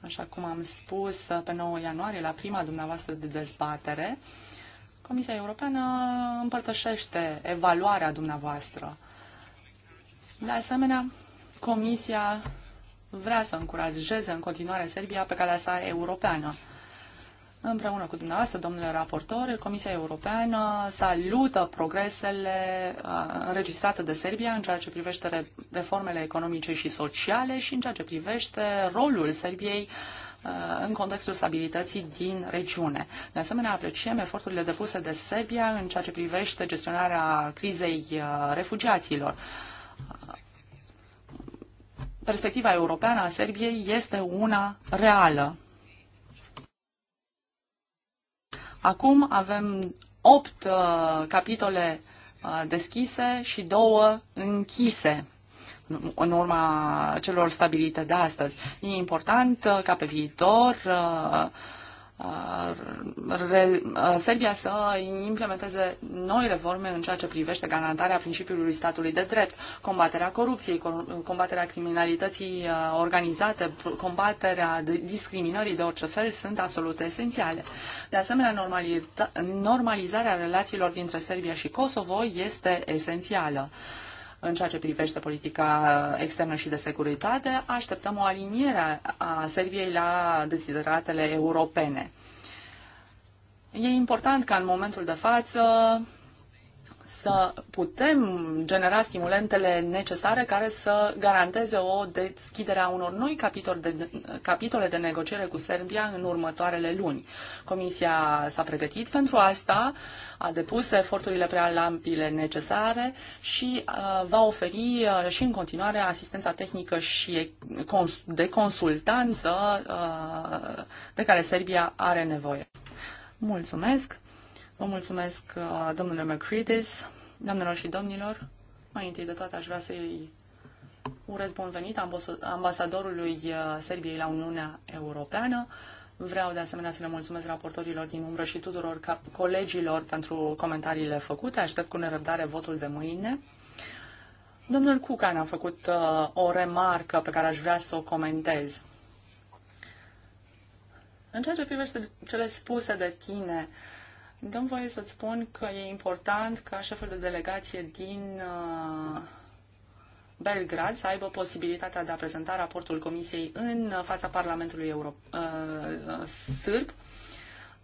așa cum am spus pe 9 ianuarie, la prima dumneavoastră de dezbatere, Comisia Europeană împărtășește evaluarea dumneavoastră. De asemenea, Comisia vrea să încurajeze în continuare Serbia pe calea sa europeană. Împreună cu dumneavoastră, domnule raportor, Comisia Europeană salută progresele uh, înregistrate de Serbia în ceea ce privește reformele economice și sociale și în ceea ce privește rolul Serbiei uh, în contextul stabilității din regiune. De asemenea, apreciem eforturile depuse de Serbia în ceea ce privește gestionarea crizei uh, refugiaților perspectiva europeană a Serbiei este una reală. Acum avem opt uh, capitole uh, deschise și două închise în urma celor stabilite de astăzi. E important uh, ca pe viitor uh, Uh, uh, Serbia să implementeze noi reforme în ceea ce privește garantarea principiului statului de drept, combaterea corupției, combaterea criminalității uh, organizate, combaterea discriminării de orice fel sunt absolut esențiale. De asemenea, normalizarea relațiilor dintre Serbia și Kosovo este esențială. În ceea ce privește politica externă și de securitate, așteptăm o aliniere a Serbiei la desideratele europene. E important ca în momentul de față să putem genera stimulentele necesare care să garanteze o deschidere a unor noi capitole de, capitole de negociere cu Serbia în următoarele luni. Comisia s-a pregătit pentru asta, a depus eforturile prealabile necesare și uh, va oferi uh, și în continuare asistența tehnică și de consultanță uh, de care Serbia are nevoie. Mulțumesc! Vă mulțumesc, uh, domnule McCreedis, doamnelor și domnilor. Mai întâi de toate aș vrea să-i urez bun venit ambasadorului uh, Serbiei la Uniunea Europeană. Vreau de asemenea să le mulțumesc raportorilor din umbră și tuturor colegilor pentru comentariile făcute. Aștept cu nerăbdare votul de mâine. Domnul Cucan a făcut uh, o remarcă pe care aș vrea să o comentez. În ceea ce privește cele spuse de tine, uh, Dăm voie să-ți spun că e important ca șeful de delegație din uh, Belgrad să aibă posibilitatea de a prezenta raportul Comisiei în uh, fața Parlamentului Euro- uh, Sârb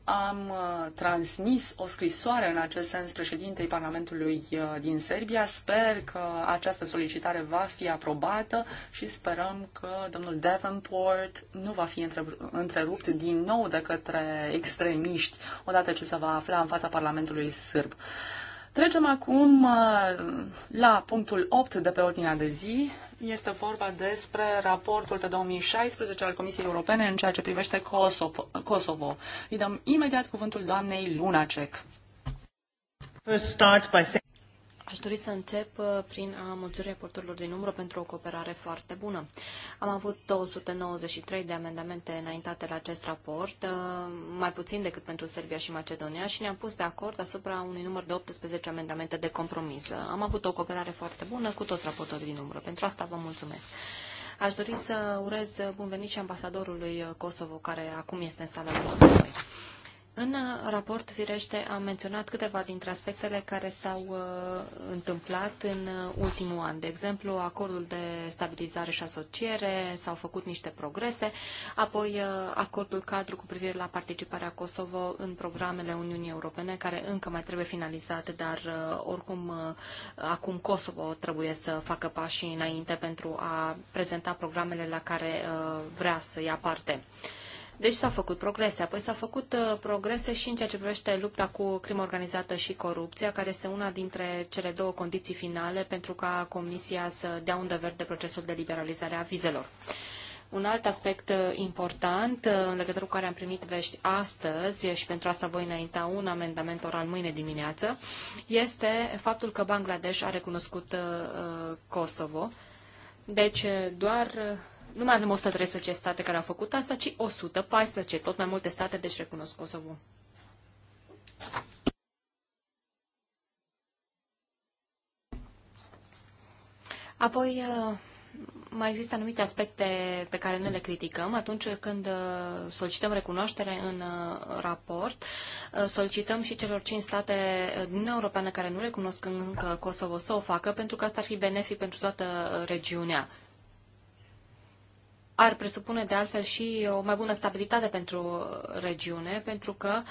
am uh, transmis o scrisoare în acest sens președintei Parlamentului uh, din Serbia. Sper că această solicitare va fi aprobată și sperăm că domnul Davenport nu va fi întrerupt din nou de către extremiști odată ce se va afla în fața Parlamentului sârb. Trecem acum uh, la punctul 8 de pe ordinea de zi, este vorba despre raportul pe 2016 al Comisiei Europene în ceea ce privește Kosovo. Kosovo. Îi dăm imediat cuvântul doamnei Lunacek. First start by Aș dori să încep uh, prin a mulțumi raporturilor din umbră pentru o cooperare foarte bună. Am avut 293 de amendamente înaintate la acest raport, uh, mai puțin decât pentru Serbia și Macedonia, și ne-am pus de acord asupra unui număr de 18 amendamente de compromis. Am avut o cooperare foarte bună cu toți raportorii din umbră. Pentru asta vă mulțumesc. Aș dori să urez bun venit și ambasadorului Kosovo, care acum este în sala de noi. În raport, firește, am menționat câteva dintre aspectele care s-au uh, întâmplat în ultimul an. De exemplu, acordul de stabilizare și asociere, s-au făcut niște progrese, apoi uh, acordul cadru cu privire la participarea Kosovo în programele Uniunii Europene, care încă mai trebuie finalizate, dar uh, oricum uh, acum Kosovo trebuie să facă pașii înainte pentru a prezenta programele la care uh, vrea să ia parte. Uh, deci s-au făcut progrese. Apoi s-au făcut uh, progrese și în ceea ce privește lupta cu crimă organizată și corupția, care este una dintre cele două condiții finale pentru ca Comisia să dea undă verde procesul de liberalizare a vizelor. Un alt aspect uh, important uh, în legătură cu care am primit vești astăzi și pentru asta voi înainta un amendament oral mâine dimineață este faptul că Bangladesh a recunoscut uh, Kosovo. Deci doar nu mai avem 113 state care au făcut asta, ci 114, tot mai multe state, deci recunosc Kosovo. Apoi, uh, mai există anumite aspecte pe care nu le criticăm atunci când uh, solicităm recunoaștere în uh, raport. Solicităm și celor cinci state din Europeană care nu recunosc încă Kosovo să o facă, pentru că asta ar fi benefic pentru toată regiunea ar presupune de altfel și o mai bună stabilitate pentru regiune, pentru că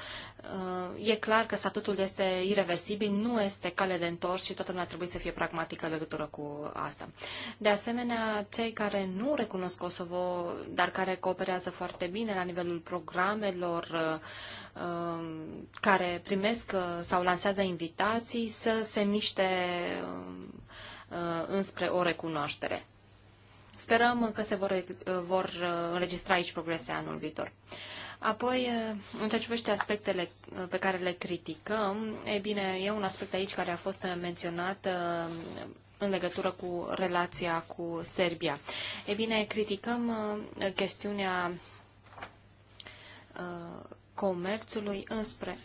uh, e clar că statutul este irreversibil, nu este cale de întors și toată lumea trebuie să fie pragmatică în legătură cu asta. De asemenea, cei care nu recunosc Kosovo, dar care cooperează foarte bine la nivelul programelor, uh, uh, care primesc sau lansează invitații, să se miște înspre o recunoaștere. Sperăm că se vor, vor uh, înregistra aici progrese anul viitor. Apoi, uh, în ce privește aspectele uh, pe care le criticăm, e bine, e un aspect aici care a fost menționat în legătură cu relația cu Serbia. E bine, criticăm chestiunea comerțului înspre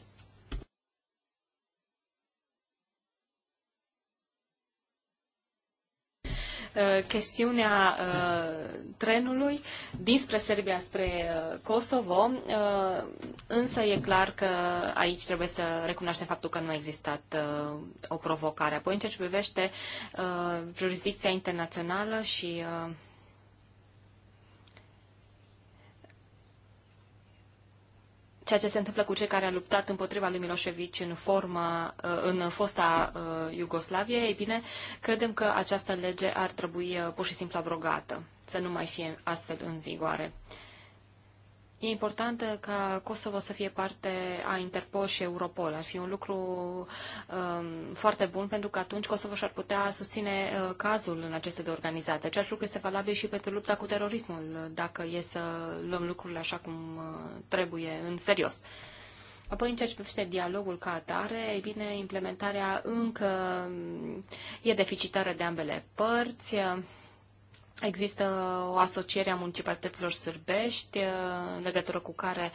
Uh, chestiunea uh, trenului dinspre Serbia spre uh, Kosovo, însă e clar că aici trebuie să recunoaștem faptul că nu a existat o provocare. Apoi, în ceea ce privește jurisdicția internațională și ceea ce se întâmplă cu cei care au luptat împotriva lui Milosevic în forma, uh, în fosta uh, Iugoslavie, ei bine, credem că această lege ar trebui uh, pur și simplu abrogată, să nu mai fie astfel în vigoare. E important uh, ca Kosovo să fie parte a Interpol și Europol. Ar fi un lucru um, foarte bun pentru că atunci Kosovo și-ar putea susține uh, cazul în aceste două organizații. Același lucru este valabil și pentru lupta cu terorismul, dacă e să luăm lucrurile așa cum uh, trebuie, în serios. Apoi, în ceea ce privește dialogul ca atare, e bine, implementarea încă um, e deficitară de ambele părți. Există o asociere a municipalităților sârbești uh, în legătură cu care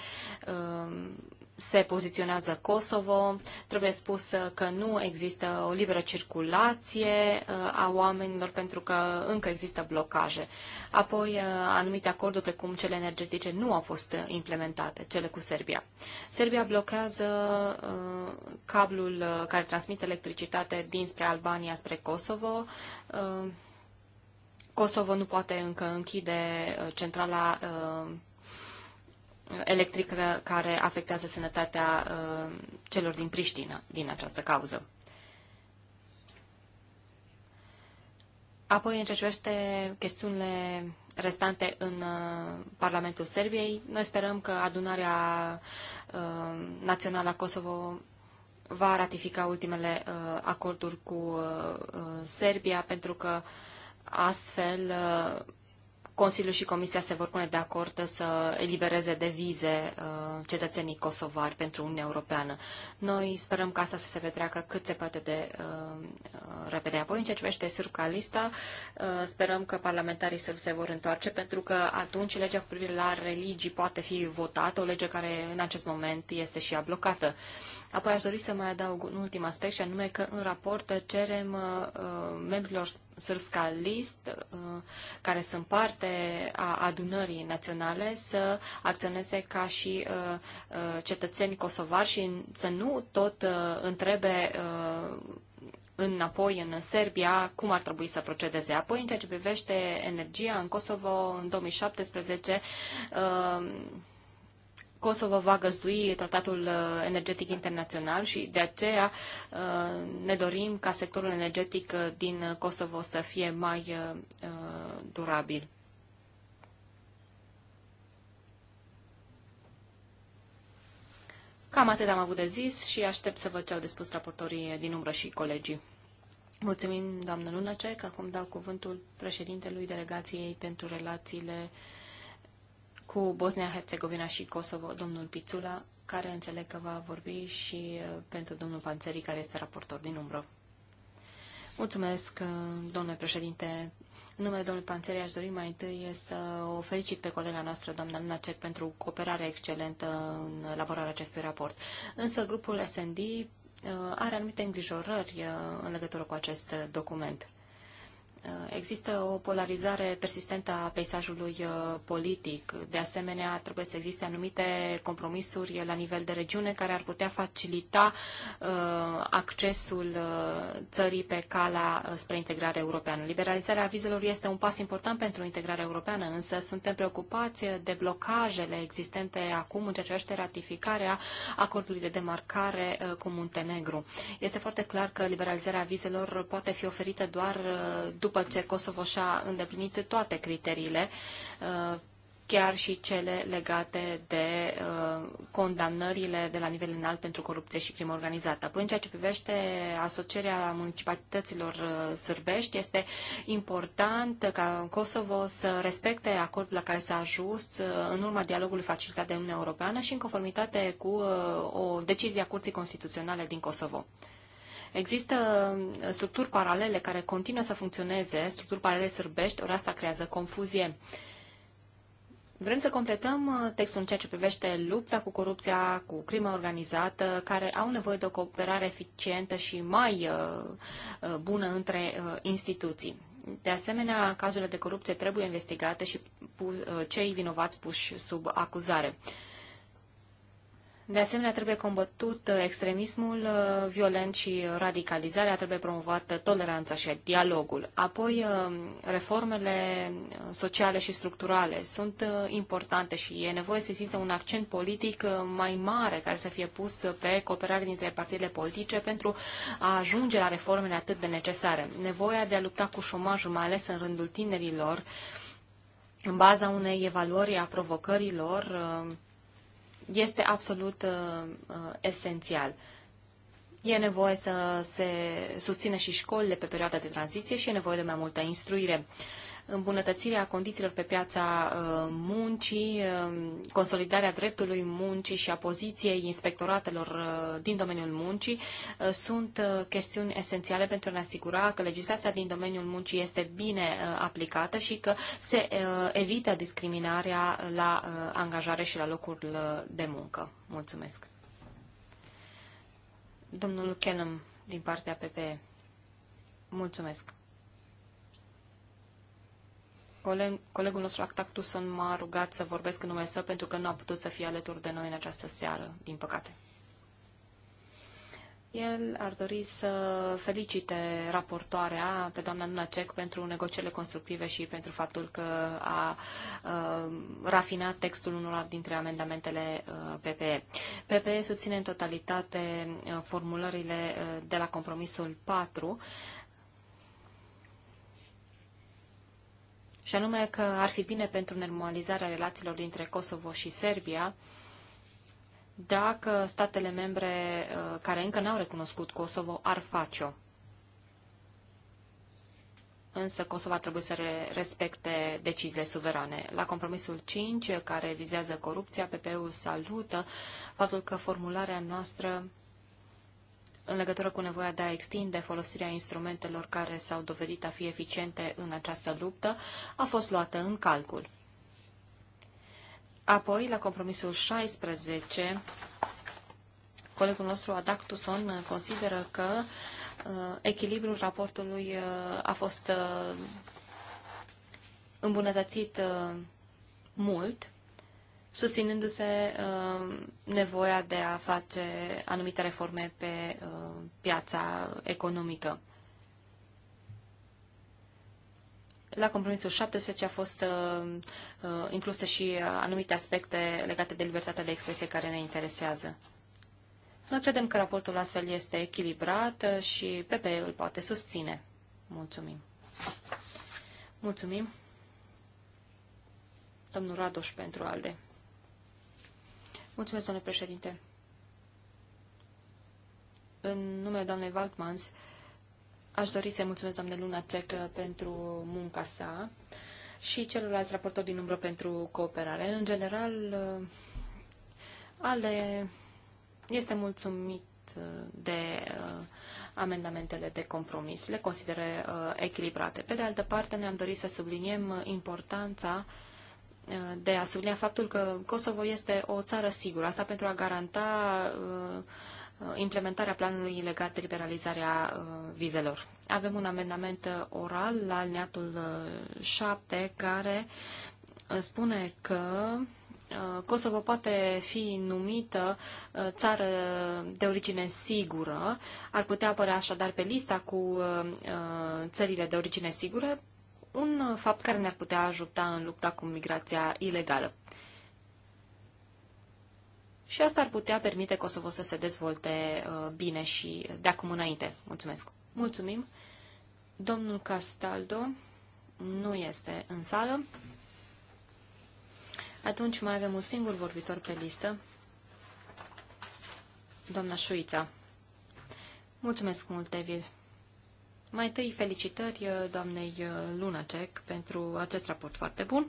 um, se poziționează Kosovo. Trebuie spus uh, că nu există o liberă circulație uh, a oamenilor pentru că încă există blocaje. Apoi, anumite acorduri precum cele energetice nu au fost implementate, cele cu Serbia. Serbia blochează cablul care transmite electricitate dinspre Albania spre Kosovo Kosovo nu poate încă închide uh, centrala uh, electrică care afectează sănătatea uh, celor din Priștină din această cauză. Apoi, în ce privește chestiunile restante în Parlamentul Serbiei, noi sperăm că adunarea națională a Kosovo va ratifica ultimele acorduri cu Serbia, pentru că Astfel, uh, Consiliul și Comisia se vor pune de acord să elibereze de vize uh, cetățenii kosovari pentru Uniunea Europeană. Noi sperăm ca asta să se petreacă cât se poate de uh, repede. Apoi, în ceea ce privește Sârca lista, sperăm că parlamentarii sârbi se vor întoarce, pentru că atunci legea cu privire la religii poate fi votată, o lege care în acest moment este și ea blocată. Apoi aș dori să mai adaug un ultim aspect și anume că în raport cerem uh, uh membrilor surscalist List, uh, care sunt parte a adunării naționale, să acționeze ca și uh, uh cetățeni kosovari și să nu tot uh, întrebe înapoi în Serbia, cum ar trebui să procedeze. Apoi, în ceea ce privește energia în Kosovo, în 2017, Kosovo va găzdui tratatul uh, energetic internațional și de aceea uh, ne dorim ca sectorul energetic uh, din Kosovo să fie mai durabil. Cam atât am avut de zis și aștept să văd ce au de spus raportorii din umbră și colegii. Mulțumim, doamnă Lunacek. Acum dau cuvântul președintelui delegației pentru relațiile uh, cu Bosnia-Herzegovina și Kosovo, domnul Pițula, care înțeleg că va vorbi și uh, pentru domnul Panțeri, care este raportor din umbră. Mulțumesc, uh, domnule președinte. În numele domnului Panțeri aș dori mai întâi să o felicit pe colega noastră, doamna Cer, pentru cooperarea excelentă în elaborarea acestui raport. Însă grupul SND uh, are anumite îngrijorări în legătură cu acest document. Eh, există o polarizare persistentă a peisajului eh, politic. De asemenea, trebuie să existe anumite compromisuri la nivel de regiune care ar putea facilita eh, accesul țării pe calea spre integrare europeană. Liberalizarea vizelor este un pas important pentru integrarea europeană, însă suntem preocupați de blocajele existente acum în ceea ce privește ratificarea acordului de demarcare cu Muntenegru. Este foarte clar că liberalizarea vizelor poate fi oferită doar după după ce Kosovo și-a îndeplinit toate criteriile, uh, chiar și cele legate de uh, condamnările de la nivel înalt pentru corupție și crimă organizată. Până în ceea ce privește asocierea municipalităților uh, sârbești, este important ca Kosovo să respecte acordul la care s-a ajuns în urma dialogului facilitat de Uniunea Europeană și în conformitate cu o decizie a Curții Constituționale din Kosovo. Există structuri paralele care continuă să funcționeze, structuri paralele sârbești, ori asta creează confuzie. Vrem să completăm uh, textul în ceea ce privește lupta cu corupția, cu crima organizată, care au nevoie de o cooperare eficientă și mai uh, uh, bună între instituții. De asemenea, cazurile de corupție trebuie investigate și cei vinovați puși sub acuzare. De asemenea, trebuie combătut uh, extremismul uh, violent și radicalizarea, trebuie promovată toleranța și dialogul. Apoi, uh, reformele sociale și structurale sunt importante și e nevoie să existe un accent politic mai mare care să fie pus pe cooperare dintre partidele politice pentru a ajunge la reformele atât de necesare. Nevoia de a lupta cu șomajul, mai ales în rândul tinerilor, în baza unei evaluări a provocărilor este absolut uh, uh, esențial. E nevoie să se susțină și școlile pe perioada de tranziție și e nevoie de mai multă instruire. Uh, îmbunătățirea condițiilor pe piața uh, muncii, um, consolidarea dreptului muncii și a poziției inspectoratelor uh, din domeniul muncii uh, sunt chestiuni esențiale pentru a ne asigura că legislația din domeniul muncii este bine aplicată și că se evită discriminarea la angajare și la locul de muncă. Mulțumesc. Domnul Kenem, din partea PPE. Mulțumesc. Coleg colegul nostru Actactuson m-a rugat să vorbesc în numele său pentru că nu a putut să fie alături de noi în această seară, din păcate. El ar dori să felicite raportoarea pe doamna Cec pentru negocierile constructive și pentru faptul că a, a rafinat textul unor dintre amendamentele PPE. PPE susține în totalitate formulările de la compromisul 4 și anume că ar fi bine pentru normalizarea relațiilor dintre Kosovo și Serbia dacă statele membre uh, care încă n-au recunoscut Kosovo ar face-o. Însă Kosovo trebuie să respecte deciziile suverane. La compromisul 5, care vizează corupția, PPU salută faptul că formularea noastră în legătură cu nevoia de a extinde folosirea instrumentelor care s-au dovedit a fi eficiente în această luptă, a fost luată în calcul. Apoi, la compromisul 16, colegul nostru Adactuson consideră că uh, echilibrul raportului uh, a fost uh, îmbunătățit uh, mult susținându-se um, nevoia de a face anumite reforme pe um, piața economică. La compromisul 17 a fost um, uh, incluse și uh, anumite aspecte legate de libertatea de expresie care ne interesează. Noi credem că raportul astfel este echilibrat uh, și PP îl poate susține. Mulțumim. Mulțumim. Domnul Radoș pentru ALDE. Mulțumesc, domnule președinte. În numele doamnei Waldmans, aș dori să mulțumesc doamnei Luna Cec pentru munca sa și celorlalți raportori din umbră pentru cooperare. În general, ale este mulțumit de uh, amendamentele de compromis, le consideră uh, echilibrate. Pe de altă parte, ne-am dorit să subliniem uh, importanța uh, de a sublinia faptul că Kosovo este o țară sigură. Asta pentru a garanta uh, implementarea planului legat de liberalizarea uh, vizelor. Avem un amendament oral la alineatul 7 uh, care spune că Kosovo poate fi numită țară de origine sigură, ar putea apărea așadar pe lista cu țările de origine sigură, un fapt care ne-ar putea ajuta în lupta cu migrația ilegală. Și asta ar putea permite Kosovo să se dezvolte uh, bine și de acum înainte. Mulțumesc! Mulțumim! Domnul Castaldo nu este în sală. Atunci mai avem un singur vorbitor pe listă. Doamna Șuița. Mulțumesc mult, David. Mai întâi, felicitări uh, doamnei uh, Lunacek pentru acest raport foarte bun.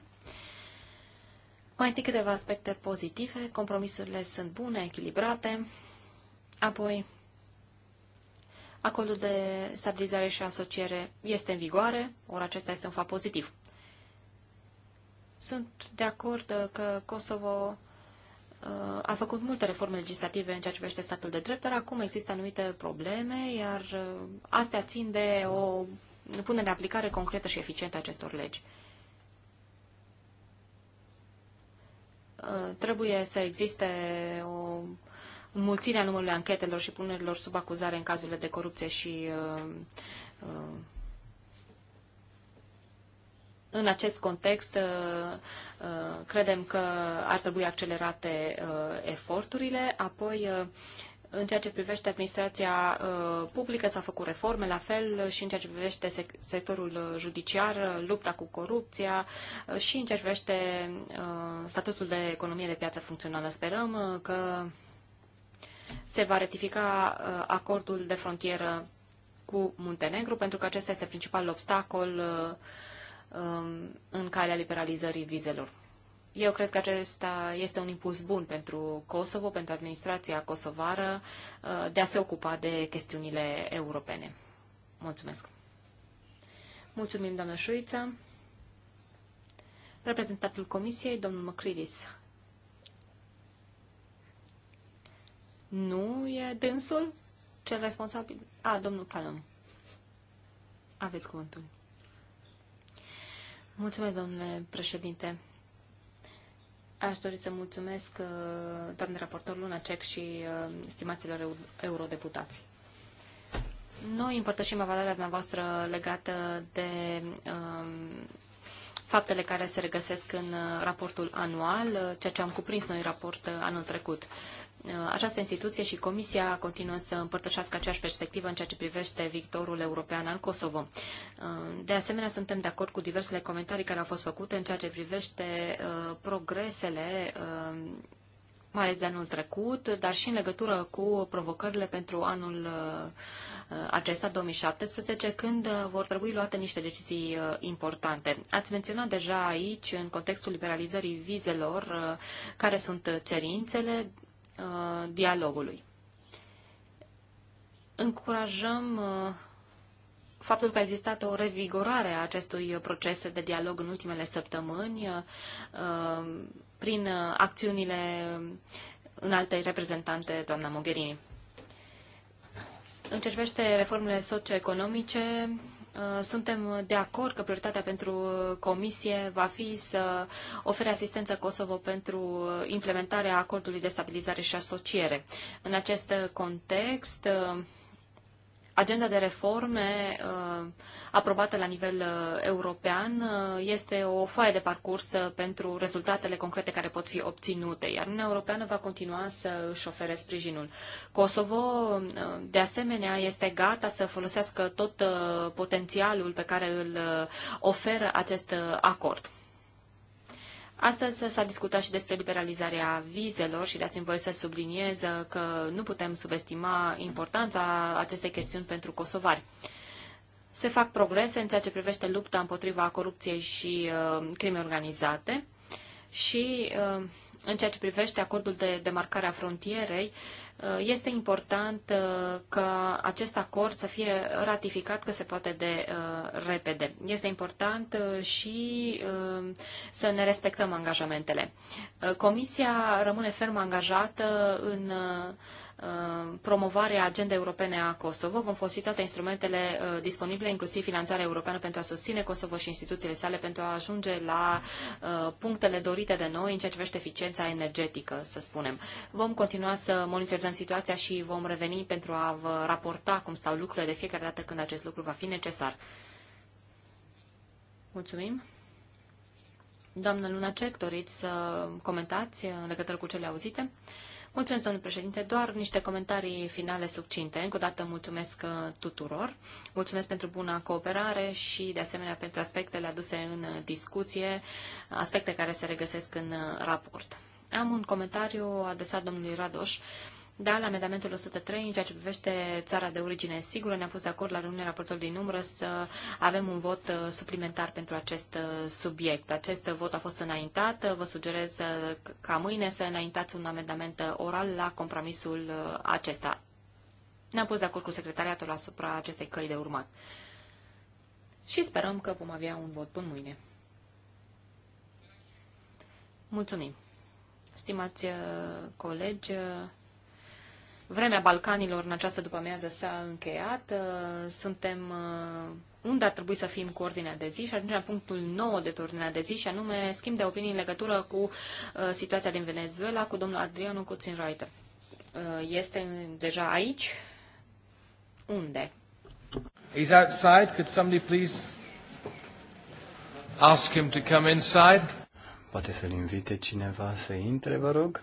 Mai întâi câteva aspecte pozitive, compromisurile sunt bune, echilibrate, apoi acordul de stabilizare și asociere este în vigoare, ori acesta este un fapt pozitiv. Sunt de acord uh, că Kosovo a făcut multe reforme legislative în ceea ce privește statul de drept, dar acum există anumite probleme, iar uh, astea țin de o punere în aplicare concretă și eficientă a acestor legi. Uh, trebuie să existe o înmulțire a numărului anchetelor și punerilor sub acuzare în cazurile de corupție și uh, în acest context, uh, uh, credem că ar trebui accelerate uh, eforturile, apoi în ceea ce privește administrația publică s-a făcut reforme, la fel și în ceea ce privește sectorul judiciar, lupta cu corupția și în ceea ce privește statutul de economie de piață funcțională. Sperăm că se va ratifica acordul de frontieră cu Muntenegru, pentru că acesta este principalul obstacol uh, Um, în calea liberalizării vizelor. Eu cred că acesta este un impuls bun pentru Kosovo, pentru administrația kosovară, uh, de a se ocupa de chestiunile europene. Mulțumesc. Mulțumim, doamnă Șuiță. Reprezentantul Comisiei, domnul Măcridis. Nu e dânsul cel responsabil? A, domnul Calum. Aveți cuvântul. Mulțumesc, domnule președinte. Aș dori să mulțumesc uh, doamne raportor Luna Cec și uh, stimaților eurodeputați. Noi împărtășim avalarea noastră legată de um, faptele care se regăsesc în uh, raportul anual, uh, ceea ce am cuprins noi în raport uh, anul trecut. Această instituție și Comisia continuă să împărtășească aceeași perspectivă în ceea ce privește viitorul european al Kosovo. De asemenea, suntem de acord cu diversele comentarii care au fost făcute în ceea ce privește progresele mai ales de anul trecut, dar și în legătură cu provocările pentru anul uh, acesta, 2017, când uh, vor trebui luate niște decizii uh, importante. Ați menționat deja aici, în contextul liberalizării vizelor, care sunt cerințele dialogului. Încurajăm faptul că a existat o revigorare a acestui proces de dialog în ultimele săptămâni prin uh, acțiunile um, în alte reprezentante, doamna Mogherini. În ce privește reformele socioeconomice, uh, suntem de acord că prioritatea pentru Comisie va fi să ofere asistență Kosovo pentru implementarea acordului de stabilizare și asociere. În acest context, uh, agenda de reforme uh, aprobată la nivel uh, european uh, este o foaie de parcurs pentru rezultatele concrete care pot fi obținute, iar Uniunea Europeană va continua să își ofere sprijinul. Kosovo, de asemenea, este gata să folosească tot potențialul pe care îl oferă acest acord. Astăzi s-a discutat și despre liberalizarea vizelor și dați-mi voie să subliniez că nu putem subestima importanța acestei chestiuni pentru kosovari. Se fac progrese în ceea ce privește lupta împotriva corupției și uh, crime organizate și uh, în ceea ce privește acordul de demarcare a frontierei, uh, Uh, este important uh, ca acest acord să fie ratificat cât se poate de uh, repede. Este important și să ne respectăm angajamentele. Comisia rămâne ferm angajată în promovarea agendei europene a Kosovo. Vom folosi toate instrumentele disponibile, inclusiv finanțarea europeană, pentru a susține Kosovo și instituțiile sale pentru a ajunge la punctele dorite de noi în ceea ce privește eficiența energetică, să spunem. Vom continua să monitorizăm analizăm situația și vom reveni pentru a vă raporta cum stau lucrurile de fiecare dată când acest lucru va fi necesar. Mulțumim. Doamnă Lunacek, doriți să comentați în legătură cu cele auzite? Mulțumesc, domnule președinte. Doar niște comentarii finale subcinte. Încă o dată mulțumesc uh, tuturor. Mulțumesc pentru buna cooperare și, de asemenea, pentru aspectele aduse în discuție, aspecte care se regăsesc în uh, raport. Am un comentariu adresat domnului Radoș. Uh, da, la amendamentul 103, în ceea ce privește țara de origine sigură, ne-am pus de acord la reuniunea raportorului din să avem un vot uh, suplimentar pentru acest uh, subiect. Acest vot a fost înaintat. Vă sugerez uh, ca mâine să înaintați un amendament oral la compromisul acesta. Ne-am pus de acord cu secretariatul asupra acestei căi de urmat. Și sperăm că vom avea un vot până mâine. Mulțumim. Stimați colegi, Vremea Balcanilor în această după-amiază s-a încheiat. Uh, suntem uh, unde ar trebui să fim cu ordinea de zi și ajungem la punctul 9 de pe ordinea de zi și anume schimb de opinii în legătură cu uh, situația din Venezuela cu domnul Adriano Cutzinreiter. Este deja aici? Unde? He's outside. Could somebody please ask him to come inside? Poate să-l invite cineva să intre, vă rog?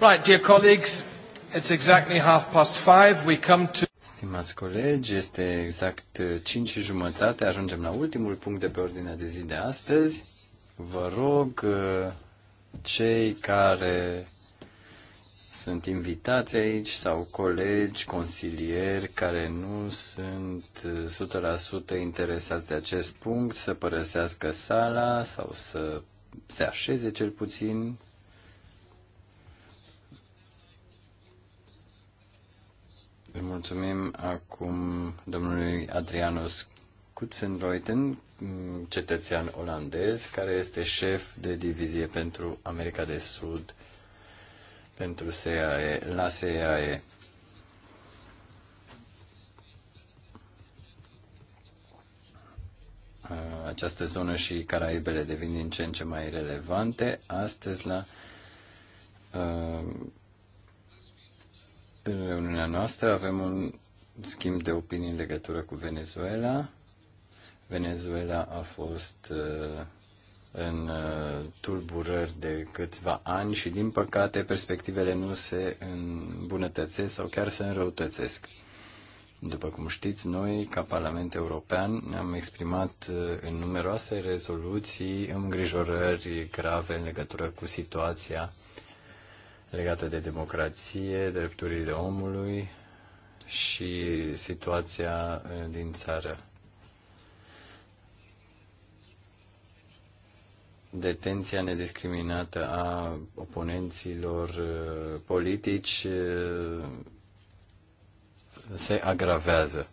Right, dear colleagues, it's exactly half past five. We come to... Stimați colegi, este exact 5 și jumătate. Ajungem la ultimul punct de pe ordinea de zi de astăzi. Vă rog, cei care sunt invitați aici sau colegi, consilieri care nu sunt 100% interesați de acest punct să părăsească sala sau să se așeze cel puțin Mulțumim acum domnului Adrianus Kutzenreuten, cetățean olandez, care este șef de divizie pentru America de Sud pentru CIAE, la CIAE. Această zonă și Caraibele devin din ce în ce mai relevante. Astăzi, la uh, în reuniunea noastră avem un schimb de opinii în legătură cu Venezuela. Venezuela a fost uh, în uh, tulburări de câțiva ani și, din păcate, perspectivele nu se îmbunătățesc sau chiar se înrăutățesc. După cum știți, noi, ca Parlament European, ne-am exprimat uh, în numeroase rezoluții îngrijorări grave în legătură cu situația legate de democrație, drepturile omului și situația din țară. Detenția nediscriminată a oponenților politici se agravează.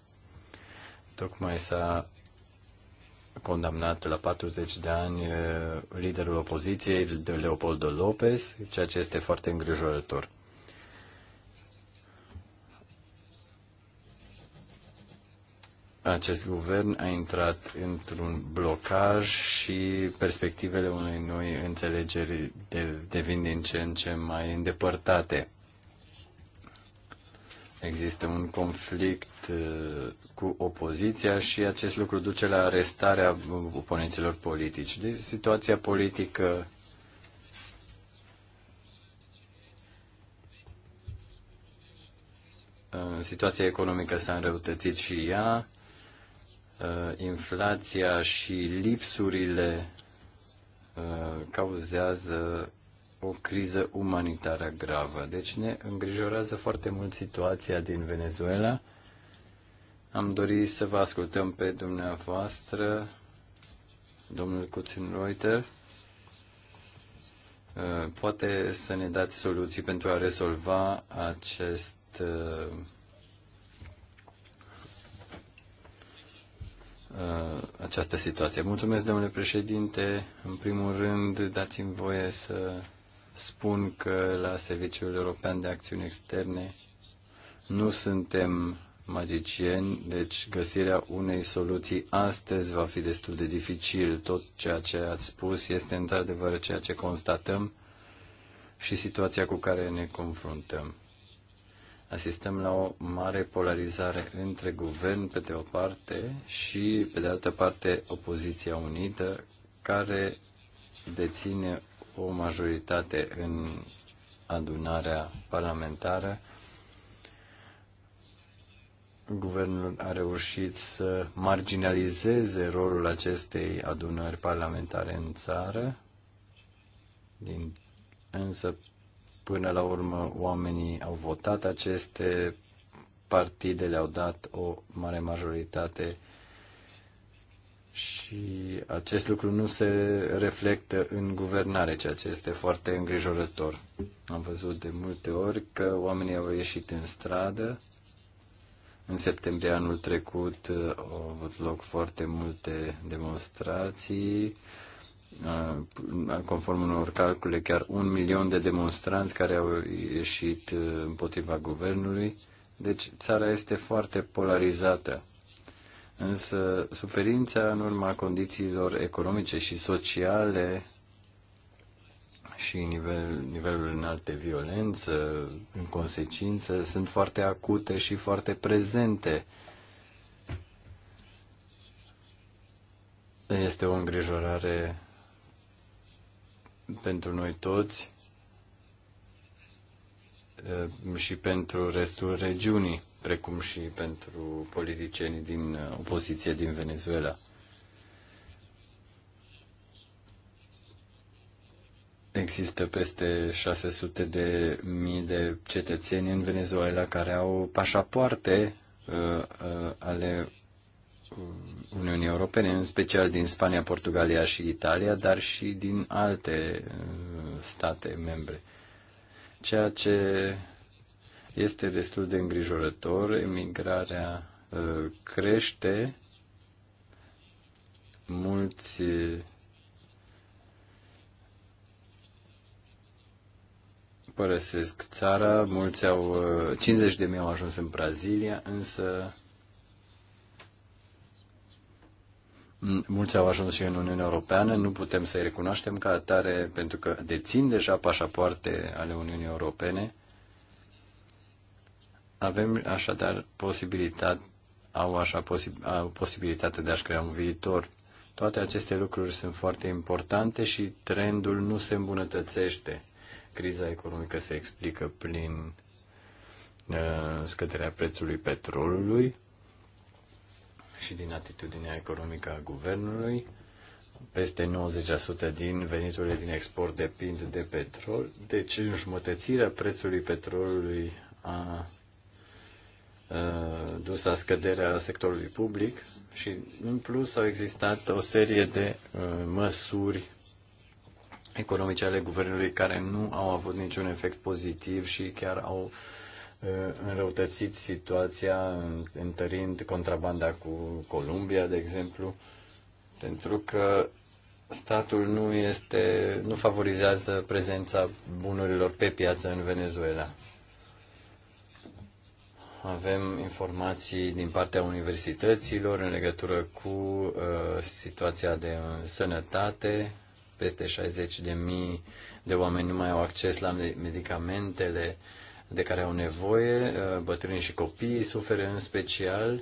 Tocmai s-a condamnat la 40 de ani eh, liderul opoziției, Leopoldo Lopez, ceea ce este foarte îngrijorător. Acest guvern a intrat într-un blocaj și perspectivele unei noi înțelegeri devin din ce în ce mai îndepărtate Există un conflict uh, cu opoziția și acest lucru duce la arestarea oponenților politici. Deci situația politică uh, situația economică s-a înrăutățit și ea, uh, inflația și lipsurile cauzează o criză umanitară gravă. Deci ne îngrijorează foarte mult situația din Venezuela. Am dorit să vă ascultăm pe dumneavoastră, domnul Cuțin Reuter. Uh, poate să ne dați soluții pentru a rezolva acest uh, această situație. Mulțumesc, domnule președinte. În primul rând, dați-mi voie să spun că la Serviciul European de Acțiuni Externe nu suntem magicieni, deci găsirea unei soluții astăzi va fi destul de dificil. Tot ceea ce ați spus este într-adevăr ceea ce constatăm și situația cu care ne confruntăm. Asistăm la o mare polarizare între guvern pe de o parte și pe de altă parte opoziția unită care deține o majoritate în adunarea parlamentară, guvernul a reușit să marginalizeze rolul acestei adunări parlamentare în țară, din, însă până la urmă oamenii au votat aceste partide, le-au dat o mare majoritate și acest lucru nu se reflectă în guvernare, ceea ce este foarte îngrijorător. Am văzut de multe ori că oamenii au ieșit în stradă. În septembrie anul trecut uh, au avut loc foarte multe demonstrații. Uh, conform unor calcule, chiar un milion de demonstranți care au ieșit uh, împotriva guvernului. Deci țara este foarte polarizată Însă suferința în urma condițiilor economice și sociale și nivel, nivelul înalt de violență, în consecință, sunt foarte acute și foarte prezente. Este o îngrijorare pentru noi toți eh, și pentru restul regiunii precum și pentru politicienii din opoziție din Venezuela. Există peste 600 de mii de cetățeni în Venezuela care au pașapoarte uh, uh, ale um, Uniunii Europene, în special din Spania, Portugalia și Italia, dar și din alte uh, state membre. Ceea ce este destul de îngrijorător. Emigrarea uh, crește, mulți uh, părăsesc țara, mulți au, 50 uh, de mii au ajuns în Brazilia, însă mulți au ajuns și în Uniunea Europeană, nu putem să-i recunoaștem ca atare pentru că dețin deja pașapoarte ale Uniunii Europene avem așadar posibilitate, au așa posib, au posibilitate de a-și crea un viitor. Toate aceste lucruri sunt foarte importante și trendul nu se îmbunătățește. Criza economică se explică prin uh, scăderea prețului petrolului și din atitudinea economică a guvernului. Peste 90% din veniturile din export depind de petrol, deci înjumătățirea prețului petrolului a Uh, dus la scăderea sectorului public și, în plus, au existat o serie de uh, măsuri economice ale guvernului care nu au avut niciun efect pozitiv și chiar au uh, înrăutățit situația, întărind contrabanda cu Columbia, de exemplu, pentru că statul nu este, nu favorizează prezența bunurilor pe piață în Venezuela. Avem informații din partea universităților în legătură cu uh, situația de sănătate. Peste 60 de mii de oameni nu mai au acces la medicamentele de care au nevoie. Uh, bătrânii și copiii suferă în special.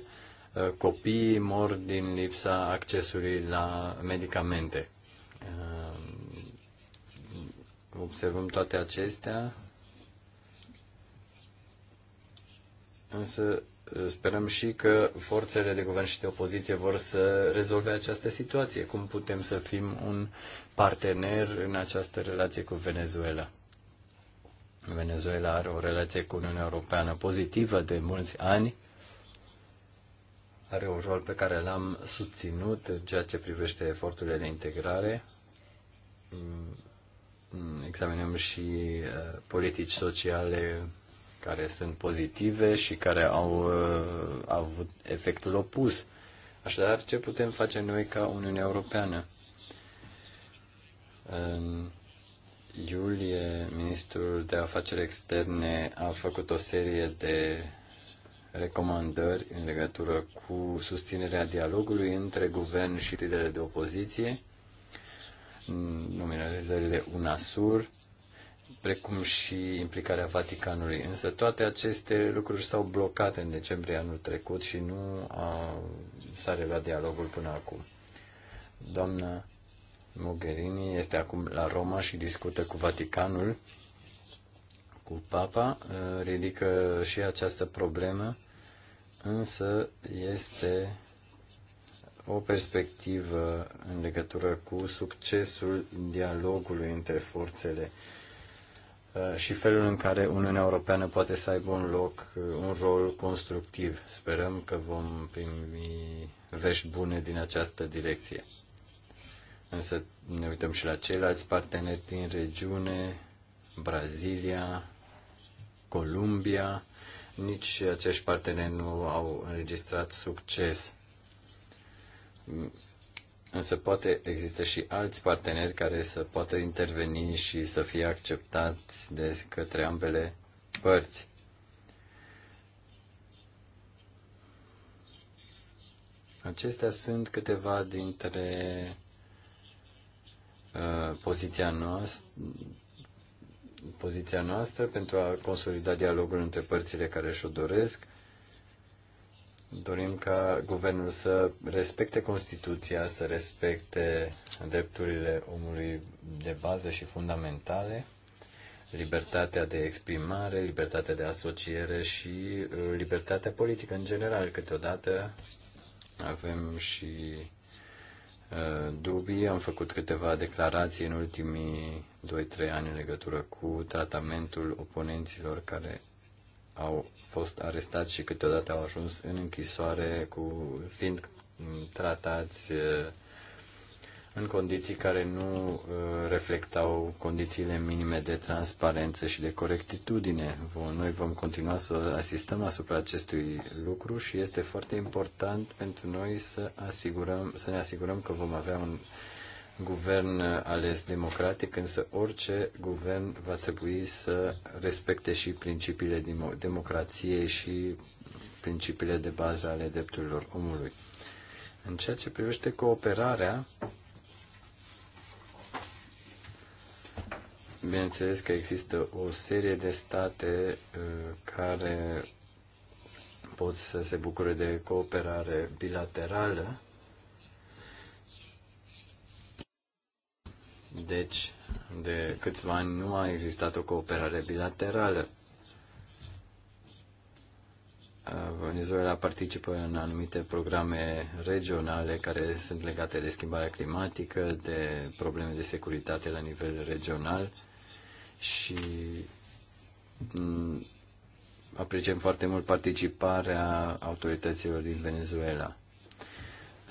Uh, copiii mor din lipsa accesului la medicamente uh, observăm toate acestea Însă uh, sperăm și că forțele de guvern și de opoziție vor să rezolve această situație. Cum putem să fim un partener în această relație cu Venezuela? Venezuela are o relație cu Uniunea Europeană pozitivă de mulți ani. Are un rol pe care l-am susținut în ceea ce privește eforturile de integrare. Mm, mm, examinăm și uh, politici sociale care sunt pozitive și care au, uh, avut efectul opus. Așadar, ce putem face noi ca Uniunea Europeană? În iulie, ministrul de afaceri externe a făcut o serie de recomandări în legătură cu susținerea dialogului între guvern și liderele de opoziție, nominalizările UNASUR, precum și implicarea Vaticanului. Însă toate aceste lucruri s-au blocat în decembrie anul trecut și nu a, s-a reluat dialogul până acum. Doamna Mogherini este acum la Roma și discută cu Vaticanul, cu Papa, ă, ridică și această problemă, însă este o perspectivă în legătură cu succesul dialogului între forțele uh, Uh, și felul în care Uniunea Europeană poate să aibă un loc, uh, un rol constructiv. Sperăm că vom primi vești bune din această direcție. Însă ne uităm și la ceilalți parteneri din regiune, Brazilia, Columbia, nici acești parteneri nu au înregistrat succes. Însă poate există și alți parteneri care să poată interveni și să fie acceptați de către ambele părți. Acestea sunt câteva dintre uh, poziția noastră poziția noastră pentru a consolida dialogul între părțile care și-o doresc. Dorim ca guvernul să respecte Constituția, să respecte drepturile omului de bază și fundamentale, libertatea de exprimare, libertatea de asociere și uh, libertatea politică în general. Câteodată avem și uh, dubii. Am făcut câteva declarații în ultimii 2-3 ani în legătură cu tratamentul oponenților care au fost arestați și câteodată au ajuns în închisoare cu fiind tratați în condiții care nu reflectau condițiile minime de transparență și de corectitudine. Noi vom continua să asistăm asupra acestui lucru și este foarte important pentru noi să asigurăm să ne asigurăm că vom avea un guvern ales democratic, însă orice guvern va trebui să respecte și principiile democrației și principiile de bază ale drepturilor omului. În ceea ce privește cooperarea, bineînțeles că există o serie de state uh, care pot să se bucure de cooperare bilaterală Deci, de câțiva ani nu a existat o cooperare bilaterală. Venezuela participă în anumite programe regionale care sunt legate de schimbarea climatică, de probleme de securitate la nivel regional și mm, apreciem foarte mult participarea autorităților din Venezuela.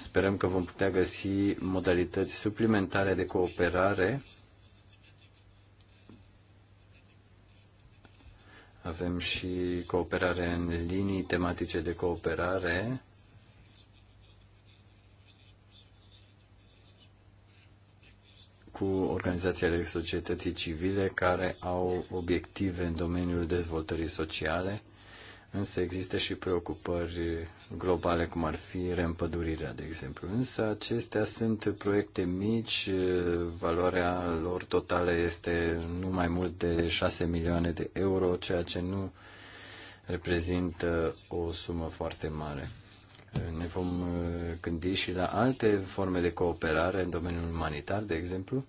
Sperăm că vom putea găsi modalități suplimentare de cooperare. Avem și cooperare în linii tematice de cooperare. cu organizațiile societății civile care au obiective în domeniul dezvoltării sociale Însă există și preocupări globale, cum ar fi reîmpădurirea, de exemplu. Însă acestea sunt proiecte mici, valoarea lor totală este nu mai mult de 6 milioane de euro, ceea ce nu reprezintă o sumă foarte mare. Ne vom uh, gândi și la alte forme de cooperare în domeniul umanitar, de exemplu.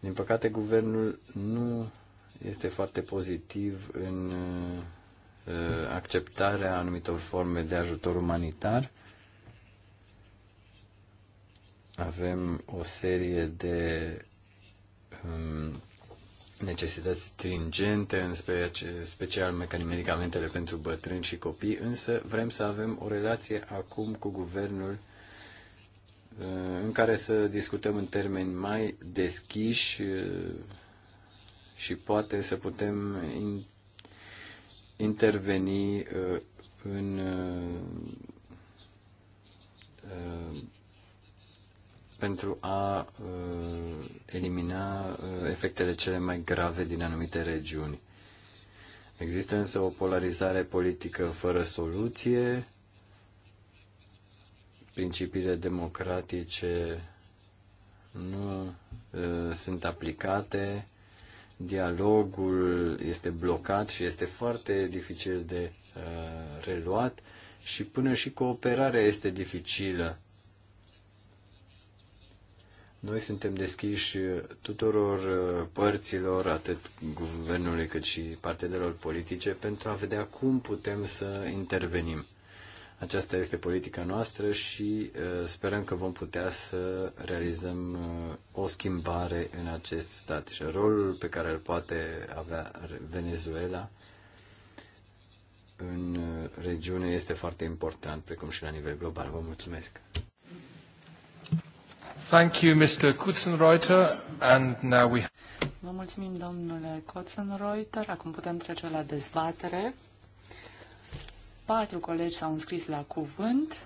Din păcate, guvernul nu este foarte pozitiv în uh, Uh, acceptarea anumitor forme de ajutor umanitar. Avem o serie de um, necesități stringente, în special medicamentele pentru bătrâni și copii, însă vrem să avem o relație acum cu guvernul uh, în care să discutăm în termeni mai deschiși uh, și poate să putem interveni uh, în uh, uh, pentru a elimina efectele cele mai grave din anumite regiuni. Există însă o polarizare politică fără soluție, principiile democratice nu sunt aplicate, dialogul este blocat și este foarte dificil de uh, reluat și până și cooperarea este dificilă. Noi suntem deschiși tuturor uh, părților, atât guvernului cât și partidelor politice, pentru a vedea cum putem să intervenim. Aceasta este politica noastră și uh, sperăm că vom putea să realizăm uh, o schimbare în acest stat. Și rolul pe care îl poate avea Venezuela în uh, regiune este foarte important, precum și la nivel global. Vă mulțumesc! Thank you, Mr. Kutzenreuter. And now we... Vă mulțumim, domnule Kutzenreuter. Acum putem trece la dezbatere. Patru colegi s-au înscris la cuvânt.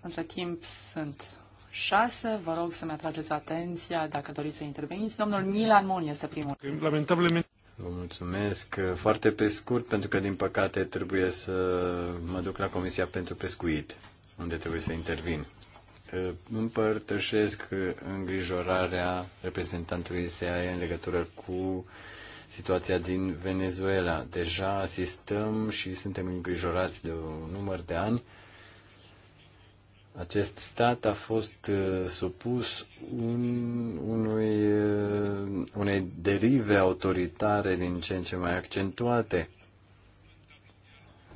Între timp sunt șase. Vă rog să-mi atrageți atenția dacă doriți să interveniți. Domnul Milan Mon este primul. Lamentablemente. Vă mulțumesc foarte pe scurt, pentru că, din păcate, trebuie să mă duc la Comisia pentru Pescuit, unde trebuie să intervin. Împărtășesc îngrijorarea reprezentantului SAE în legătură cu uh, situația din Venezuela. Deja asistăm și suntem îngrijorați de un număr de ani. Acest stat a fost uh, supus un, unui, uh, unei derive autoritare din ce în ce mai accentuate.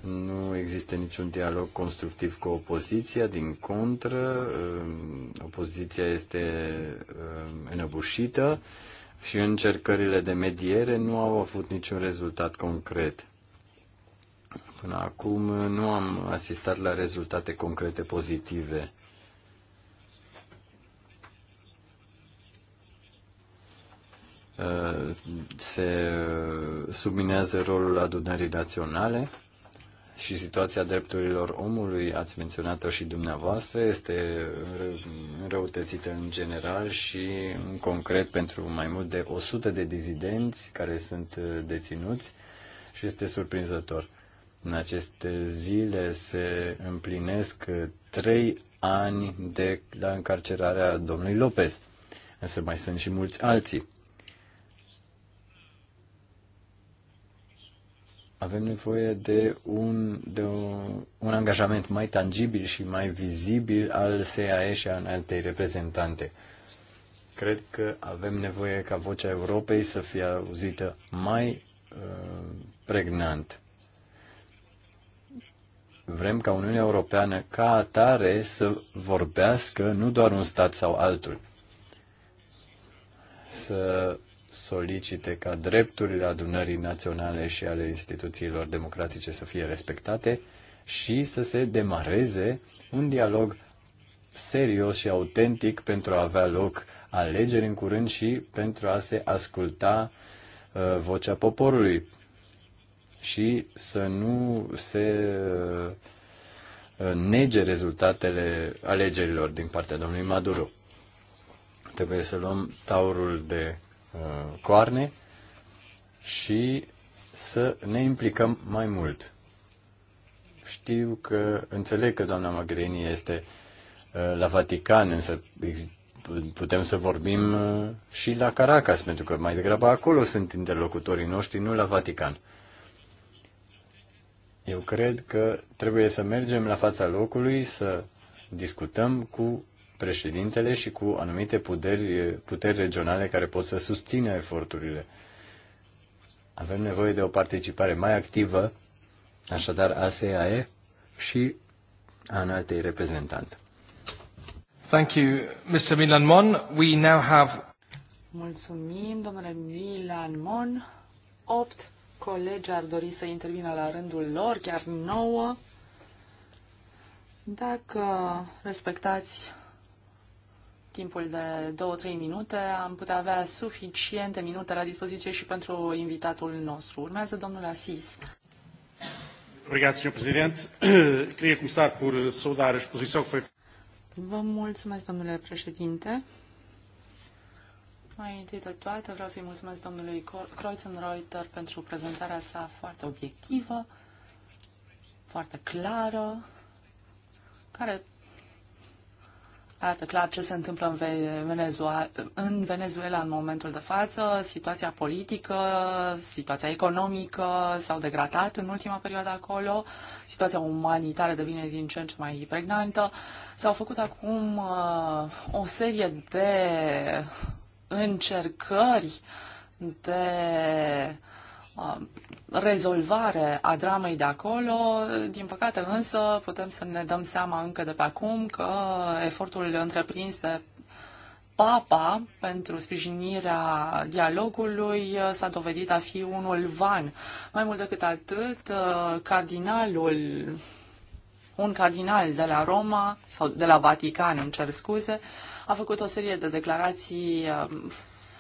Nu există niciun dialog constructiv cu opoziția, din contră, uh, opoziția este înăbușită și încercările de mediere nu au avut niciun rezultat concret. Până acum nu am asistat la rezultate concrete pozitive. Uh, se subminează rolul adunării naționale și situația drepturilor omului, ați menționat-o și dumneavoastră, este înrăutățită în general și în concret pentru mai mult de 100 de dizidenți care sunt uh, deținuți și este surprinzător. În aceste zile se împlinesc uh, trei ani de la încarcerarea domnului Lopez, însă mai sunt și mulți alții. avem nevoie de, un, de un, angajament mai tangibil și mai vizibil al SAE și al altei reprezentante. Cred că avem nevoie ca vocea Europei să fie auzită mai uh, pregnant. Vrem ca Uniunea Europeană ca atare să vorbească nu doar un stat sau altul. Să solicite ca drepturile adunării naționale și ale instituțiilor democratice să fie respectate și să se demareze un dialog serios și autentic pentru a avea loc alegeri în curând și pentru a se asculta uh, vocea poporului și să nu se uh, nege rezultatele alegerilor din partea domnului Maduro. Trebuie să luăm taurul de Uh, coarne și să ne implicăm mai mult. Știu că, înțeleg că doamna Magrini este uh, la Vatican, însă putem să vorbim uh, și la Caracas, pentru că mai degrabă acolo sunt interlocutorii noștri, nu la Vatican. Eu cred că trebuie să mergem la fața locului, să discutăm cu președintele și cu anumite puteri, puteri regionale care pot să susțină eforturile. Avem nevoie de o participare mai activă, așadar ASEAE și a înaltei reprezentant. Thank you, Mr. Milan Mon. We now have... Mulțumim, domnule Milan Mon. Opt colegi ar dori să intervină la rândul lor, chiar nouă. Dacă respectați timpul de 2-3 minute, am putea avea suficiente minute la dispoziție și pentru invitatul nostru. Urmează domnul Asis. Obrigado, Sr. Presidente. Queria começar por saudar a exposição que foi. Vă mulțumesc, domnule președinte. Mai întâi de toate, vreau să-i mulțumesc domnului Kreuzenreuter pentru prezentarea sa foarte obiectivă, foarte clară, care arată clar ce se întâmplă în Venezuela, în Venezuela în momentul de față. Situația politică, situația economică s-au degradat în ultima perioadă acolo. Situația umanitară devine din ce în ce mai pregnantă. S-au făcut acum uh, o serie de încercări de uh, Uh, rezolvare a dramei de acolo. Din păcate însă putem să ne dăm seama încă de pe acum că efortul întreprins de Papa pentru sprijinirea dialogului s-a dovedit a fi unul van. Mai mult decât atât, uh, cardinalul, un cardinal de la Roma sau de la Vatican, îmi cer scuze, a făcut o serie de declarații uh,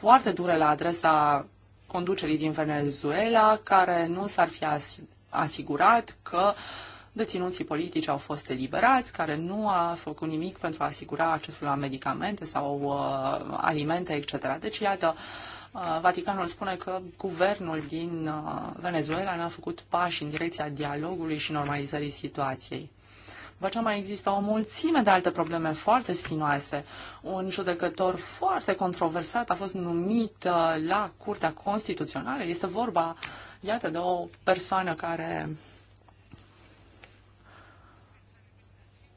foarte dure la adresa conducerii din Venezuela care nu s-ar fi asigurat că deținuții politici au fost eliberați, care nu a făcut nimic pentru a asigura accesul la medicamente sau uh, alimente, etc. Deci, iată, uh, Vaticanul spune că guvernul din uh, Venezuela n-a făcut pași în direcția dialogului și normalizării situației. După mai există o mulțime de alte probleme foarte spinoase. Un judecător foarte controversat a fost numit uh, la Curtea Constituțională. Este vorba, iată, de o persoană care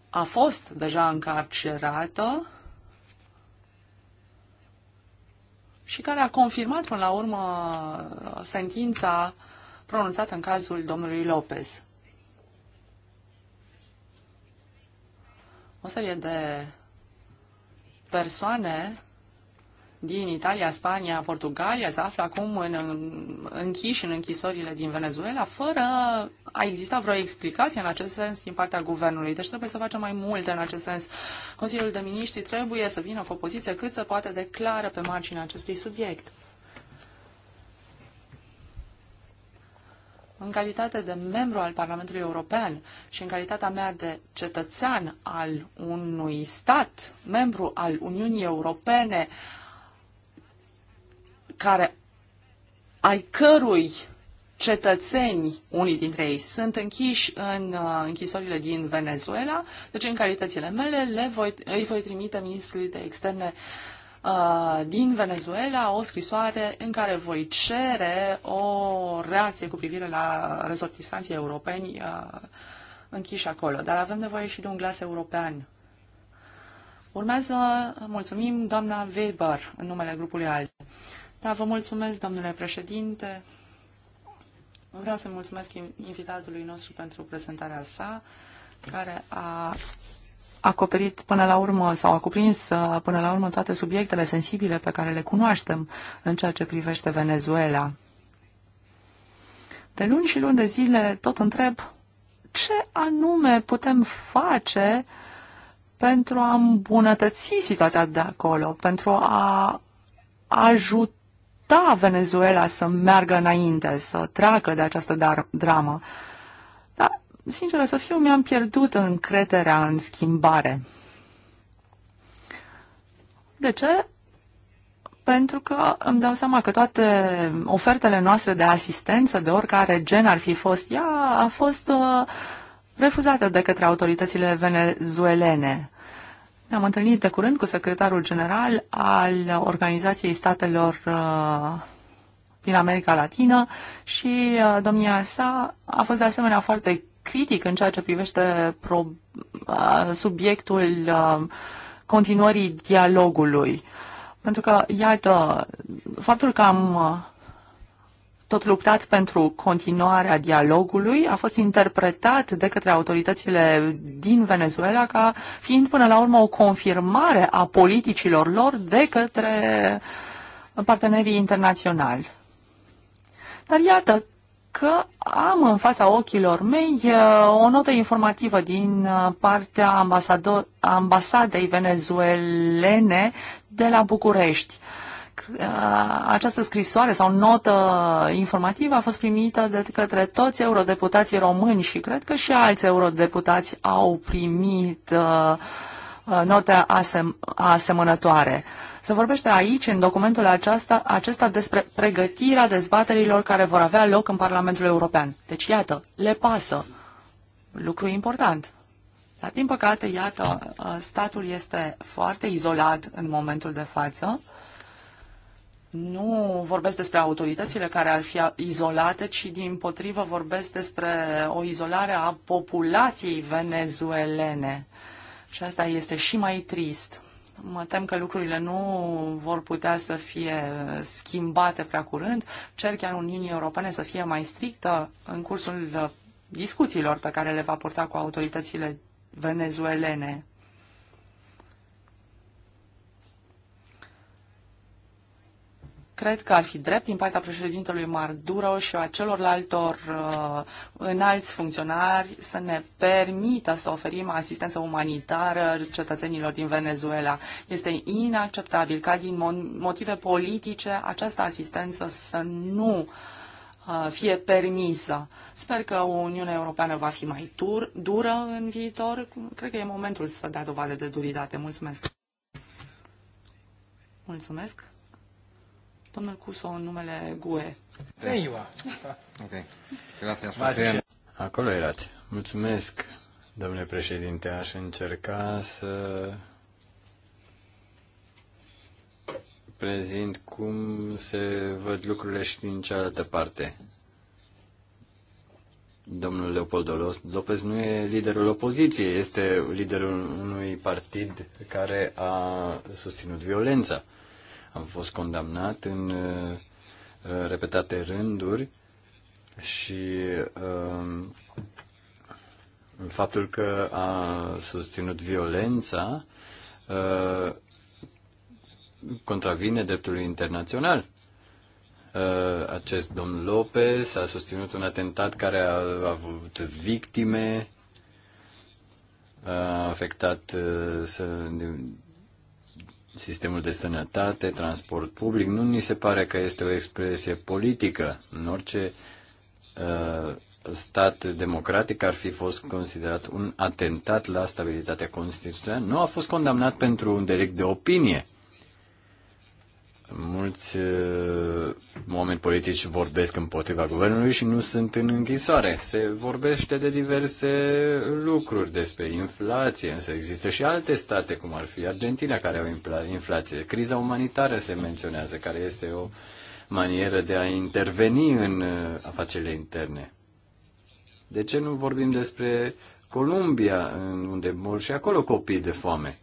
a fost deja încarcerată și care a confirmat până la urmă sentința pronunțată în cazul domnului Lopez. o serie de persoane din Italia, Spania, Portugalia se află acum în, în, închiși în închisorile din Venezuela fără a exista vreo explicație în acest sens din partea guvernului. Deci trebuie să facem mai multe în acest sens. Consiliul de Miniștri trebuie să vină cu o poziție cât se poate de clară pe marginea acestui subiect. În calitate de membru al Parlamentului European și în calitatea mea de cetățean al unui stat, membru al Uniunii Europene, care ai cărui cetățeni, unii dintre ei, sunt închiși în uh, închisorile din Venezuela, deci în calitățile mele le voi, îi voi trimite ministrului de externe uh, Uh, din Venezuela o scrisoare în care voi cere o reacție cu privire la resortisanții europeni uh, închiși acolo. Dar avem nevoie și de un glas european. Urmează, mulțumim, doamna Weber, în numele grupului ALDE. Da, vă mulțumesc, domnule președinte. Vreau să mulțumesc invitatului nostru pentru prezentarea sa, care a acoperit până la urmă sau a cuprins uh, până la urmă toate subiectele sensibile pe care le cunoaștem în ceea ce privește Venezuela. De luni și luni de zile tot întreb ce anume putem face pentru a îmbunătăți situația de acolo, pentru a ajuta Venezuela să meargă înainte, să treacă de această dramă. Sinceră să fiu, mi-am pierdut încrederea în schimbare. De ce? Pentru că îmi dau seama că toate ofertele noastre de asistență, de oricare gen ar fi fost ea, a fost uh, refuzată de către autoritățile venezuelene. Ne-am întâlnit de curând cu secretarul general al Organizației Statelor uh, din America Latină și uh, domnia sa a fost de asemenea foarte critic în ceea ce privește pro, subiectul continuării dialogului. Pentru că, iată, faptul că am tot luptat pentru continuarea dialogului a fost interpretat de către autoritățile din Venezuela ca fiind până la urmă o confirmare a politicilor lor de către partenerii internaționali. Dar iată, că am în fața ochilor mei o notă informativă din uh, partea ambasador, ambasadei venezuelene de la București. Uh, această scrisoare sau notă informativă a fost primită de către toți eurodeputații români și cred că și alți eurodeputați au primit uh, Uh, note asem, asemănătoare. Se vorbește aici, în documentul acesta acesta, despre pregătirea dezbaterilor care vor avea loc în Parlamentul European. Deci, iată, le pasă. Lucru important. Dar, din păcate, iată, uh, statul este foarte izolat în momentul de față. Nu vorbesc despre autoritățile care ar fi izolate, ci din potrivă vorbesc despre o izolare a populației venezuelene. Uh, și asta este și mai trist. Mă tem că lucrurile nu vor putea să fie schimbate prea curând. Cer chiar Uniunii Europene să fie mai strictă în cursul discuțiilor pe care le va purta cu autoritățile venezuelene. cred că ar fi drept din partea președintelui Marduro și a celorlaltor uh, înalți funcționari să ne permită să oferim asistență umanitară cetățenilor din Venezuela. Este inacceptabil ca din motive politice această asistență să nu uh, fie permisă. Sper că Uniunea Europeană va fi mai dur, dură în viitor. Cred că e momentul să dea dovadă de duritate. Mulțumesc! Mulțumesc! Domnul Cuso, în numele GUE. There you are. ok. Gracias, Acolo erați. Mulțumesc, domnule președinte. Aș încerca să prezint cum se văd lucrurile și din cealaltă parte. Domnul Leopoldo Lopez nu e liderul opoziției, este liderul unui partid care a susținut violența. Am fost condamnat în uh, repetate rânduri și um, faptul că a susținut violența uh, contravine dreptului internațional. Uh, acest domn Lopez a susținut un atentat care a avut victime, a afectat sistemul de sănătate, transport public, nu ni se pare că este o expresie politică. În orice uh, stat democratic ar fi fost considerat un atentat la stabilitatea constituțională. Nu a fost condamnat pentru un delict de opinie. Mulți uh, oameni politici vorbesc împotriva guvernului și nu sunt în închisoare. Se vorbește de diverse lucruri despre inflație, însă există și alte state, cum ar fi Argentina, care au inflație. Criza umanitară se menționează, care este o manieră de a interveni în uh, afacerile interne. De ce nu vorbim despre Columbia, unde mor și acolo copii de foame?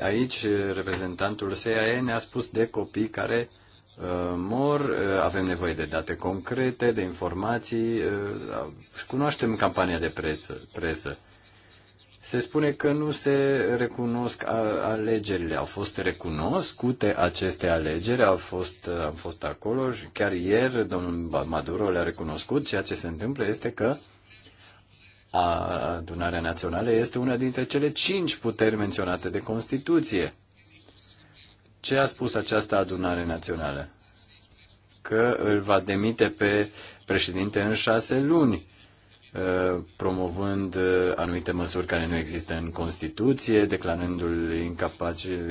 Aici reprezentantul SAE ne-a spus de copii care uh, mor, uh, avem nevoie de date concrete, de informații uh, și cunoaștem campania de preță, presă. Se spune că nu se recunosc alegerile. Au fost recunoscute aceste alegeri, au fost, am fost acolo și chiar ieri domnul Maduro le-a recunoscut. Ceea ce se întâmplă este că uh, adunarea națională este una dintre cele cinci puteri menționate de Constituție. Ce a spus această adunare națională? Că îl va demite pe președinte în șase luni, ă, promovând anumite măsuri care nu există în Constituție, declarându-l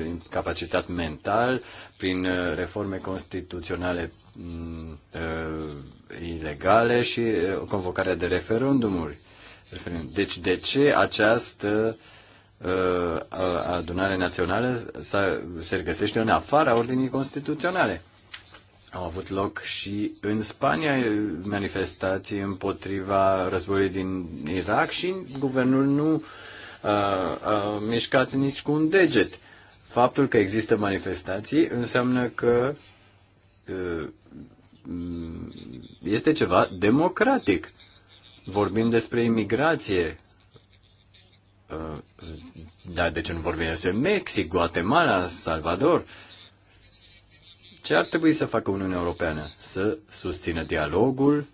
incapacitat mental prin ă, reforme constituționale mm, ă, ilegale și convocarea de referendumuri deci de ce această uh, adunare națională se regăsește în afara ordinii constituționale? Au avut loc și în Spania manifestații împotriva războiului din Irak și guvernul nu uh, a, a mișcat nici cu un deget. Faptul că există manifestații înseamnă că uh, este ceva democratic vorbim despre imigrație. Dar de ce nu vorbim despre Mexic, Guatemala, Salvador? Ce ar trebui să facă Uniunea Europeană? Să susțină dialogul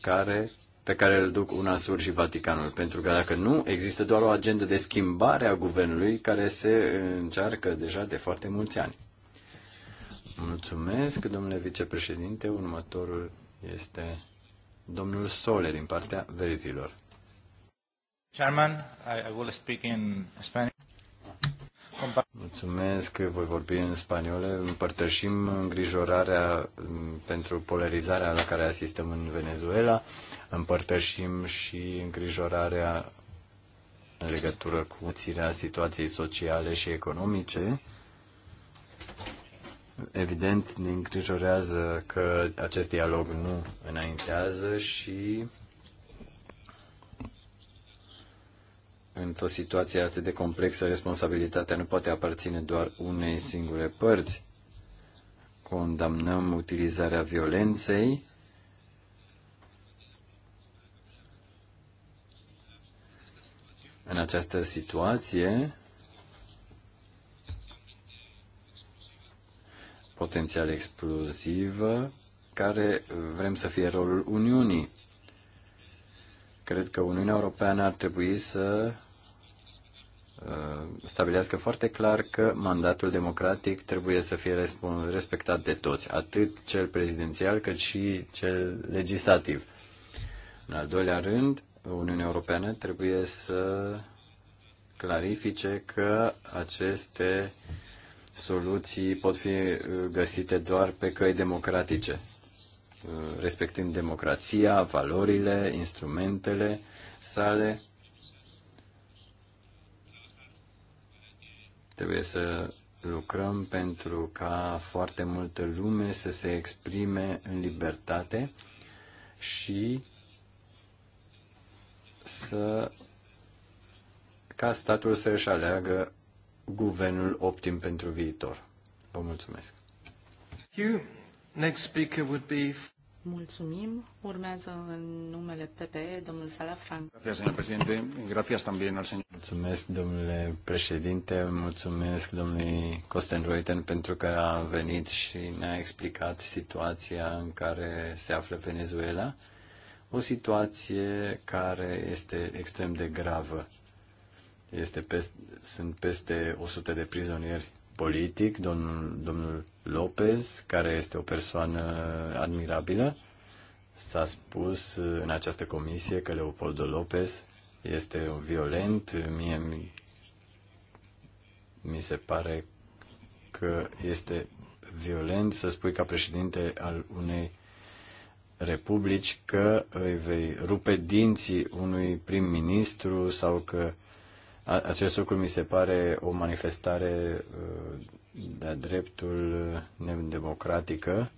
care, pe care îl duc UNASUR și Vaticanul. Pentru că dacă nu, există doar o agendă de schimbare a guvernului care se încearcă deja de foarte mulți ani. Mulțumesc, domnule vicepreședinte. Următorul este Domnul Sole, din partea verzilor. Chairman, I, will speak in Spanish. Mulțumesc că voi vorbi în spaniolă. Împărtășim îngrijorarea mm, pentru polarizarea la care asistăm în Venezuela. Împărtășim și îngrijorarea în legătură cu ținerea situației sociale și economice Evident, ne îngrijorează că acest dialog nu înaintează și într-o situație atât de complexă, responsabilitatea nu poate aparține doar unei singure părți. Condamnăm utilizarea violenței în această situație potențial explozivă, care vrem să fie rolul Uniunii. Cred că Uniunea Europeană ar trebui să uh, stabilească foarte clar că mandatul democratic trebuie să fie respectat de toți, atât cel prezidențial cât și cel legislativ. În al doilea rând, Uniunea Europeană trebuie să clarifice că aceste uh, soluții pot fi uh, găsite doar pe căi democratice, uh, respectând democrația, valorile, instrumentele sale. Trebuie să lucrăm pentru ca foarte multă lume să se exprime în libertate și să ca statul să își aleagă guvernul optim pentru viitor. Vă mulțumesc. You. Next speaker would be... Mulțumim. Urmează în numele PPE, domnul Salafran. Mulțumesc, domnule președinte, mulțumesc domnului Costen Reuten pentru că a venit și ne-a explicat situația în care se află Venezuela, o situație care este extrem de gravă. Este peste, sunt peste 100 de prizonieri politic, domnul, domnul Lopez, care este o persoană admirabilă. S-a spus în această comisie că Leopoldo Lopez este violent. Mie mi, mi se pare că este violent să spui ca președinte al unei republici că îi vei rupe dinții unui prim-ministru sau că acest lucru mi se pare o manifestare uh, de-a dreptul nedemocratică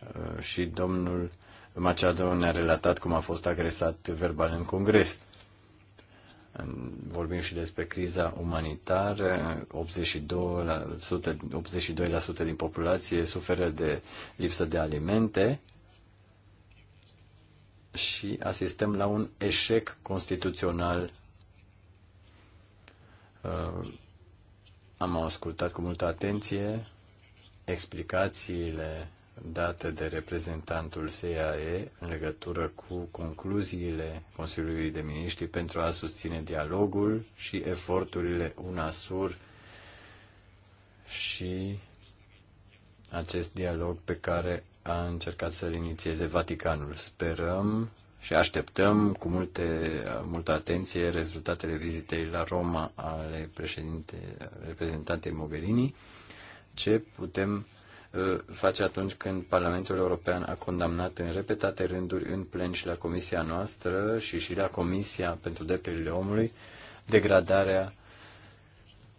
uh, și domnul Machado ne-a relatat cum a fost agresat verbal în Congres. Vorbim și despre criza umanitară. 82%, 82% din populație suferă de lipsă de alimente și asistăm la un eșec constituțional Uh, am ascultat cu multă atenție explicațiile date de reprezentantul CIAE în legătură cu concluziile Consiliului de Miniștri pentru a susține dialogul și eforturile UNASUR și acest dialog pe care a încercat să-l inițieze Vaticanul. Sperăm și așteptăm cu multe, multă atenție rezultatele vizitei la Roma ale președinte, reprezentantei Mogherini, ce putem uh, face atunci când Parlamentul European a condamnat în repetate rânduri în plen și la comisia noastră și și la Comisia pentru Drepturile Omului degradarea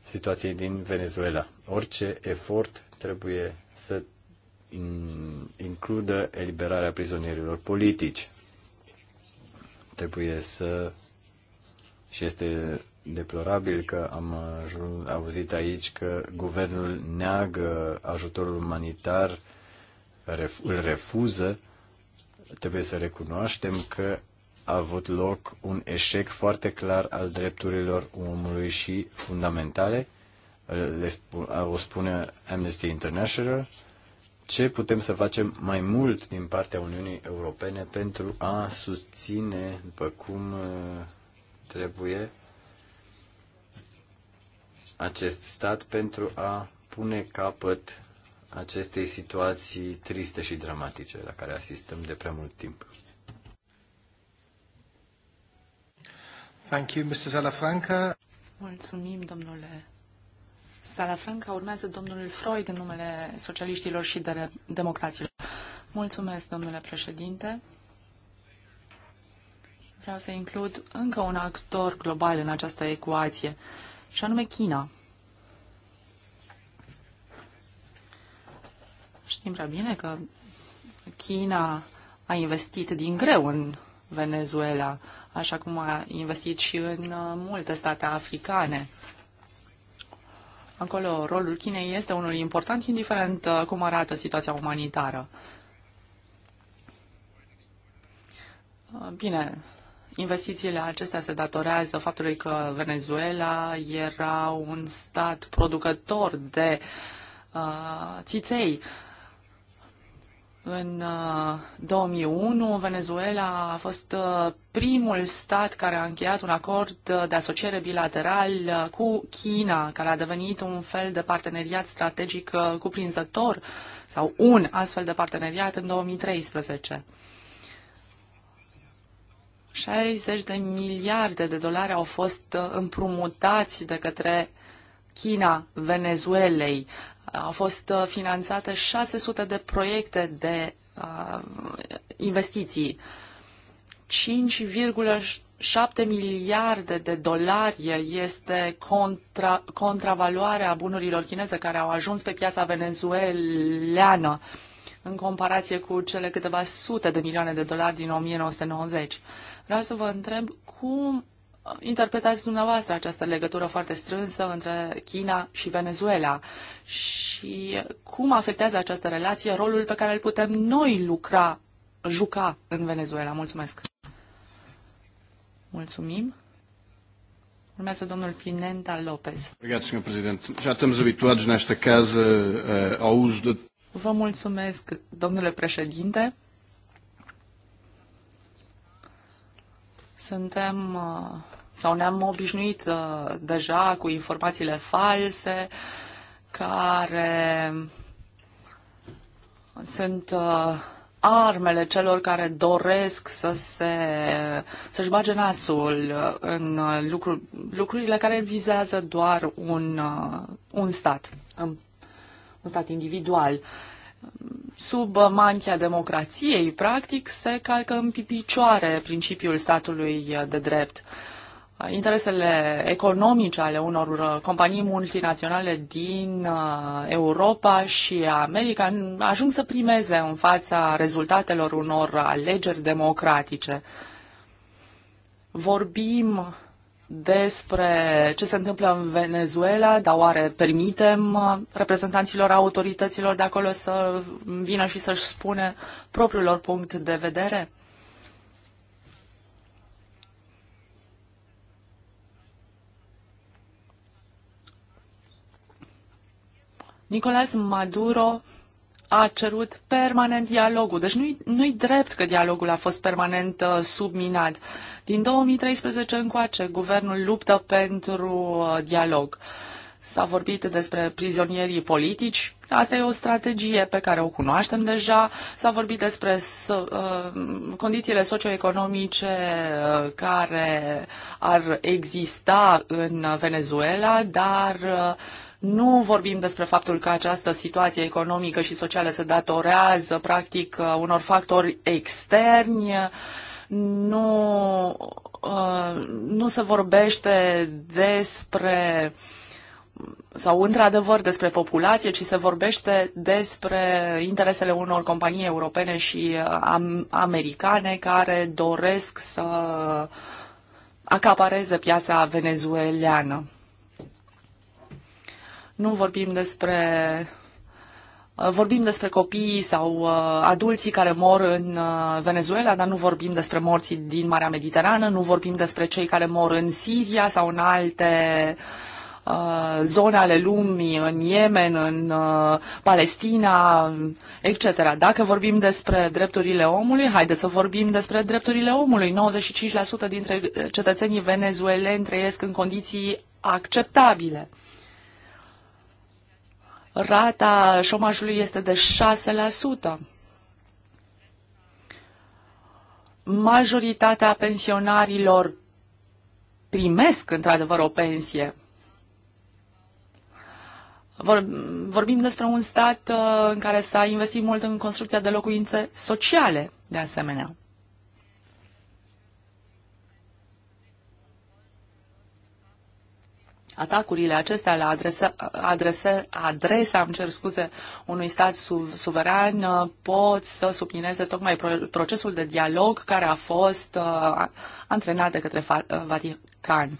situației din Venezuela. Orice efort trebuie să includă eliberarea prizonierilor politici Trebuie să. și este deplorabil că am auzit aici că guvernul neagă ajutorul umanitar, îl refuză. Trebuie să recunoaștem că a avut loc un eșec foarte clar al drepturilor omului și fundamentale, le sp- o spune Amnesty International, ce putem să facem mai mult din partea Uniunii Europene pentru a susține, după cum uh, trebuie, acest stat pentru a pune capăt acestei situații triste și dramatice la care asistăm de prea mult timp. Thank you, Mr. Salafranca. Mulțumim, domnule Sala Franca urmează domnul Freud în numele socialiștilor și de democraților. Mulțumesc, domnule președinte. Vreau să includ încă un actor global în această ecuație, și anume China. Știm prea bine că China a investit din greu în Venezuela, așa cum a investit și în uh, multe state africane. Acolo rolul Chinei este unul important, indiferent uh, cum arată situația umanitară. Uh, bine, investițiile acestea se datorează faptului că Venezuela era un stat producător de uh, țiței. Uh, în 2001, uh, Venezuela a fost uh, primul stat care a încheiat un acord uh, de asociere bilateral cu China, care a devenit un fel de parteneriat strategic cuprinzător sau un astfel de parteneriat în 2013. 60 de miliarde de dolari au fost împrumutați de către China Venezuelei. Au fost uh, finanțate 600 de proiecte de uh, investiții. 5,7 miliarde de dolari este contra, contravaloarea bunurilor chineze care au ajuns pe piața venezueleană în comparație cu cele câteva sute de milioane de dolari din 1990. Vreau să vă întreb cum interpretați dumneavoastră această legătură foarte strânsă între China și Venezuela și cum afectează această relație rolul pe care îl putem noi lucra, juca în Venezuela. Mulțumesc! Mulțumim! Urmează domnul Pinenta Lopez. Eh, Vă mulțumesc, domnule președinte. Suntem uh, sau ne-am obișnuit uh, deja cu informațiile false care sunt uh, armele celor care doresc să se, să-și bage nasul uh, în uh, lucru, lucrurile care vizează doar un, uh, un stat, um, un stat individual. Sub mantia democrației, practic, se calcă în picioare principiul statului de drept. Uh, interesele economice ale unor uh, companii multinaționale din uh, Europa și America ajung să primeze în fața rezultatelor unor alegeri democratice. Vorbim despre ce se întâmplă în Venezuela, dar oare permitem uh, reprezentanților autorităților de acolo să vină și să-și spune propriul lor punct de vedere? Nicolas Maduro a cerut permanent dialogul. Deci nu-i, nu drept că dialogul a fost permanent uh, subminat. Din 2013 încoace, guvernul luptă pentru uh, dialog. S-a vorbit despre prizonierii politici. Asta e o strategie pe care o cunoaștem deja. S-a vorbit despre uh, condițiile socioeconomice uh, care ar exista în Venezuela, dar uh, nu vorbim despre faptul că această situație economică și socială se datorează, practic, unor factori externi. Nu, uh, nu se vorbește despre sau într-adevăr despre populație, ci se vorbește despre interesele unor companii europene și uh, am, americane care doresc să acapareze piața venezueleană. Nu vorbim despre uh, Vorbim despre copiii sau uh, adulții care mor în uh, Venezuela, dar nu vorbim despre morții din Marea Mediterană, nu vorbim despre cei care mor în Siria sau în alte uh, zone ale lumii, în Yemen, în uh, Palestina, etc. Dacă vorbim despre drepturile omului, haideți să vorbim despre drepturile omului. 95% dintre cetățenii venezueleni trăiesc în condiții acceptabile rata șomajului este de 6%. Majoritatea pensionarilor primesc într-adevăr o pensie. Vorbim despre un stat uh, în care s-a investit mult în construcția de locuințe sociale, de asemenea. atacurile acestea la adresa, adresa, adresa îmi cer scuze, unui stat su, suveran uh, pot să submineze tocmai procesul de dialog care a fost uh, antrenat de către uh, Vatican.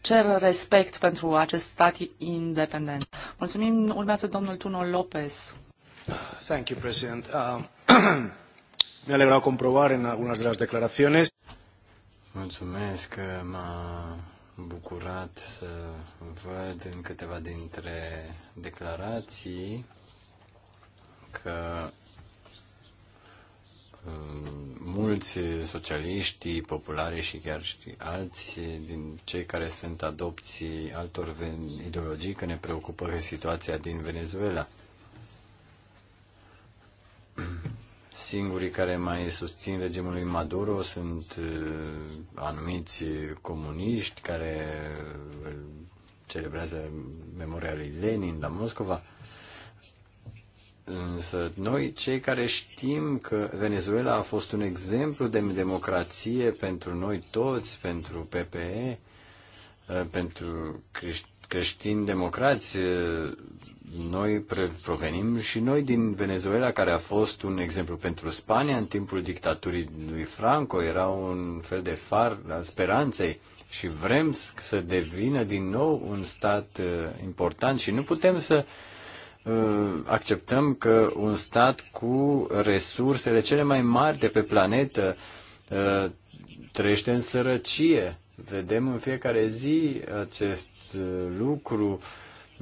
Cer respect pentru acest stat independent. Mulțumim. Urmează domnul Tuno Lopez. Thank you, President. Uh, Mi-a alegrat comprobar în algunas de las declaraciones. Mulțumesc. M-a bucurat să văd în câteva dintre declarații că um, mulți socialiști, populare și chiar și alți din cei care sunt adopții altor ideologii că ne preocupă situația din Venezuela. Singurii care mai susțin regimul lui Maduro sunt uh, anumiți comuniști care uh, celebrează memoria lui Lenin la Moscova. Însă noi, cei care știm că Venezuela a fost un exemplu de democrație pentru noi toți, pentru PPE, uh, pentru creștini democrați, noi provenim și noi din Venezuela, care a fost un exemplu pentru Spania în timpul dictaturii lui Franco, era un fel de far al speranței și vrem să devină din nou un stat uh, important și nu putem să uh, acceptăm că un stat cu resursele cele mai mari de pe planetă uh, trăiește în sărăcie. Vedem în fiecare zi acest lucru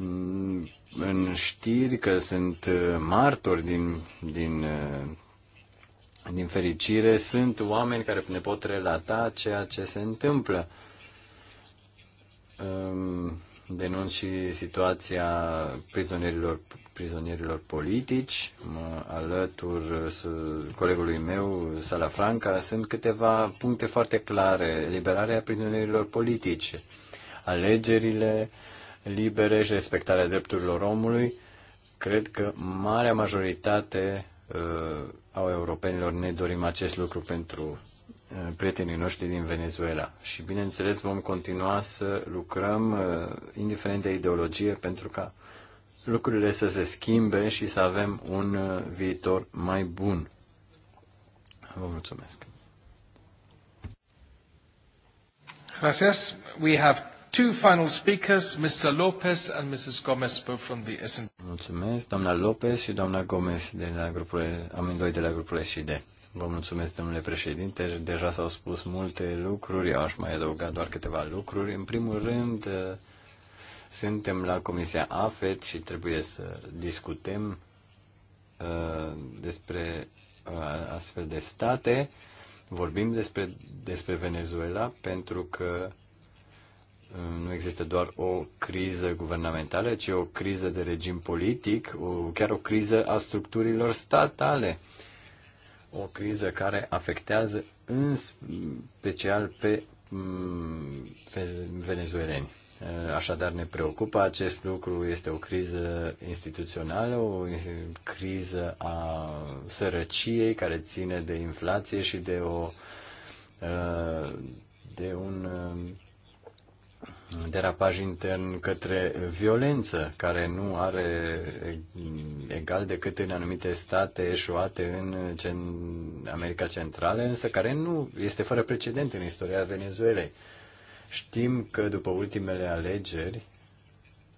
Mm, în știri că sunt uh, martori din, din, uh, din fericire, sunt oameni care ne pot relata ceea ce se întâmplă. Um, denunț și situația prizonierilor, prizonierilor politici, mă alătur uh, colegului meu, Salafranca, sunt câteva puncte foarte clare. Liberarea prizonierilor politici, alegerile, uh, libere și respectarea drepturilor omului, cred că marea majoritate uh, au europenilor ne dorim acest lucru pentru uh, prietenii noștri din Venezuela. Și bineînțeles vom continua să lucrăm, uh, indiferent de ideologie, pentru ca lucrurile să se schimbe și să avem un uh, viitor mai bun. Vă mulțumesc. Gracias. We have two final speakers, Mr. Lopez and Mrs. Gomez, both from the Mulțumesc, doamna Lopez și doamna Gomez, de la grupul, amândoi de la grupul SID. Vă mulțumesc, domnule președinte. Deja s-au spus multe lucruri, eu aș mai adăuga doar câteva lucruri. În primul rând, uh, suntem la Comisia AFET și trebuie să discutăm uh, despre uh, astfel de state. Vorbim despre, despre Venezuela pentru că nu există doar o criză guvernamentală, ci o criză de regim politic, o, chiar o criză a structurilor statale. O criză care afectează în special pe, mm, pe venezueleni. Așadar ne preocupă acest lucru, este o criză instituțională, o criză a sărăciei care ține de inflație și de o uh, de un uh, derapaj intern către violență, care nu are egal decât în anumite state eșuate în America Centrală, însă care nu este fără precedent în istoria Venezuelei. Știm că după ultimele alegeri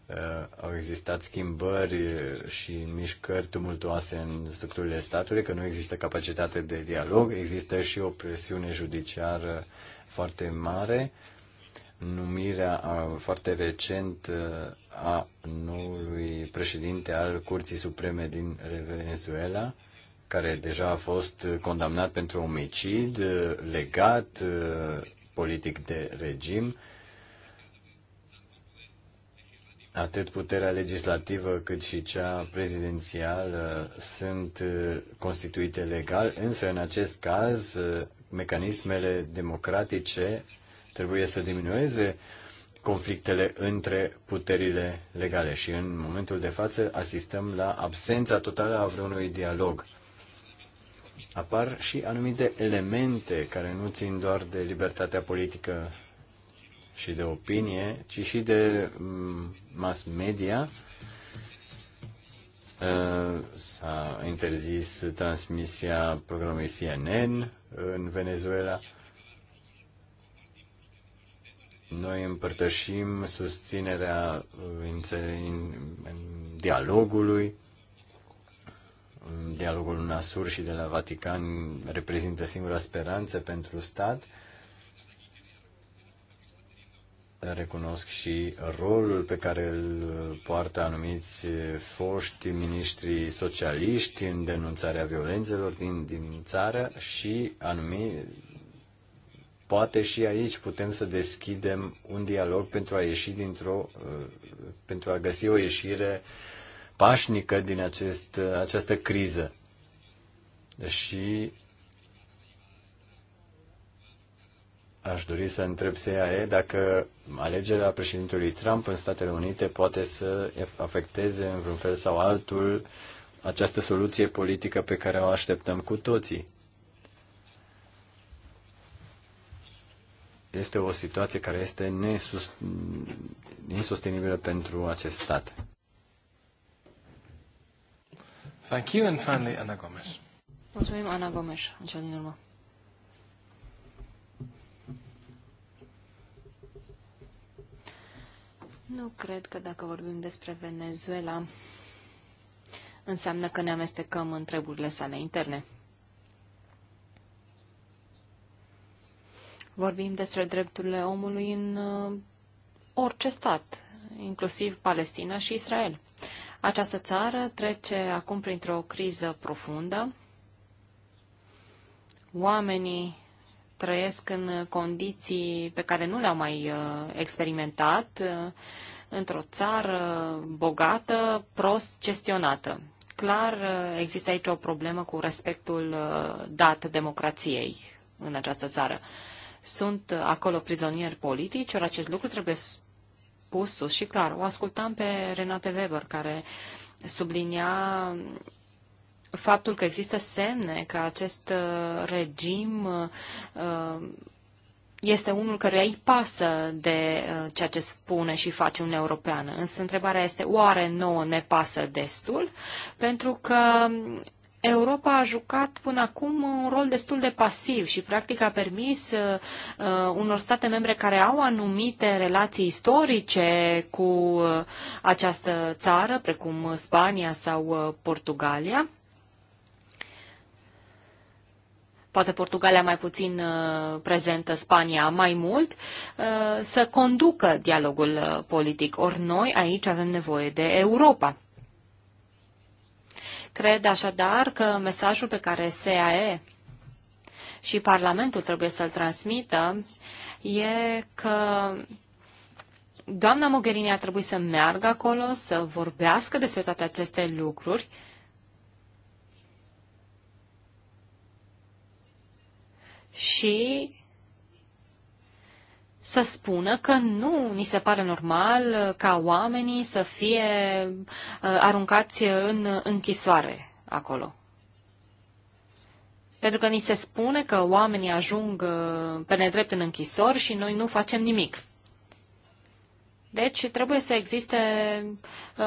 uh, au existat schimbări și mișcări tumultoase în structurile statului, că nu există capacitate de dialog, există și o presiune judiciară foarte mare numirea a, foarte recent a noului președinte al Curții Supreme din Venezuela, care deja a fost condamnat pentru omicid legat politic de regim. Atât puterea legislativă cât și cea prezidențială sunt constituite legal, însă în acest caz mecanismele democratice trebuie să diminueze conflictele între puterile legale și în momentul de față asistăm la absența totală a vreunui dialog. Apar și anumite elemente care nu țin doar de libertatea politică și de opinie, ci și de mm, mass media. Uh, s-a interzis transmisia programului CNN în Venezuela noi împărtășim susținerea dialogului. Dialogul Nasur și de la Vatican reprezintă singura speranță pentru stat. Recunosc și rolul pe care îl poartă anumiți foști miniștri socialiști în denunțarea violențelor din, din țară și anumiți poate și aici putem să deschidem un dialog pentru a ieși dintr-o, uh, pentru a găsi o ieșire pașnică din acest, uh, această criză. Și aș dori să întreb SAE dacă alegerea președintelui Trump în Statele Unite poate să afecteze în vreun fel sau altul această soluție politică pe care o așteptăm cu toții. este o situație care este nesus, insostenibilă pentru acest stat. Thank you and finally Ana Gomes. Mulțumim Ana Gomes, în cea din urmă. Nu cred că dacă vorbim despre Venezuela, înseamnă că ne amestecăm în treburile sale interne. Vorbim despre drepturile omului în uh, orice stat, inclusiv Palestina și Israel. Această țară trece acum printr-o criză profundă. Oamenii trăiesc în condiții pe care nu le-au mai uh, experimentat, uh, într-o țară bogată, prost gestionată. Clar, există aici o problemă cu respectul dat democrației în această țară sunt acolo prizonieri politici, ori acest lucru trebuie pus sus și clar. O ascultam pe Renate Weber, care sublinia faptul că există semne că acest uh, regim uh, este unul care îi pasă de uh, ceea ce spune și face un european. Însă întrebarea este, oare nouă ne pasă destul? Pentru că Europa a jucat până acum un rol destul de pasiv și practic a permis uh, uh unor state membre care au anumite relații istorice cu uh, această țară, precum Spania sau uh, Portugalia, poate Portugalia mai puțin prezentă, Spania mai mult, să conducă dialogul politic. Ori noi aici avem nevoie de Europa. Cred așadar că mesajul pe care SAE și Parlamentul trebuie să-l transmită e că doamna Mogherini ar trebui să meargă acolo, să vorbească despre toate aceste lucruri, și să spună că nu ni se pare normal uh, ca oamenii să fie uh, aruncați în închisoare acolo. Pentru că ni se spune că oamenii ajung uh, pe nedrept în închisori și noi nu facem nimic. Deci trebuie să existe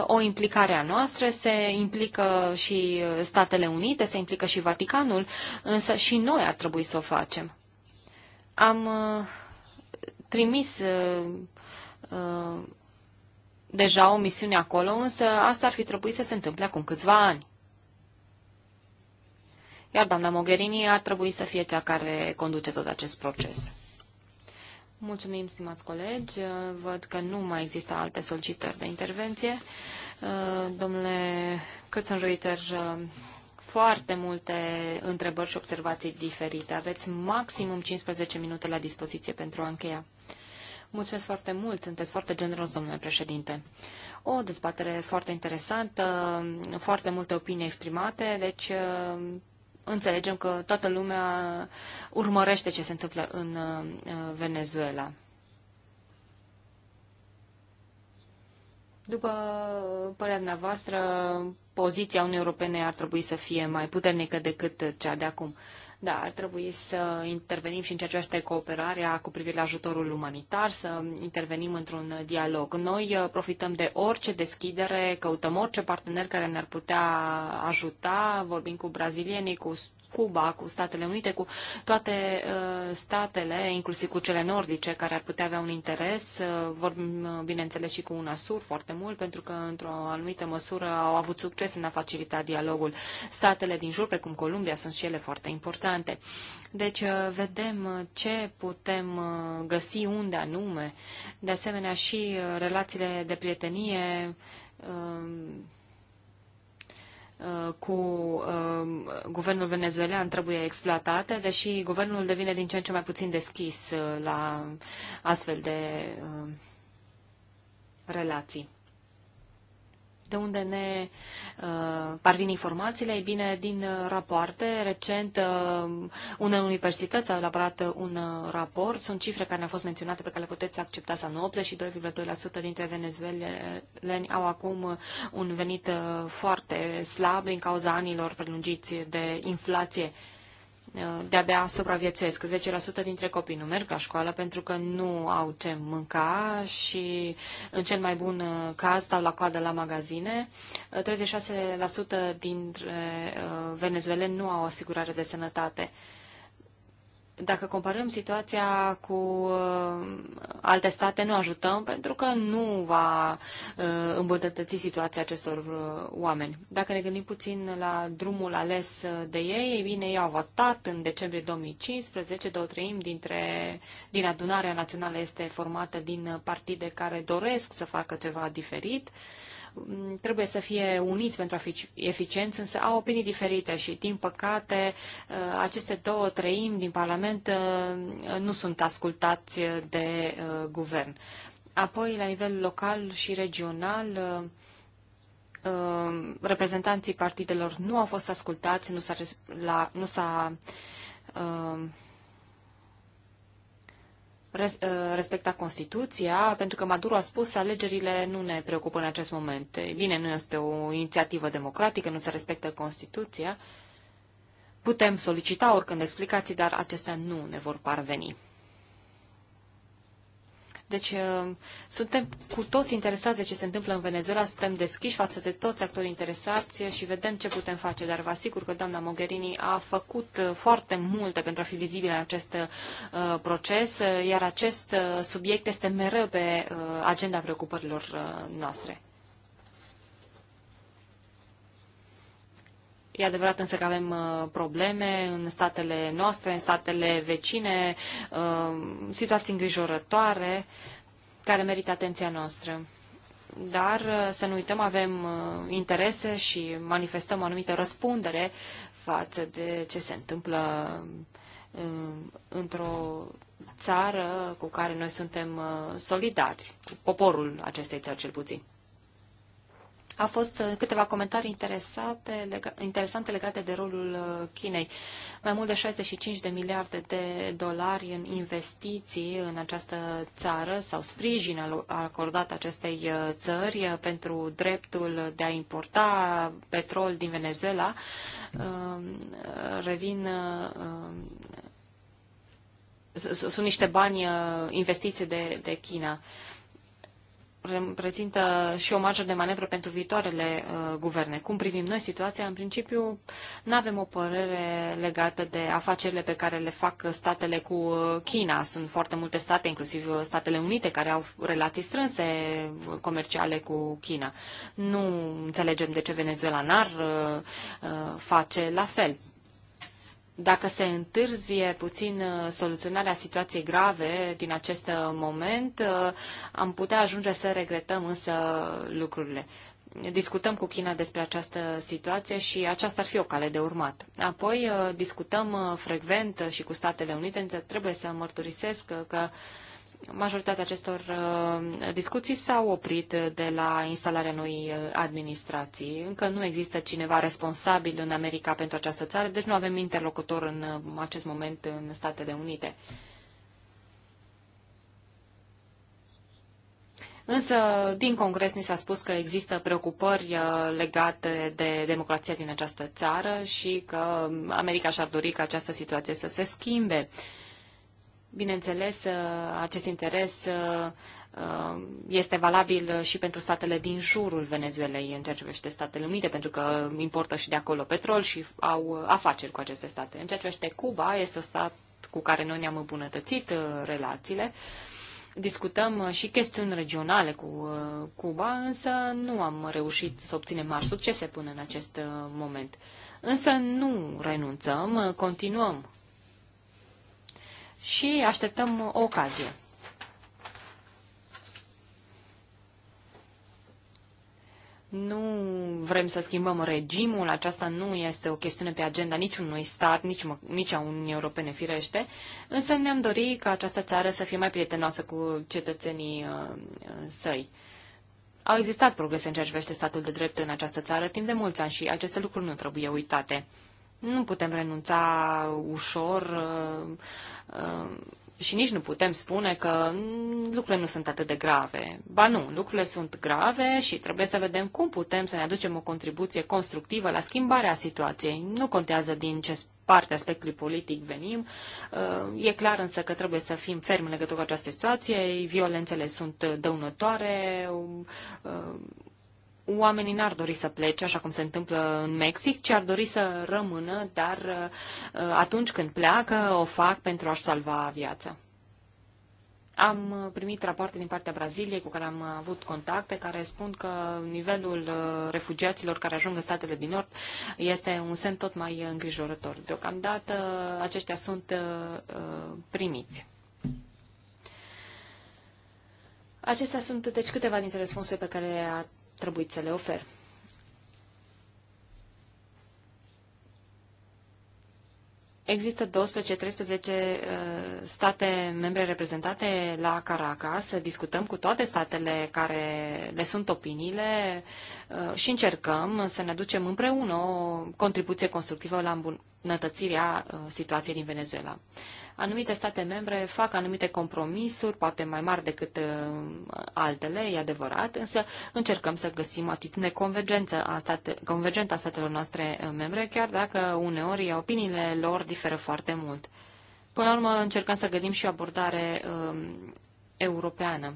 o implicare a noastră, se implică și Statele Unite, se implică și Vaticanul, însă și noi ar trebui să o facem. Am trimis uh, uh, deja o misiune acolo, însă asta ar fi trebuit să se întâmple acum câțiva ani. Iar doamna Mogherini ar trebui să fie cea care conduce tot acest proces. Mulțumim, stimați colegi. Văd că nu mai există alte solicitări de intervenție. Uh, domnule Cățânruiter, foarte multe întrebări și observații diferite. Aveți maximum 15 minute la dispoziție pentru a încheia. Mulțumesc foarte mult, sunteți foarte generos, domnule președinte. O dezbatere foarte interesantă, foarte multe opinii exprimate, deci uh, înțelegem că toată lumea urmărește ce se întâmplă în uh, Venezuela. După părerea noastră, poziția Uniunii Europene ar trebui să fie mai puternică decât cea de acum. Da, ar trebui să intervenim și în ceea ce este cooperarea cu privire la ajutorul umanitar, să intervenim într-un dialog. Noi uh, profităm de orice deschidere, căutăm orice partener care ne-ar putea ajuta, vorbim cu brazilienii, cu Cuba, cu Statele Unite, cu toate uh, statele, inclusiv cu cele nordice, care ar putea avea un interes. Uh, vorbim, uh, bineînțeles, și cu UNASUR foarte mult, pentru că, într-o anumită măsură, au avut succes în a facilita dialogul. Statele din jur, precum Columbia, sunt și ele foarte importante. Deci, uh, vedem uh, ce putem găsi unde anume. De asemenea, și relațiile de prietenie Uh, cu uh, guvernul venezuelan trebuie exploatate, deși guvernul devine din ce în ce mai puțin deschis uh, la astfel de relații de unde ne uh, parvin informațiile? Ei bine, din uh, rapoarte. Recent, uh, unele universități au elaborat uh, un uh, raport. Sunt cifre care ne-au fost menționate pe care le puteți accepta sau nu. 82,2% dintre venezueleni au acum uh, un venit uh, foarte slab din cauza anilor prelungiți de inflație de-abia supraviețuiesc. 10% dintre copii nu merg la școală pentru că nu au ce mânca și, în cel mai bun uh, caz, stau la coadă la magazine. 36% uh, dintre uh, venezueleni nu au asigurare de sănătate. Dacă comparăm situația cu uh, alte state, nu ajutăm pentru că nu va uh, îmbunătăți situația acestor uh, oameni. Dacă ne gândim puțin la drumul ales de ei, ei bine, ei au votat în decembrie 2015, două treimi dintre, din adunarea națională este formată din partide care doresc să facă ceva diferit. Uh, trebuie să fie uniți pentru a fi eficienți, însă au opinii diferite și, din păcate, uh, aceste două treimi din Parlament uh, nu sunt ascultați de uh, guvern. Apoi, la nivel local și regional, reprezentanții partidelor nu au fost ascultați, nu s-a, la, nu s-a Uh, respecta Constituția, pentru că Maduro a spus că alegerile nu ne preocupă în acest moment. bine, nu este o inițiativă democratică, nu se respectă Constituția. Putem solicita oricând explicații, dar acestea nu ne vor parveni. Deci uh, suntem cu toți interesați de ce se întâmplă în Venezuela, suntem deschiși față de toți actorii interesați și vedem ce putem face, dar vă asigur că doamna Mogherini a făcut uh, foarte multe pentru a fi vizibil în acest uh, proces, iar acest subiect este mereu pe agenda preocupărilor noastre. E adevărat însă că avem uh, probleme în statele noastre, în statele vecine, uh, situații îngrijorătoare care merită atenția noastră. Dar uh, să nu uităm, avem interese și manifestăm o anumită răspundere față de ce se întâmplă într-o țară cu care noi suntem solidari, cu poporul acestei țări cel puțin. A fost uh, câteva comentarii interesate, lega, interesante legate de rolul uh, Chinei. Mai mult de 65 de miliarde de dolari în investiții în această țară sau sprijin acordat acestei uh, țări pentru dreptul de a importa petrol din Venezuela. Um, revin um, sunt niște bani investiți de, de China reprezintă și o marjă de manevră pentru viitoarele uh, guverne. Cum privim noi situația, în principiu, nu avem o părere legată de afacerile pe care le fac statele cu uh, China. Sunt foarte multe state, inclusiv uh, Statele Unite, care au relații strânse uh, comerciale cu China. Nu înțelegem de ce Venezuela n-ar uh, face la fel. Dacă se întârzie puțin uh, soluționarea situației grave din acest uh, moment, uh, am putea ajunge să regretăm însă lucrurile. Discutăm cu China despre această situație și aceasta ar fi o cale de urmat. Apoi discutăm frecvent și cu Statele Unite, însă trebuie să mărturisesc că majoritatea acestor uh, discuții s-au oprit de la instalarea noi uh, administrații. Încă nu există cineva responsabil în America pentru această țară, deci nu avem interlocutor în uh, acest moment în Statele Unite. Însă, din Congres ni s-a spus că există preocupări legate de democrația din această țară și că America și-ar dori ca această situație să se schimbe. Uh, Bineînțeles, uh, acest interes uh, uh, este valabil și pentru statele din jurul Venezuelei, în ceea ce privește Statele Unite, pentru că importă și de acolo petrol și au afaceri cu aceste state. În ceea ce privește Cuba, este un stat cu care noi ne-am îmbunătățit relațiile. Discutăm și chestiuni regionale cu Cuba, însă nu am reușit să obținem mari succese până în acest moment. Însă nu renunțăm, continuăm și așteptăm o ocazie. Nu vrem să schimbăm regimul, aceasta nu este o chestiune pe agenda niciunui stat, nici, nici a Uniunii Europene firește, însă ne-am dorit ca această țară să fie mai prietenoasă cu cetățenii uh, săi. Au existat progrese în ceea ce privește statul de drept în această țară timp de mulți ani și aceste lucruri nu trebuie uitate. Nu putem renunța ușor uh, uh, și nici nu putem spune că lucrurile nu sunt atât de grave. Ba nu, lucrurile sunt grave și trebuie să vedem cum putem să ne aducem o contribuție constructivă la schimbarea situației. Nu contează din ce parte aspectului politic venim. Uh, e clar însă că trebuie să fim fermi în legătură cu această situație. Violențele sunt dăunătoare, oamenii n-ar dori să plece, așa cum se întâmplă în Mexic, ci ar dori să rămână, dar uh, atunci când pleacă, o fac pentru a-și salva viața. Am uh, primit rapoarte din partea Braziliei cu care am avut contacte care spun că nivelul uh, refugiaților care ajung în statele din nord este un semn tot mai îngrijorător. Deocamdată aceștia sunt primiți. Acestea sunt deci câteva dintre răspunsurile pe care trebuit să le ofer. Există 12-13 uh, state membre reprezentate la Caracas. Discutăm cu toate statele care le sunt opiniile uh, și încercăm să ne ducem împreună o contribuție constructivă la îmbunătățirea uh, situației din Venezuela. Anumite state membre fac anumite compromisuri, poate mai mari decât uh, altele, e adevărat, însă încercăm să găsim o atitudine convergență a state, convergentă a statelor noastre uh, membre, chiar dacă uneori opiniile lor diferă foarte mult. Până la urmă, încercăm să gândim și o abordare um, europeană.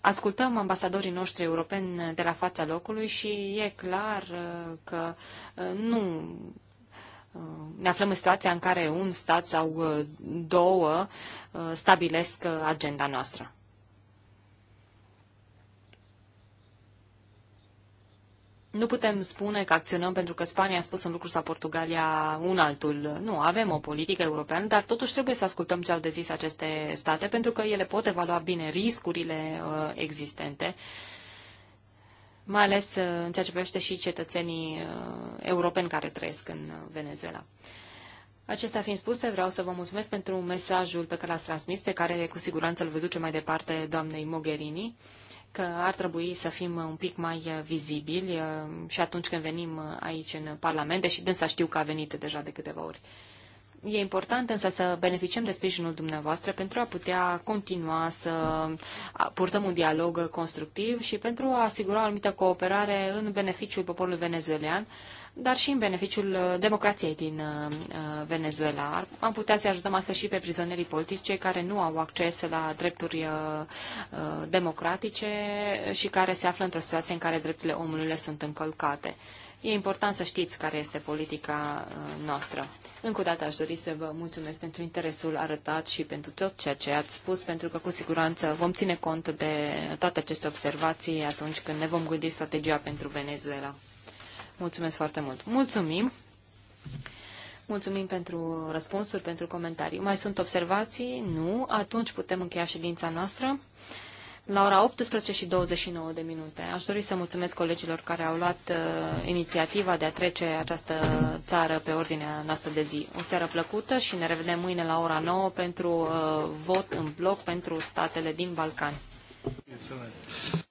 Ascultăm ambasadorii noștri europeni de la fața locului și e clar uh, că nu ne aflăm în situația în care un stat sau uh, două uh, stabilesc uh, agenda noastră. Nu putem spune că acționăm pentru că Spania a spus în lucru sau Portugalia un altul. Nu, avem o politică europeană, dar totuși trebuie să ascultăm ce au de zis aceste state, pentru că ele pot evalua bine riscurile uh, existente mai ales uh, în ceea ce privește și cetățenii uh, europeni care trăiesc în uh, Venezuela. Acestea fiind spuse, vreau să vă mulțumesc pentru mesajul pe care l-ați transmis, pe care cu siguranță îl vă duce mai departe doamnei Mogherini, că ar trebui să fim un pic mai vizibili și atunci când venim aici în Parlament, deși dânsa știu că a venit deja de câteva ori. E important însă să beneficiem de sprijinul dumneavoastră pentru a putea continua să purtăm un dialog constructiv și pentru a asigura o anumită cooperare în beneficiul poporului venezuelian, dar și în beneficiul uh, democrației din uh, uh, Venezuela. Am putea să ajutăm astfel și pe prizonerii politici care nu au acces la drepturi democratice și care se află într-o situație în care drepturile omului le sunt încălcate. E important să știți care este politica uh, noastră. Încă o dată aș dori să vă mulțumesc pentru interesul arătat și pentru tot ceea ce ați spus, pentru că cu siguranță vom ține cont de toate aceste observații atunci când ne vom gândi strategia pentru Venezuela. Mulțumesc foarte mult. Mulțumim. Mulțumim pentru răspunsuri, pentru comentarii. Mai sunt observații? Nu. Atunci putem încheia ședința noastră la ora 18 și 29 de minute. Aș dori să mulțumesc colegilor care au luat uh, inițiativa de a trece această țară pe ordinea noastră de zi. O seară plăcută și ne revedem mâine la ora 9 pentru uh, vot în bloc pentru statele din Balcani. Mulțumesc.